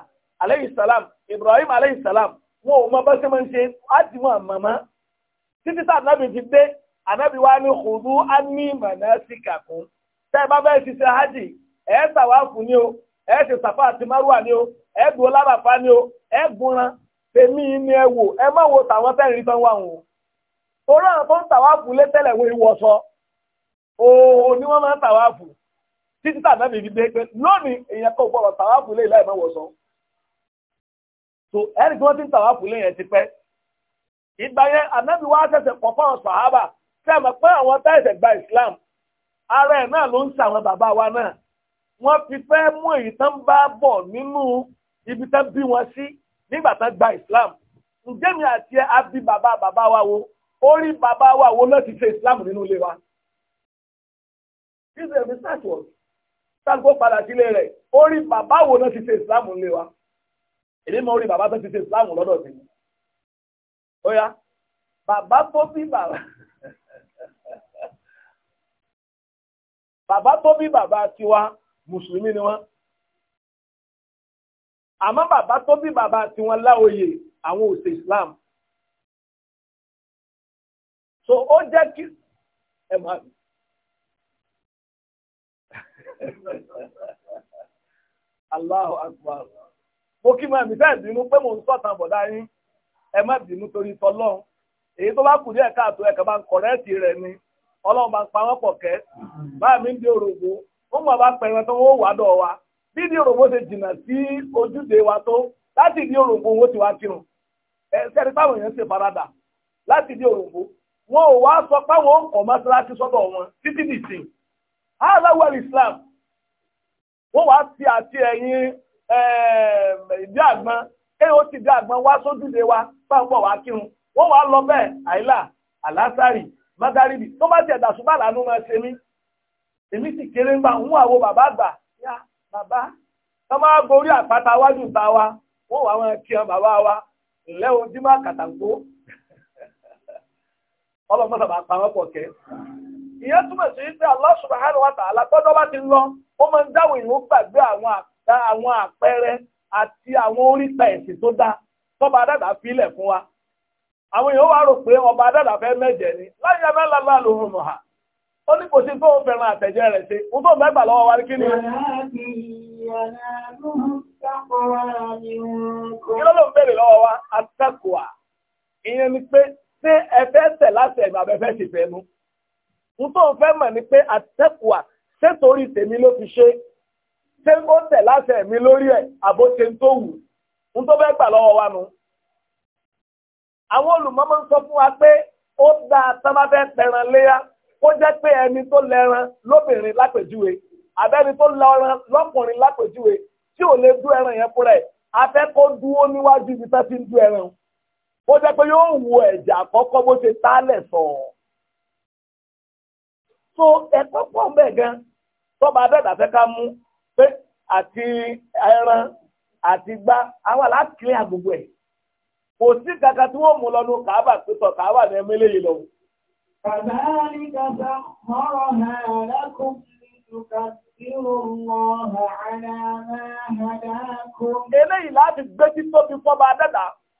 aleyhi salam ibrahim aleyhi salam wọn ò mọ bá ṣe máa ń ṣe láti mọ àmọ́mọ́ títí tá ànábì fi dé ànábì wa ní khudu anni manasikakum tẹ́ ẹ bá fẹ́ ṣiṣẹ́ hajj ẹ̀ ẹ́ tàwáfù ni o ẹ̀ ẹ́ ṣe sàfà àti márùwà ni o ẹ̀ ẹ́ dùn lábàfà ni o ẹ̀ ẹ́ gúnran tèmi ni ẹ wò ẹ má wo tàwọn fẹ́ẹ́ rí tán wà wọn. torí àwọn tó ń tàwáfù lé tẹ́lẹ̀ wọ́n ìwọ̀sọ òòrò ni wọ́n máa ń tàwáàfù títí tàbí mi fi dé pé lónìí èèyàn kan gbọ́dọ̀ tàwáàfù lé láì máa wọ̀sán. tó ẹni tí wọ́n ti ń tàwáàfù lé yẹn ti pẹ́. ìgbà yẹn ànábì wa ṣẹ̀ṣẹ̀ pọ̀ fáwọn sàhábà sẹ́mi pé àwọn tẹ́sẹ̀ gba Islam ara ẹ̀ náà ló ń sàwọn bàbá wa náà wọ́n fi fẹ́ mú èyí tán bá bọ̀ nínú ibi tán bí wọn sí nígbà tán gba Islam ǹjẹ́ mi àti ẹ á bí bàbá bàbá wa wo ó bàbá wa wo ló Islam nínú ilé Israel fi start work sáàkó padà sílé rẹ̀ ó rí bàbá wo náà ti ṣe ìsìlámù ńlẹ̀ wa èmi mọ̀ rí bàbá tó ti ṣe ìsìlámù lọ́dọ̀ sí mi ó yá bàbá tó bí bàbá [laughs] bàbá tó bí bàbá tiwa mùsùlùmí ni wọ́n àmọ́ bàbá tó bí bàbá tiwọn láòyè àwọn ò ṣe islam so ó jẹ́ kí ẹ máa bì. Allahu Akbar. Mo kí máa mi fẹ́ bínú pé mo ń sọ̀tàn bọ̀dá yín. Ẹ má bínú torí tọlọ́run. Èyí tó bá kù díẹ̀ káàtó ẹ̀ka bá ń kọ̀rẹ́ẹ̀tì rẹ̀ ni. Ọlọ́run bá ń pa wọ́n mi ń di òrògbó. Ó mọ̀ bá pẹ̀rẹ̀ tó wa. Bí òrògbó ṣe jìnnà ojúde wa tó láti di òrògbó ti kírun. Ẹ sẹ́ni táwọn èèyàn láti di òrògbó. Wọn aláwọ̀ islam wọ́n wá sí àti ẹ̀yìn ìdí àgbọn kéèyàn ó ti dí àgbọn wá sójúde wa fáwọn wá kírun wọ́n wá lọ bẹ́ẹ̀ àìlà àlásàrì magaribi tó bá tiẹ̀ dàsú bá lànà máa ṣe mí èmi sì kéré ń bá ń àwo bàbá àgbà yá bàbá tó máa àpáta wájú ta wa wọ́n wá máa kí wọn bàbá wa ǹlẹ́ o dín má kàtàkó [laughs] ọlọ́mọ sábà pa wọ́n pọ̀ kẹ́. ìyẹn túmọ̀ sí pé Allah subhanahu wa ta'ala gbọ́dọ̀ bá ti lọ ó máa ń dáwọ̀ ìlú gbàgbé àwọn àpẹẹrẹ àti àwọn oríta ẹ̀sìn tó dá tọ́ba adáda fílẹ̀ fún wa àwọn èèyàn wá rò pé ọba fẹ́ ni láyé ó ní kò sí àtẹ̀jẹ́ rẹ̀ ṣe tó mẹ́gbà lọ́wọ́ wa ní o. kí ló ló ń béèrè lọ́wọ́ wa ìyẹn ni pé ṣé ẹ fẹ́ tẹ̀ láti ẹ̀gbà n tó fẹ́ mọ̀ ni pé àtẹ́kùwà ṣé torí tèmi ló fi ṣe ṣé ó tẹ̀ láṣẹ mi lórí ẹ̀ àbó ṣe ń tó wù n tó fẹ́ gbà lọ́wọ́ wa nu. àwọn olùmọ́mọ́ ń sọ fún wa pé ó dáa sábà fẹ́ pẹran léyà ó jẹ́ pé ẹni tó lẹ́ran lóbìnrin lápèjúwe àbẹ́ni tó lọ́ran lọ́kùnrin lápèjúwe tí ò lè dú ẹran yẹn fúnra ẹ̀ afẹ́ kó dúró níwájú ibi tá ti ń dú ẹran ó jẹ́ pé yóò wù ẹ̀jẹ̀ àkọ́kọ́ bó ṣe tálẹ̀ sọ̀ọ́. so ẹ̀kọ́ mbẹ gán gan tọ́ba abẹ́ẹ̀dà fẹ́ ká mú pé àti ẹran àti gbá àwọn aláàkiri àgbègbè kò sí kankan tí wọ́n mú lọ kàábà tó kàábà ní ẹ̀mí lè lọ. bàbá mi mọ́rọ̀ náà lẹ́kùn Eléyìí láti gbé tí fi fọ́ba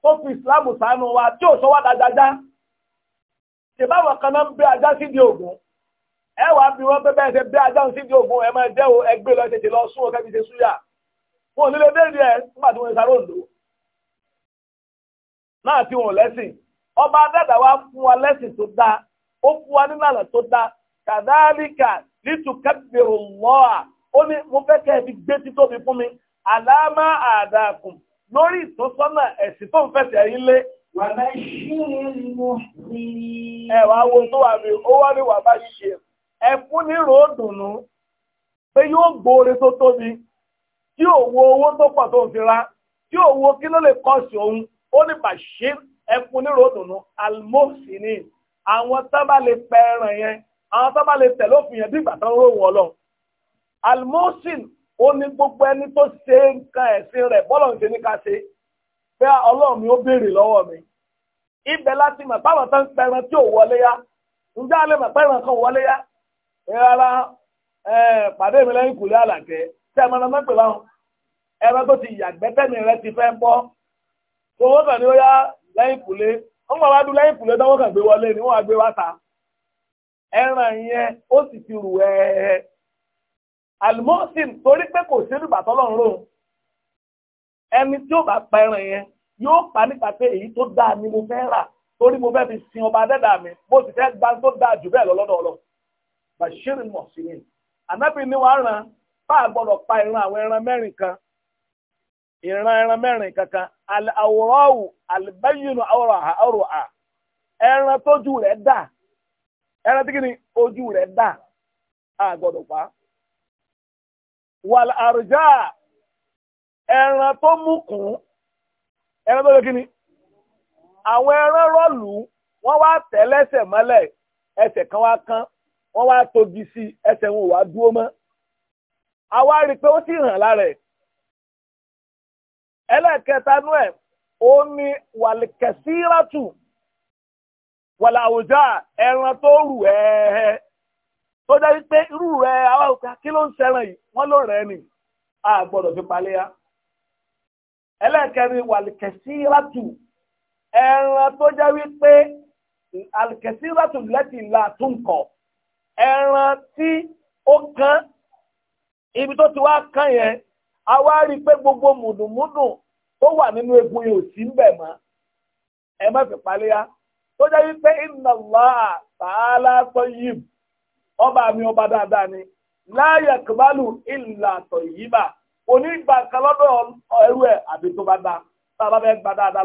tó fi wa tí ò sọ wá dájájá. kan náà ń ajá ògùn. ẹ wàá bí wọn bẹ́ẹ̀ ṣe bí ajáhùn sí ìdí ògùn ẹ máa jẹ́ o ẹgbẹ́ lọ tètè lọ sún ọkẹ́ fi ṣe súyà wọn ò nílé déèdì ẹ nígbà tí wọn sáré òǹdó náà tí wọn ò lẹ́sìn ọba adẹ́dà wa fún wa lẹ́sìn tó dáa ó fún wa nílànà tó dáa kàdáríkà lítùkẹ́bìrún lọ́à ó ní mo fẹ́ kẹ́ ẹ fi gbé títóbi fún mi àlámà àdàkùn lórí ìtọ́sọ́nà ẹ̀sìn tó ń fẹsẹ̀ yín lé. Wàbá ṣe é mú sí. Ẹ wàá wo tó wà mí, ó wá ní wàbá ṣe é ẹ̀fún ní ròódùnú pé yóò gbóore tó tóbi tí òwò owó tó pọ̀ tó ń fi ra tí òwò kí ló lè kọ́sì òun ó ní bàṣẹ ẹ̀fún ní ròódùnú almosini àwọn tábà lè pẹ̀ràn yẹn àwọn tábà lè tẹ̀lé òfin yẹn bí ìgbà tó ń rò wọ́n lọ almosin ó ní gbogbo ẹni tó ṣe nǹkan ẹ̀sìn rẹ̀ bọ́lọ̀ ń ṣe ní ká ṣe pé ọlọ́run mi ó béèrè lọ́wọ́ mi ibẹ̀ láti mọ̀ páwọn tó ń tí ò wọlé yá ǹjẹ́ alẹ́ mọ̀ pẹ́ran kan wọlé yá rárá pàdé mi lẹ́yìn kùlé àlàkẹ́ tí ẹ máa ń pè báwọn ẹ̀rọ tó ti yàgbẹ́ tẹ́mi rẹ ti fẹ́ bọ́ tó wọ́n kàn ní ó yá lẹ́yìn kùlé wọ́n máa wá dún lẹ́yìn kùlé tó wọ́n kàn gbé wọlé ni wọ́n á gbé wá ta ẹran yẹn ó sì ti rù ẹ́ẹ́ almosin torí pé kò sí ìbàtọ́ lọ́run rò ẹni tí ó bá pa ẹran yẹn yóò pa nípa pé èyí tó dáa ni mo fẹ́ rà torí mo fẹ́ fi sin ọba dẹ́dà mi mo sì fẹ́ gba tó dáa jù bẹ́ẹ̀ lọ ọlọ́run bashir mohsinin anabi na wàá ràn bá a gbọ́dọ̀ pa ìran àwọn ẹran mẹ́rin kan ìran ẹran mẹ́rin kankan àwòrán àlùbáyìnú àwòrán à ẹran tójú rẹ̀ dà ẹran ojú rẹ̀ dà a pa wàl àrùjá ẹran tó mú kùn ẹran tó yẹ kìíní àwọn ẹran rọlù wọn wá tẹ kan wá kán wọ́n wá tobi sí ẹsẹ̀ wọn ò wá dúró mọ́ àwa rí i pé ó sì hàn lára ẹ̀ ẹlẹ́ẹ̀kẹta nú ẹ̀ ó ní wàlìkẹ̀síràtù wàlà àwùjá ẹran tó rù ẹ́ẹ́ tó jẹ́ wípé irú rẹ̀ àwa òkè kí ló ń ṣẹran yìí wọ́n ló rẹ̀ ni a gbọ́dọ̀ fi palẹ́ ya ẹlẹ́ẹ̀kẹrin wàlìkẹ̀síràtù ẹran tó jẹ́ wípé àlìkẹ̀síràtù lẹ́tì la tún kọ̀. ẹran tí ó kán ibi tó ti wá kán yẹn a wá rí pé gbogbo mùdùmùdù tó wà nínú egun yìí ò sí ń bẹ̀ mọ́ ẹ má fi tó jẹ́ wípé inna ọba mi ọba dáadáa ni la yakbalu illa tayyiba onígbà kan lọ́dọ̀ ẹrú ẹ̀ àbí tó bá tá a bá fẹ́ wa dáadáa